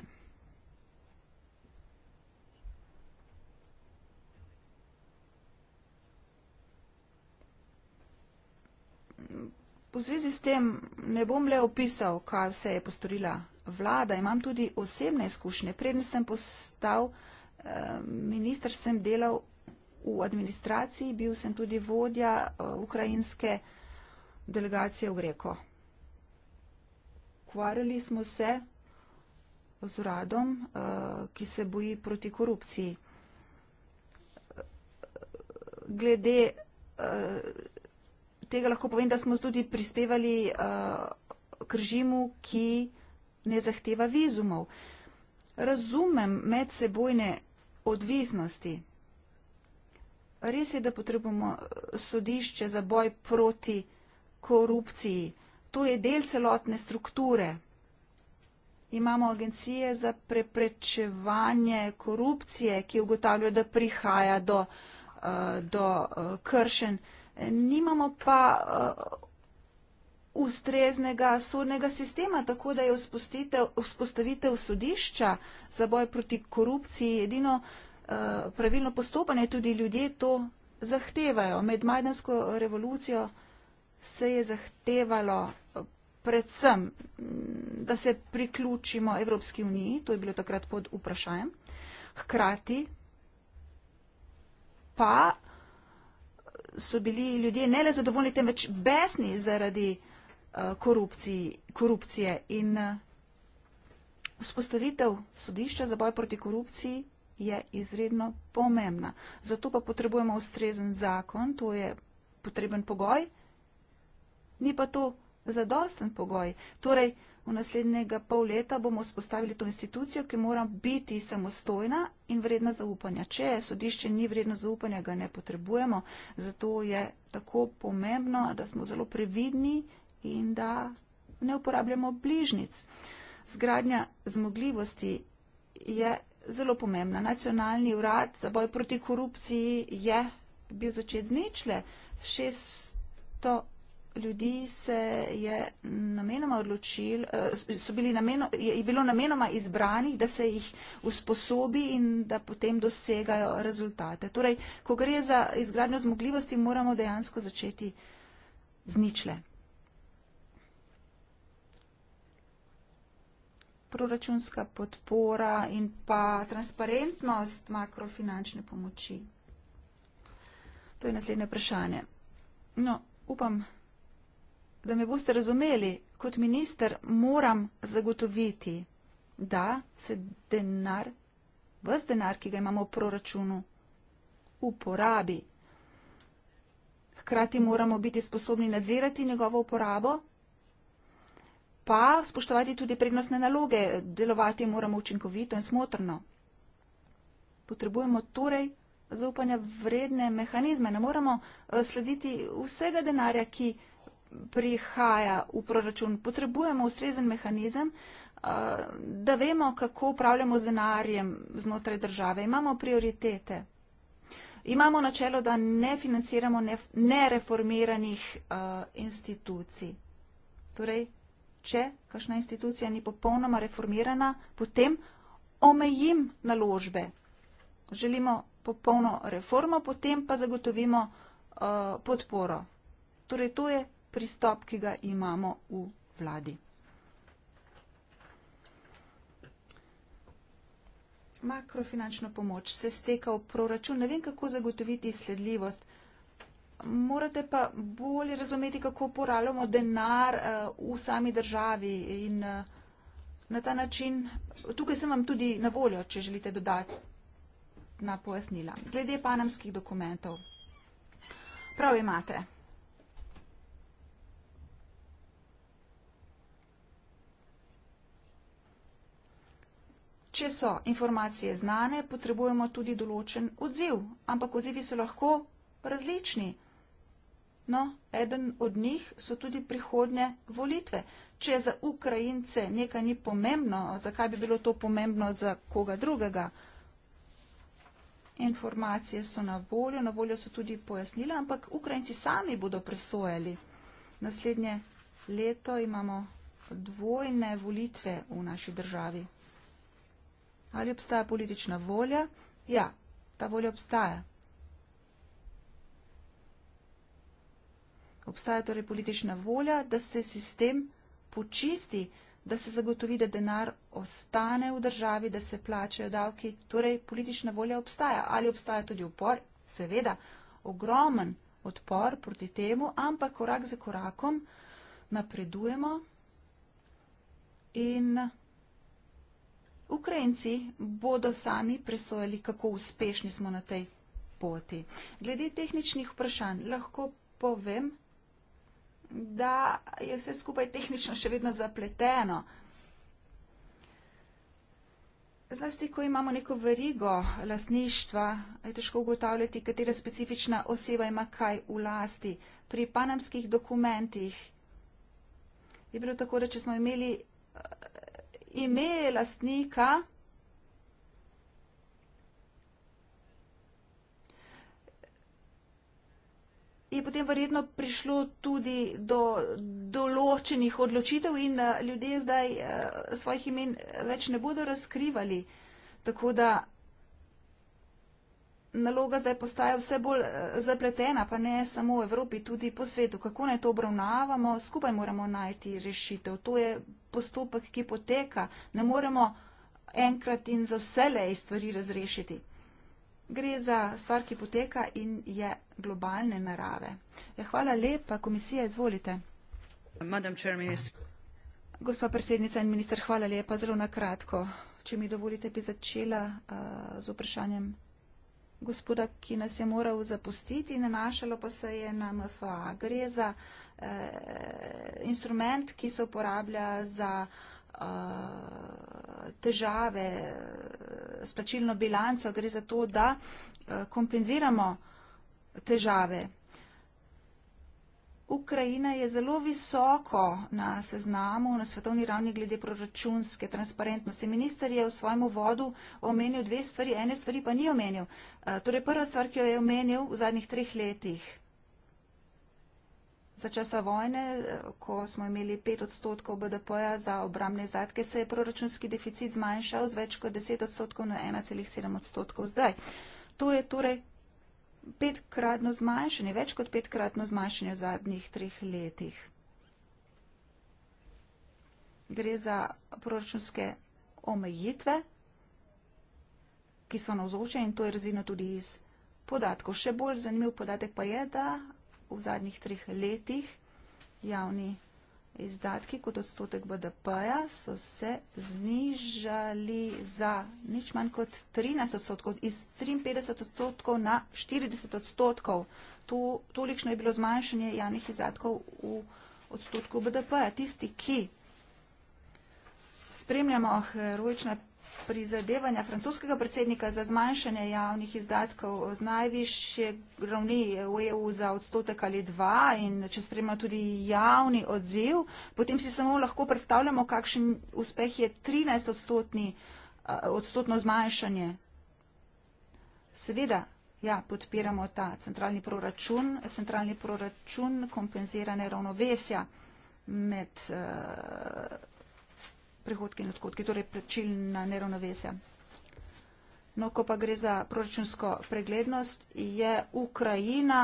V zvezi s tem ne bom le opisal, kaj se je postorila vlada, imam tudi osebne izkušnje. Preden sem postal eh, minister, sem delal v administraciji, bil sem tudi vodja eh, ukrajinske delegacije v Greko. Kvarjali smo se z uradom, eh, ki se boji proti korupciji. Glede tega lahko povem, da smo tudi prispevali uh, k režimu, ki ne zahteva vizumov. Razumem medsebojne odvisnosti. Res je, da potrebujemo eh, sodišče za boj proti korupciji. To je del celotne strukture. Imamo agencije za preprečevanje korupcije, ki ugotavljajo, da prihaja do, eh, do kršen nimamo pa eh, ustreznega sodnega sistema, tako da je vzpostavitev sodišča za boj proti korupciji edino eh, pravilno postopanje, tudi ljudje to zahtevajo. Med Majdansko revolucijo se je zahtevalo eh, predvsem, mm, da se priključimo Evropski uniji, to je bilo takrat pod vprašajem, hkrati pa so bili ljudje ne le zadovoljni, temveč besni zaradi eh, korupcije. In eh, vzpostavitev sodišča za boj proti korupciji je izredno pomembna. Zato pa potrebujemo ustrezen zakon, to je potreben pogoj, ni pa to zadosten pogoj. Torej, V naslednjega pol leta bomo spostavili to institucijo, ki mora biti samostojna in vredna zaupanja. Če sodišče ni vredno zaupanja, ga ne potrebujemo. Zato je tako pomembno, da smo zelo previdni in da ne uporabljamo bližnic. Zgradnja zmogljivosti je zelo pomembna. Nacionalni urad za boj proti korupciji je bil začet z ničle. 600 ljudi se je namenoma odločil, eh, so bili namenoma, je bilo namenoma izbranih, da se jih usposobi in da potem dosegajo rezultate. Torej, ko gre za izgradnjo zmogljivosti, moramo dejansko začeti z ničle. Proračunska podpora in pa transparentnost makrofinančne pomoči. To je naslednje vprašanje. No, upam, da me boste razumeli, kot minister moram zagotoviti, da se denar, vse denar, ki ga imamo v proračunu, uporabi. Hkrati moramo biti sposobni nadzirati njegovo uporabo, pa spoštovati tudi prednostne naloge, delovati moramo učinkovito in smotrno. Potrebujemo torej zaupanja vredne mehanizme. Ne moramo eh, slediti vsega denarja, ki prihaja v proračun. Potrebujemo ustrezen mehanizem, eh, da vemo, kako upravljamo z denarjem znotraj države. Imamo prioritete. Imamo načelo, da ne financiramo nereformiranih eh, institucij. Torej, če kakšna institucija ni popolnoma reformirana, potem omejim naložbe. Želimo popolno reformo, potem pa zagotovimo eh, podporo. Torej, to je pristop, ki ga imamo v vladi. Makrofinančna pomoč se steka v proračun. Ne vem, kako zagotoviti sledljivost. Morate pa bolje razumeti, kako uporabljamo denar eh, v sami državi in eh, na ta način. Tukaj sem vam tudi na voljo, če želite dodati na pojasnila. Glede panamskih dokumentov. Prav imate. če so informacije znane, potrebujemo tudi določen odziv, ampak odzivi so lahko različni. No, eden od njih so tudi prihodne volitve. Če za Ukrajince nekaj ni pomembno, zakaj bi bilo to pomembno za koga drugega? Informacije so na voljo, na voljo so tudi pojasnila, ampak Ukrajinci sami bodo presojali. Naslednje leto imamo dvojne volitve v naši državi. Ali obstaja politična volja? Ja, ta volja obstaja. Obstaja torej politična volja, da se sistem počisti, da se zagotovi, da denar ostane v državi, da se plačajo davki. Torej politična volja obstaja. Ali obstaja tudi upor? Seveda, ogromen odpor proti temu, ampak korak za korakom napredujemo in. Ukrajinci bodo sami presojali, kako uspešni smo na tej poti. Glede tehničnih vprašanj lahko povem, da je vse skupaj tehnično še vedno zapleteno. Zlasti, ko imamo neko verigo lastništva, je težko ugotavljati, katera specifična oseba ima kaj v lasti. Pri panamskih dokumentih je bilo tako, da če smo imeli ime lastnika je potem verjetno prišlo tudi do določenih odločitev in eh, ljudje zdaj eh, svojih imen več ne bodo razkrivali. Tako da naloga zdaj postaja vse bolj eh, zapletena, pa ne samo v Evropi, tudi po svetu. Kako naj to obravnavamo? Skupaj moramo najti rešitev. To je postopek, ki poteka. Ne moremo enkrat in za vselej stvari razrešiti. Gre za stvar, ki poteka in je globalne narave. Ja, hvala lepa, komisija, izvolite. Gospa predsednica in minister, hvala lepa. Zelo na kratko, če mi dovolite, bi začela uh, z vprašanjem gospoda, ki nas je moral zapustiti, nanašalo pa se je na MFA. Gre za eh, instrument, ki se uporablja za eh, težave s plačilno bilanco. Gre za to, da eh, kompenziramo težave Ukrajina je zelo visoko na seznamu na svetovni ravni glede proračunske transparentnosti. Ministr je v svojem uvodu omenil dve stvari, ene stvari pa ni omenil. Eh, torej prva stvar, ki jo je omenil v zadnjih treh letih. Za časa vojne, eh, ko smo imeli 5 odstotkov BDP-ja za obramne izdatke, se je proračunski deficit zmanjšal z več kot 10 odstotkov na 1,7 odstotkov zdaj. To je torej petkratno zmanjšanje, več kot petkratno zmanjšanje v zadnjih treh letih. Gre za proračunske omejitve, ki so navzoče in to je razvidno tudi iz podatkov. Še bolj zanimiv podatek pa je, da v zadnjih treh letih javni izdatki kot odstotek BDP-ja so se znižali za nič manj kot 13 odstotkov, iz 53 odstotkov na 40 odstotkov. To, tolikšno je bilo zmanjšanje javnih izdatkov v odstotku BDP-ja. Tisti, ki spremljamo heroična prizadevanja francoskega predsednika za zmanjšanje javnih izdatkov z najvišje ravni v EU za odstotek ali dva in če spremlja tudi javni odziv, potem si samo lahko predstavljamo, kakšen uspeh je 13 odstotni, odstotno zmanjšanje. Seveda, ja, podpiramo ta centralni proračun, centralni proračun kompenzirane ravnovesja med uh, prihodke in odhodke, torej plačilna neravnovesja. No, ko pa gre za proračunsko preglednost, je Ukrajina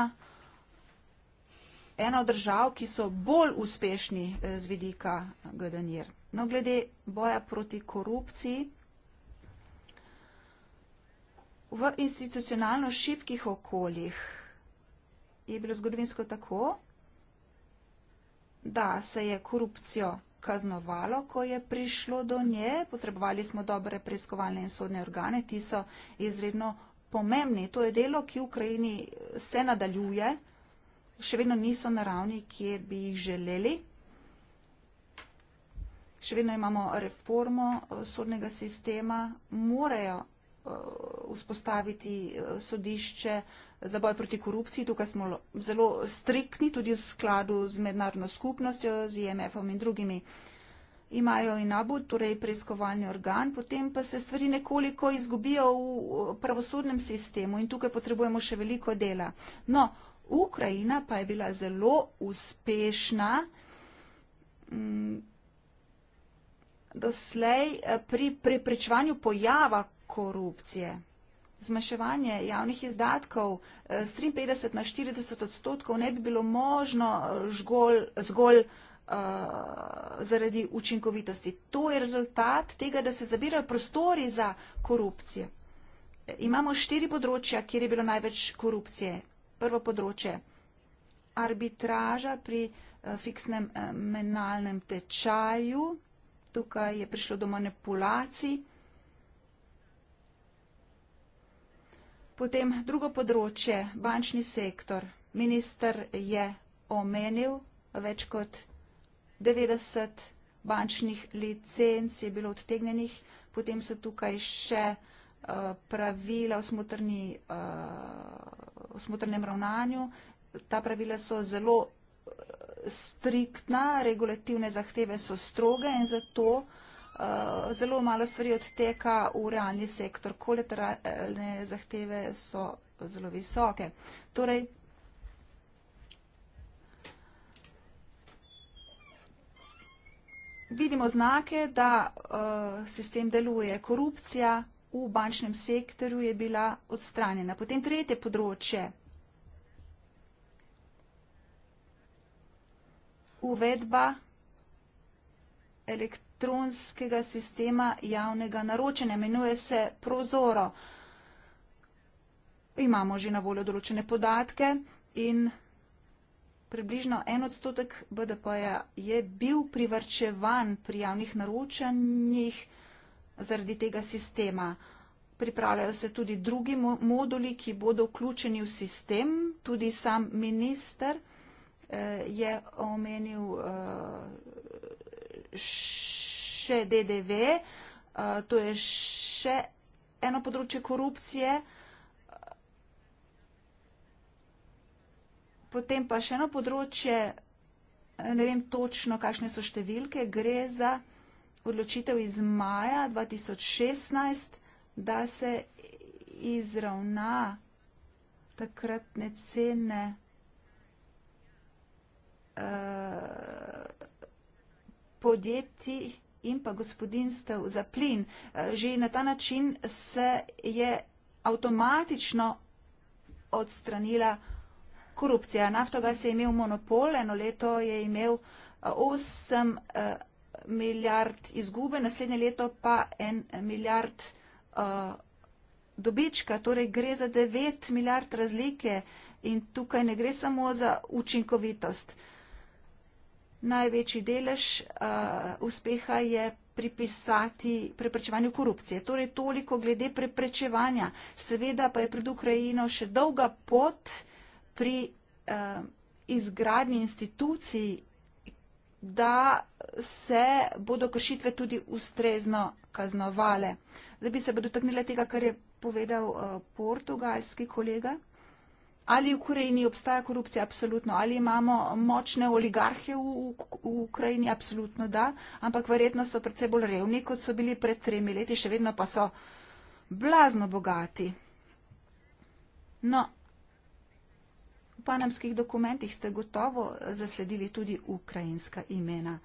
ena od držav, ki so bolj uspešni eh, z vidika eh, GDNR. No, glede boja proti korupciji, v institucionalno šibkih okoljih je bilo zgodovinsko tako, da se je korupcijo kaznovalo, ko je prišlo do nje. Potrebovali smo dobre preiskovalne in sodne organe, ti so izredno pomembni. To je delo, ki v Ukrajini se nadaljuje, še vedno niso na ravni, kjer bi jih želeli. Še vedno imamo reformo eh, sodnega sistema, morajo Eh, vzpostaviti eh, sodišče za boj proti korupciji. Tukaj smo zelo striktni tudi v skladu z mednarodno skupnostjo, z IMF-om in drugimi. Imajo in abu, torej preiskovalni organ, potem pa se stvari nekoliko izgubijo v eh, pravosodnem sistemu in tukaj potrebujemo še veliko dela. No, Ukrajina pa je bila zelo uspešna mm, doslej pri preprečevanju pojava korupcije. Zmaševanje javnih izdatkov z eh, 53 na 40 odstotkov ne bi bilo možno žgol, eh, zgolj uh, zaradi učinkovitosti. To je rezultat tega, da se zabirajo prostori za korupcije. Imamo štiri področja, kjer je bilo največ korupcije. Prvo področje arbitraža pri fiksnem menalnem tečaju. Tukaj je prišlo do manipulacij Potem drugo področje, bančni sektor. Minister je omenil, več kot 90 bančnih licenc je bilo odtegnenih, potem so tukaj še eh, pravila eh, o smotrnem ravnanju. Ta pravila so zelo eh, striktna, regulativne zahteve so stroge in zato vsega, Eh, zelo malo stvari odteka v realni sektor. Kolateralne zahteve so zelo visoke. Torej, vidimo znake, da uh, sistem deluje. Korupcija v bančnem sektorju je bila odstranjena. Potem tretje področje. Uvedba elektronizacije elektronskega sistema javnega naročanja, imenuje se Prozoro. Imamo že na voljo določene podatke in približno en odstotek BDP-ja je bil privrčevan pri javnih naročanjih zaradi tega sistema. Pripravljajo se tudi drugi moduli, ki bodo vključeni v sistem. Tudi sam minister eh, je omenil eh, še DDV, eh, to je še eno področje korupcije, eh, potem pa še eno področje, eh, ne vem točno, kakšne so številke, gre za odločitev iz maja 2016, da se izravna takratne cene podjetij, in pa gospodinstv za plin. Eh, že na ta način se je avtomatično odstranila korupcija. Naftogaz je imel monopol, eno leto je imel 8 eh, eh, milijard izgube, naslednje leto pa 1 milijard dobička, torej gre za 9 milijard razlike in tukaj ne gre samo za učinkovitost največji delež uh, uspeha je pripisati preprečevanju korupcije. Torej toliko glede preprečevanja. Seveda pa je pred Ukrajino še dolga pot pri uh, izgradnji institucij, da se bodo kršitve tudi ustrezno kaznovale. Zdaj bi se dotaknila tega, kar je povedal uh, portugalski kolega ali v Ukrajini obstaja korupcija, absolutno, ali imamo močne oligarhe v, v Ukrajini, absolutno da, ampak verjetno so predvsej bolj revni, kot so bili pred tremi leti, še vedno pa so blazno bogati. No, v panamskih dokumentih ste gotovo zasledili tudi ukrajinska imena.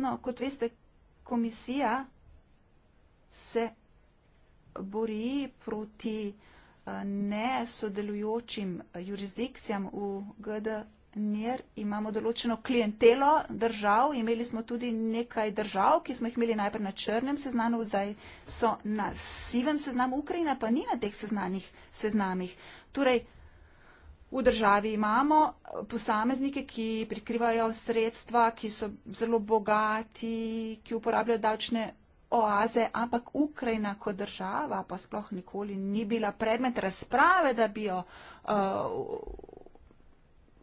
No, kot veste, komisija se bori proti uh, ne sodelujočim jurisdikcijam v GD NIR. Imamo določeno klientelo držav, imeli smo tudi nekaj držav, ki smo jih imeli najprej na črnem seznamu, zdaj so na sivem seznamu, Ukrajina pa ni na teh seznanih seznamih. Torej, V državi imamo posameznike, ki prikrivajo sredstva, ki so zelo bogati, ki uporabljajo davčne oaze, ampak Ukrajina kot država pa sploh nikoli ni bila predmet razprave, da bi jo uh,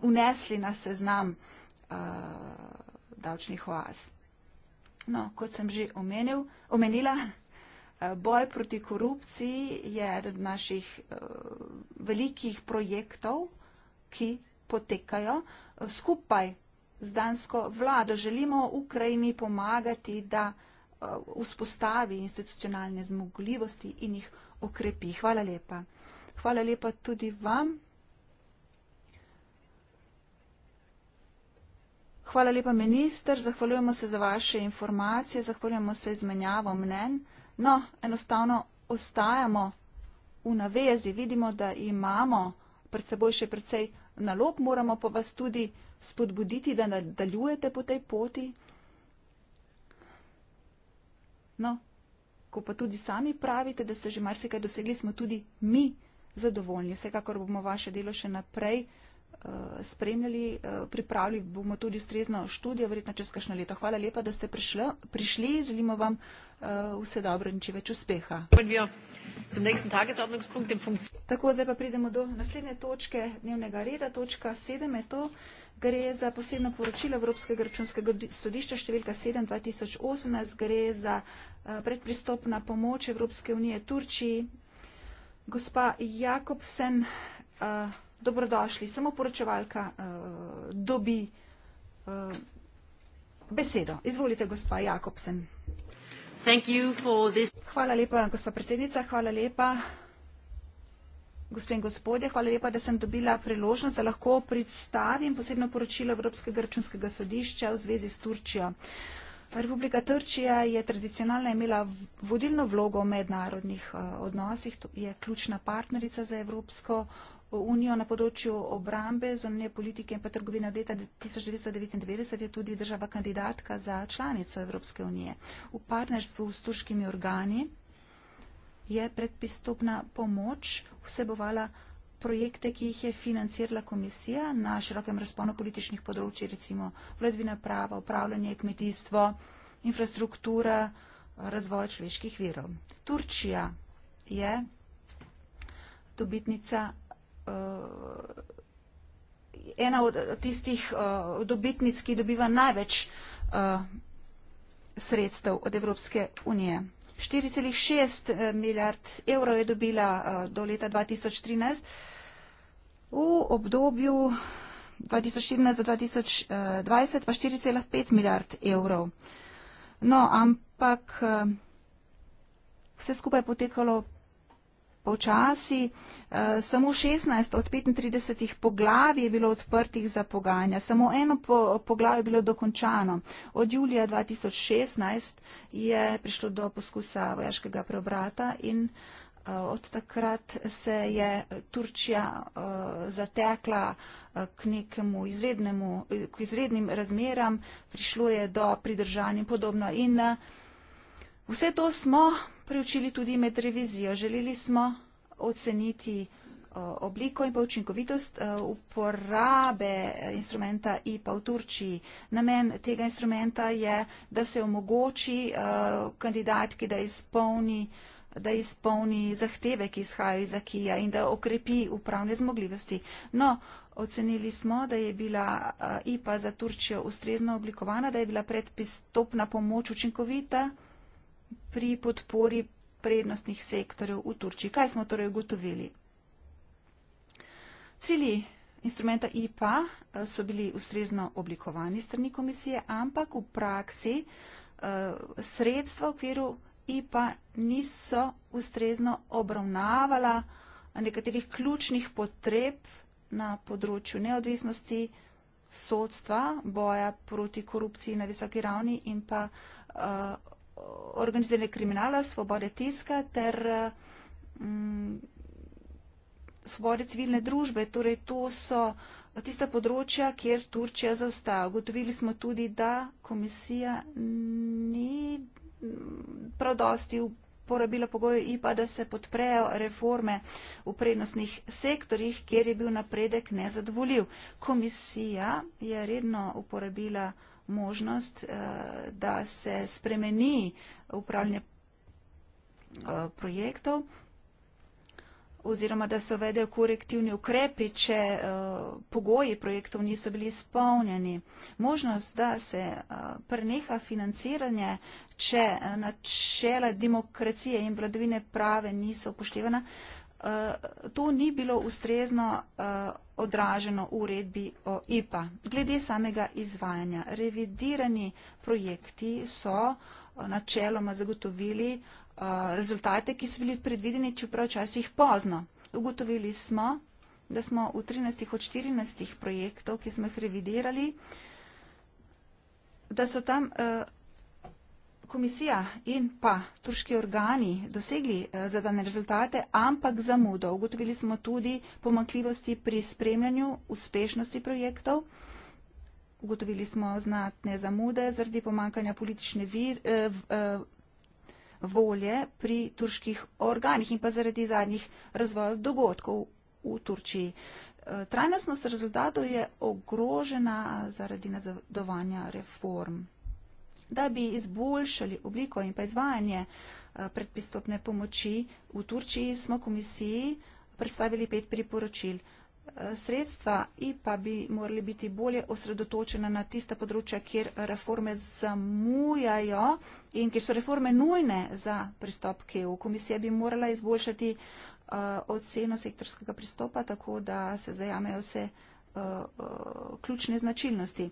unesli na seznam uh, davčnih oaz. No, kot sem že omenil, omenila, eh, boj proti korupciji je eden naših uh, velikih projektov, ki potekajo eh, skupaj z dansko vlado. Želimo Ukrajini pomagati, da Eh, vzpostavi institucionalne zmogljivosti in jih okrepi. Hvala lepa. Hvala lepa tudi vam. Hvala lepa, minister. Zahvaljujemo se za vaše informacije, zahvaljujemo se izmenjavo mnen. No, enostavno ostajamo v navezi. Vidimo, da imamo pred seboj še precej nalog, moramo pa vas tudi spodbuditi, da nadaljujete po tej poti. No, ko pa tudi sami pravite, da ste že marsikaj dosegli, smo tudi mi zadovoljni. Vsekakor bomo vaše delo še naprej uh, spremljali, uh, pripravili bomo tudi ustrezno študijo, verjetno čez kašno leto. Hvala lepa, da ste prišla, prišli. Želimo vam uh, vse dobro in če več uspeha. Tako, zdaj pa pridemo do naslednje točke dnevnega reda. Točka sedem je to. Gre za posebno poročilo Evropskega računskega sodišča številka 7 2018. Gre za eh, predpristopna pomoč Evropske unije Turčiji. Gospa Jakobsen, eh, dobrodošli. Samo poročevalka eh, dobi besedo. Izvolite, gospa Jakobsen. Hvala lepa, gospa predsednica. Hvala lepa. Gospod in gospodje, hvala lepa, da sem dobila priložnost, da lahko predstavim posebno poročilo Evropskega računskega sodišča v zvezi s Turčijo. Republika Turčija je tradicionalno imela vodilno vlogo v mednarodnih eh, odnosih, je ključna partnerica za Evropsko unijo na področju obrambe, zunanje politike in pa trgovine od leta 1999 je tudi država kandidatka za članico Evropske unije. V partnerstvu s turškimi organi je predpristopna pomoč vsebovala projekte, ki jih je financirala komisija na širokem razponu političnih področji, recimo vladvina prava, upravljanje kmetijstvo, infrastruktura, razvoj človeških virov. Turčija je dobitnica eh, ena od tistih eh, dobitnic, ki dobiva največ eh, sredstev od Evropske unije. 4,6 eh, milijard evrov je dobila eh, do leta 2013. V obdobju 2014 do 2020 pa 4,5 milijard evrov. No, ampak eh, vse skupaj je potekalo počasi. Eh, samo 16 od 35 poglavij je bilo odprtih za pogajanja, samo eno poglavje je bilo dokončano. Od julija 2016 je prišlo do poskusa vojaškega preobrata in eh, od takrat se je Turčija eh, zatekla k nekemu izrednemu, k izrednim razmeram, prišlo je do pridržanja in podobno. In vse to smo preučili tudi med revizijo. Želeli smo oceniti obliko in pa učinkovitost e, uporabe e, instrumenta IPA e v Turčiji. Namen tega instrumenta je, da se omogoči kandidatki, da izpolni, da izpolni zahteve, ki izhajajo iz AKIA in da okrepi upravne zmogljivosti. No, ocenili smo, da je bila IPA za Turčijo ustrezno oblikovana, da je bila predpistopna pomoč učinkovita pri podpori prednostnih sektorjev v Turčiji. Kaj smo torej ugotovili? Cili instrumenta IPA eh, so bili ustrezno oblikovani strani komisije, ampak v praksi eh, sredstva v okviru IPA niso ustrezno obravnavala nekaterih ključnih potreb na področju neodvisnosti sodstva, boja proti korupciji na visoki ravni in pa eh, organiziranega kriminala, svobode tiska ter mm, svobode civilne družbe. Torej, to so tista področja, kjer Turčija zaostaja. Gotovili smo tudi, da komisija ni mm, prav dosti porabila pogojev in pa, da se podprejo reforme v prednostnih sektorjih, kjer je bil napredek nezadovoljiv. Komisija je redno uporabila možnost, eh, da se spremeni upravljanje eh, projektov oziroma da se uvedejo korektivni ukrepi, če eh, pogoji projektov niso bili izpolnjeni. Možnost, da se preneha financiranje, če načela demokracije in vladavine prave niso upoštevana. Eh, to ni bilo ustrezno eh, odraženo v uredbi o IPA. Glede samega izvajanja, revidirani projekti so eh, načeloma zagotovili rezultate, ki so bili predvideni, čeprav včasih pozno. Ugotovili smo, da smo v 13 od 14 projektov, ki smo jih revidirali, da so tam komisija in pa turški organi dosegli eh, zadane rezultate, ampak zamudo. Ugotovili smo tudi pomankljivosti pri spremljanju uspešnosti projektov. Ugotovili smo znatne zamude zaradi pomankanja politične vir, eh, eh, volje pri turških organih in pa zaradi zadnjih razvojev dogodkov v Turčiji. Eh, trajnostnost rezultatov je ogrožena zaradi nazadovanja reform da bi izboljšali obliko in pa izvajanje eh, predpristopne pomoči. V Turčiji smo komisiji predstavili pet priporočil. Eh, sredstva IPA bi morali biti bolje osredotočena na tista področja, kjer reforme zamujajo in kjer so reforme nujne za pristop k EU. Komisija bi morala izboljšati eh, oceno sektorskega pristopa, tako da se zajamejo vse ključne značilnosti.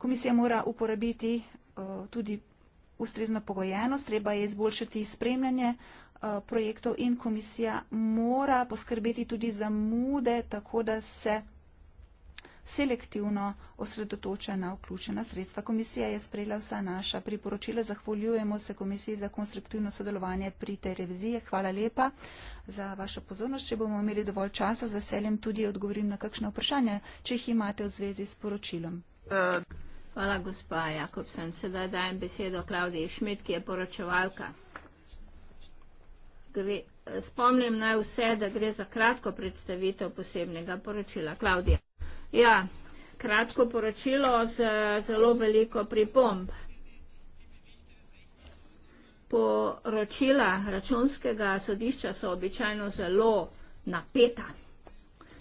Komisija mora uporabiti eh, tudi ustrezno pogojenost, treba je izboljšati spremljanje eh, projektov in komisija mora poskrbeti tudi za mude, tako da se selektivno osredotoča na vključena sredstva. Komisija je sprejela vsa naša priporočila. Zahvaljujemo se komisiji za konstruktivno sodelovanje pri tej revizije. Hvala lepa za vašo pozornost. Če bomo imeli dovolj časa, z veseljem tudi odgovorim na kakšno vprašanje, če jih imate v zvezi s poročilom. Uh. Hvala, gospa Jakobsen. Sedaj dajem besedo Klaudiji Šmit, ki je poročevalka. Gre, spomnim naj vse, da gre za kratko predstavitev posebnega poročila. Klaudija. Ja, kratko poročilo z zelo veliko pripomb. Poročila računskega sodišča so običajno zelo napeta.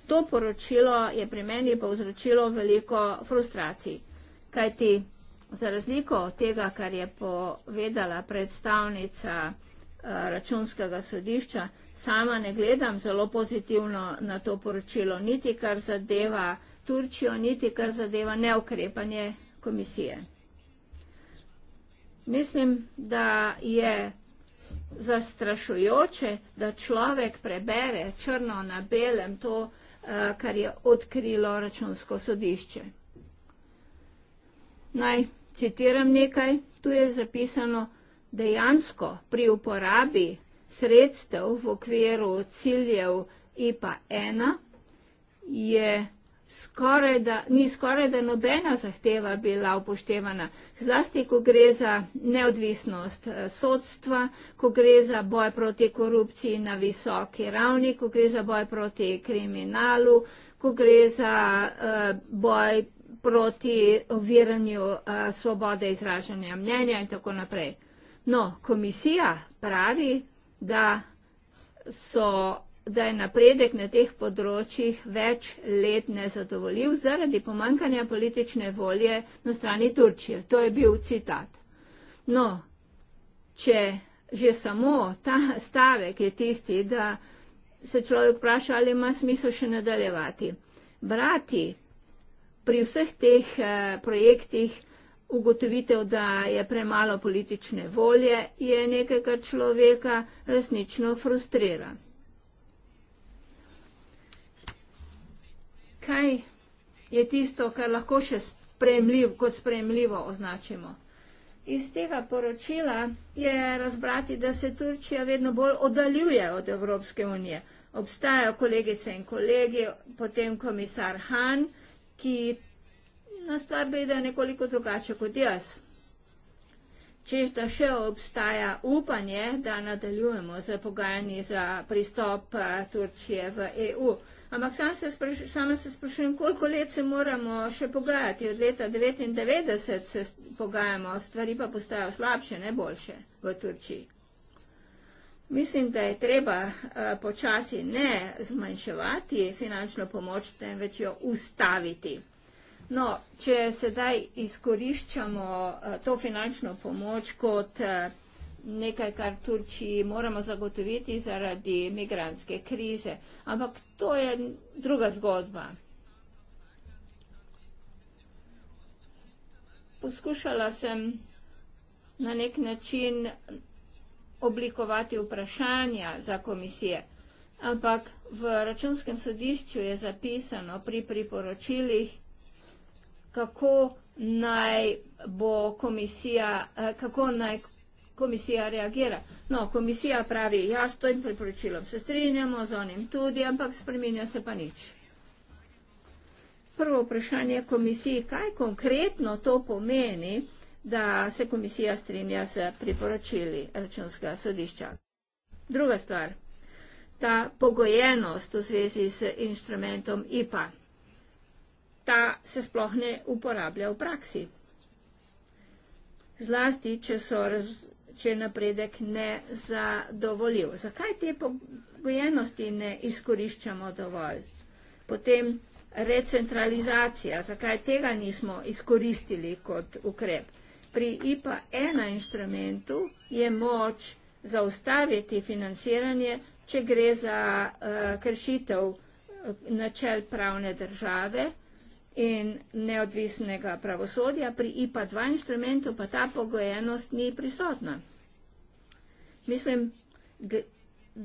To poročilo je pri meni povzročilo veliko frustracij. Kajti za razliko od tega, kar je povedala predstavnica eh, računskega sodišča, sama ne gledam zelo pozitivno na to poročilo, niti kar zadeva Turčijo, niti kar zadeva neokrepanje komisije. Mislim, da je zastrašujoče, da človek prebere črno na belem to, eh, kar je odkrilo računsko sodišče. Naj citiram nekaj, tu je zapisano dejansko pri uporabi sredstev v okviru ciljev IPA 1 je skoraj da, ni skoraj da nobena zahteva bila upoštevana, zlasti ko gre za neodvisnost eh, sodstva, ko gre za boj proti korupciji na visoki ravni, ko gre za boj proti kriminalu, ko gre za uh, boj proti oviranju svobode izražanja mnenja in tako naprej. No, komisija pravi, da so da je napredek na teh področjih več let nezadovoljiv zaradi pomankanja politične volje na strani Turčije. To je bil citat. No, če že samo ta stavek je tisti, da se človek vpraša, ali ima smisel še nadaljevati. Brati pri vseh teh eh, projektih ugotovitev, da je premalo politične volje, je nekaj, kar človeka resnično frustrira. Kaj je tisto, kar lahko še spremljiv, kot spremljivo označimo? Iz tega poročila je razbrati, da se Turčija vedno bolj oddaljuje od Evropske unije. Obstajajo kolegice in kolegi, potem komisar Han, ki na stvar gledajo nekoliko drugače kot jaz. Češ, da še obstaja upanje, da nadaljujemo z pogajanji za pristop eh, Turčije v EU. Ampak sam se spraš, sama se sprašujem, koliko let se moramo še pogajati. Od leta 1999 se pogajamo, stvari pa postajajo slabše, ne boljše v Turčiji. Mislim, da je treba eh, počasi ne zmanjševati finančno pomoč, temveč jo ustaviti. No, če sedaj izkoriščamo eh, to finančno pomoč kot eh, nekaj, kar Turčiji moramo zagotoviti zaradi migranske krize, ampak to je druga zgodba. Poskušala sem na nek način oblikovati vprašanja za komisije. Ampak v računskem sodišču je zapisano pri priporočilih, kako naj bo komisija, eh, kako naj komisija reagira. No, komisija pravi, ja, s tem priporočilom se strinjamo, z onim tudi, ampak spreminja se pa nič. Prvo vprašanje komisiji, kaj konkretno to pomeni, da se komisija strinja s priporočili računskega sodišča. Druga stvar, ta pogojenost v zvezi s instrumentom IPA, ta se sploh ne uporablja v praksi. Zlasti, če, so, če je napredek nezadovoljiv. Zakaj te pogojenosti ne izkoriščamo dovolj? Potem recentralizacija, zakaj tega nismo izkoristili kot ukrep? pri IPA-1 inštrumentu je moč zaustaviti financiranje, če gre za eh, kršitev eh, načel pravne države in neodvisnega pravosodja, pri IPA-2 inštrumentu pa ta pogojenost ni prisotna. Mislim,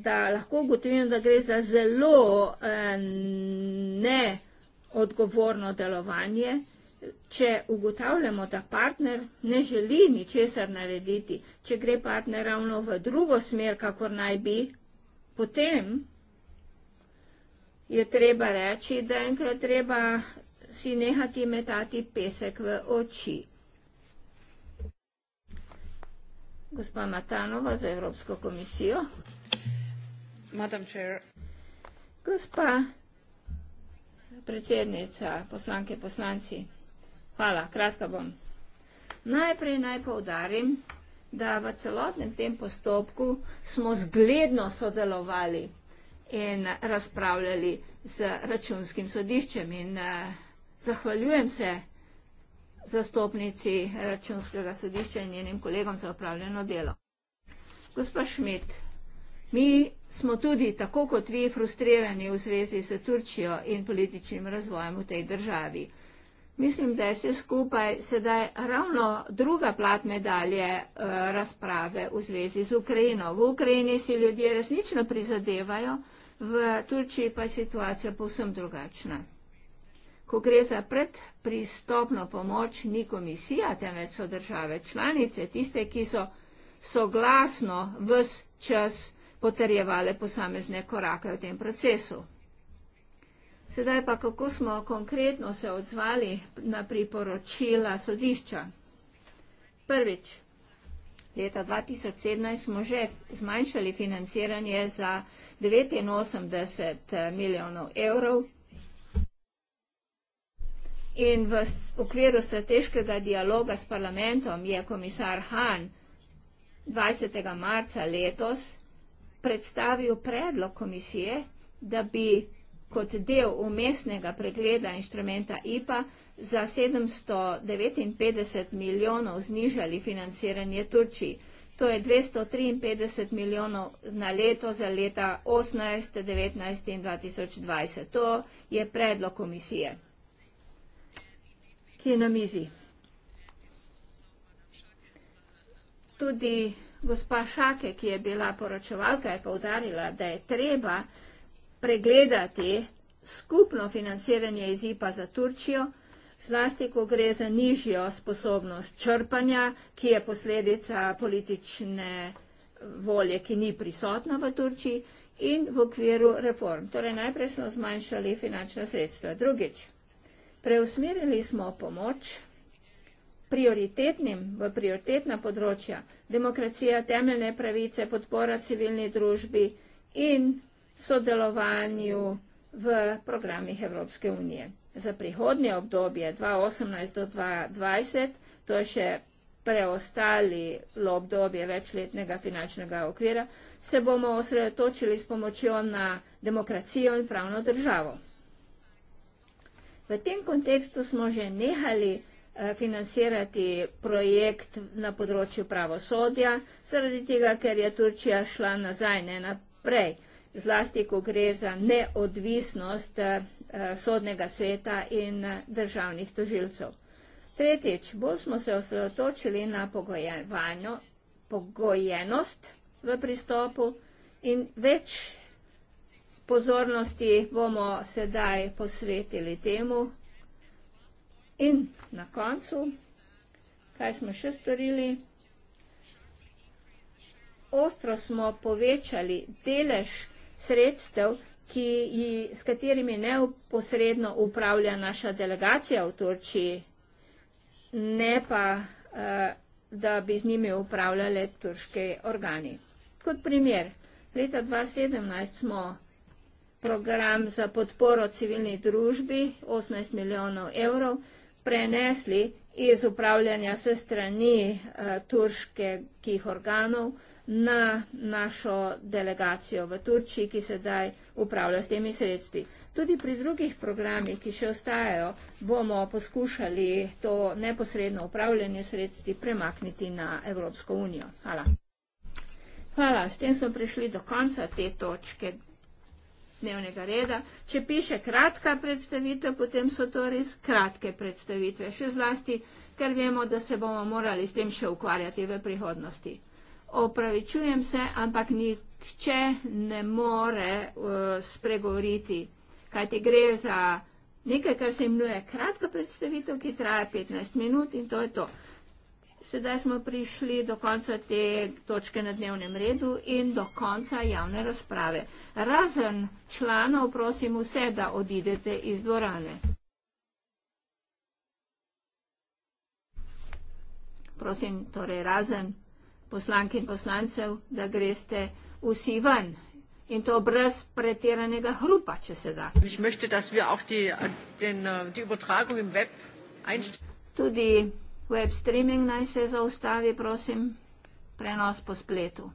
da lahko ugotovimo, da gre za zelo eh, neodgovorno delovanje, če ugotavljamo, da partner ne želi ničesar narediti, če gre partner ravno v drugo smer, kakor naj bi, potem je treba reči, da enkrat treba si nehati metati pesek v oči. Gospa Matanova za Evropsko komisijo. Madam Chair. Gospa predsednica, poslanke, poslanci. Hvala, kratka bom. Najprej naj poudarim, da v celotnem tem postopku smo zgledno sodelovali in razpravljali z računskim sodiščem in eh, zahvaljujem se zastopnici računskega sodišča in njenim kolegom za upravljeno delo. Gospa Šmit, mi smo tudi, tako kot vi, frustrirani v zvezi s Turčijo in političnim razvojem v tej državi. Mislim, da je vse skupaj sedaj ravno druga plat medalje uh, razprave v zvezi z Ukrajino. V Ukrajini si ljudje resnično prizadevajo, v Turčiji pa je situacija povsem drugačna. Ko gre za predpristopno pomoč, ni komisija, temveč so države članice, tiste, ki so soglasno v čas potrjevale posamezne korake v tem procesu. Sedaj pa, kako smo konkretno se odzvali na priporočila sodišča. Prvič, leta 2017 smo že zmanjšali financiranje za 89 eh, milijonov evrov in v okviru strateškega dialoga s parlamentom je komisar Han 20. marca letos predstavil predlog komisije, da bi kot del umestnega pregleda inštrumenta IPA za 759 milijonov znižali financiranje Turčiji. To je 253 milijonov na leto za leta 18, 19 in 2020. To je predlog komisije, ki je na mizi. Tudi gospa Šake, ki je bila poročevalka, je povdarila, da je treba pregledati skupno financiranje iz IPA za Turčijo, zlasti, ko gre za nižjo sposobnost črpanja, ki je posledica politične volje, ki ni prisotna v Turčiji in v okviru reform. Torej, najprej smo zmanjšali finančna sredstva. Drugič, preusmerili smo pomoč prioritetnim v prioritetna področja, demokracija, temeljne pravice, podpora civilni družbi in sodelovanju v programih Evropske unije. Za prihodnje obdobje 2018 do 2020, to je še preostali obdobje večletnega finančnega okvira, se bomo osredotočili s pomočjo na demokracijo in pravno državo. V tem kontekstu smo že nehali eh, financirati projekt na področju pravosodja, zaradi tega, ker je Turčija šla nazaj, ne naprej zlasti ko gre za neodvisnost eh, sodnega sveta in eh, državnih tožilcev. Tretjič, bolj smo se osredotočili na pogojenost v pristopu in več pozornosti bomo sedaj posvetili temu. In na koncu, kaj smo še storili? Ostro smo povečali delež sredstev, ki, s katerimi neposredno upravlja naša delegacija v Turčiji, ne pa, eh, da bi z njimi upravljale turške organi. Kot primer, leta 2017 smo program za podporo civilni družbi 18 milijonov evrov prenesli iz upravljanja se strani uh, turških organov uh, na našo delegacijo v Turčiji, ki sedaj upravlja s temi sredstvi. Tudi pri drugih programih, ki še ostajajo, bomo poskušali to neposredno upravljanje sredstvi premakniti na Evropsko unijo. Hvala. Hvala, s tem smo prišli do konca te točke dnevnega reda. Če piše kratka predstavitev, potem so to res kratke predstavitve, še zlasti, ker vemo, da se bomo morali s tem še ukvarjati v prihodnosti opravičujem se, ampak nihče ne more uh, spregovoriti, kajti gre za nekaj, kar se imenuje kratka predstavitev, ki traja 15 minut in to je to. Sedaj smo prišli do konca te točke na dnevnem redu in do konca javne razprave. Razen članov prosim vse, da odidete iz dvorane. Prosim, torej razen poslank in poslancev, da greste vsi ven in to brez pretiranega hrupa, če se da. Äh, Tudi web streaming naj se zaustavi, prosim, prenos po spletu.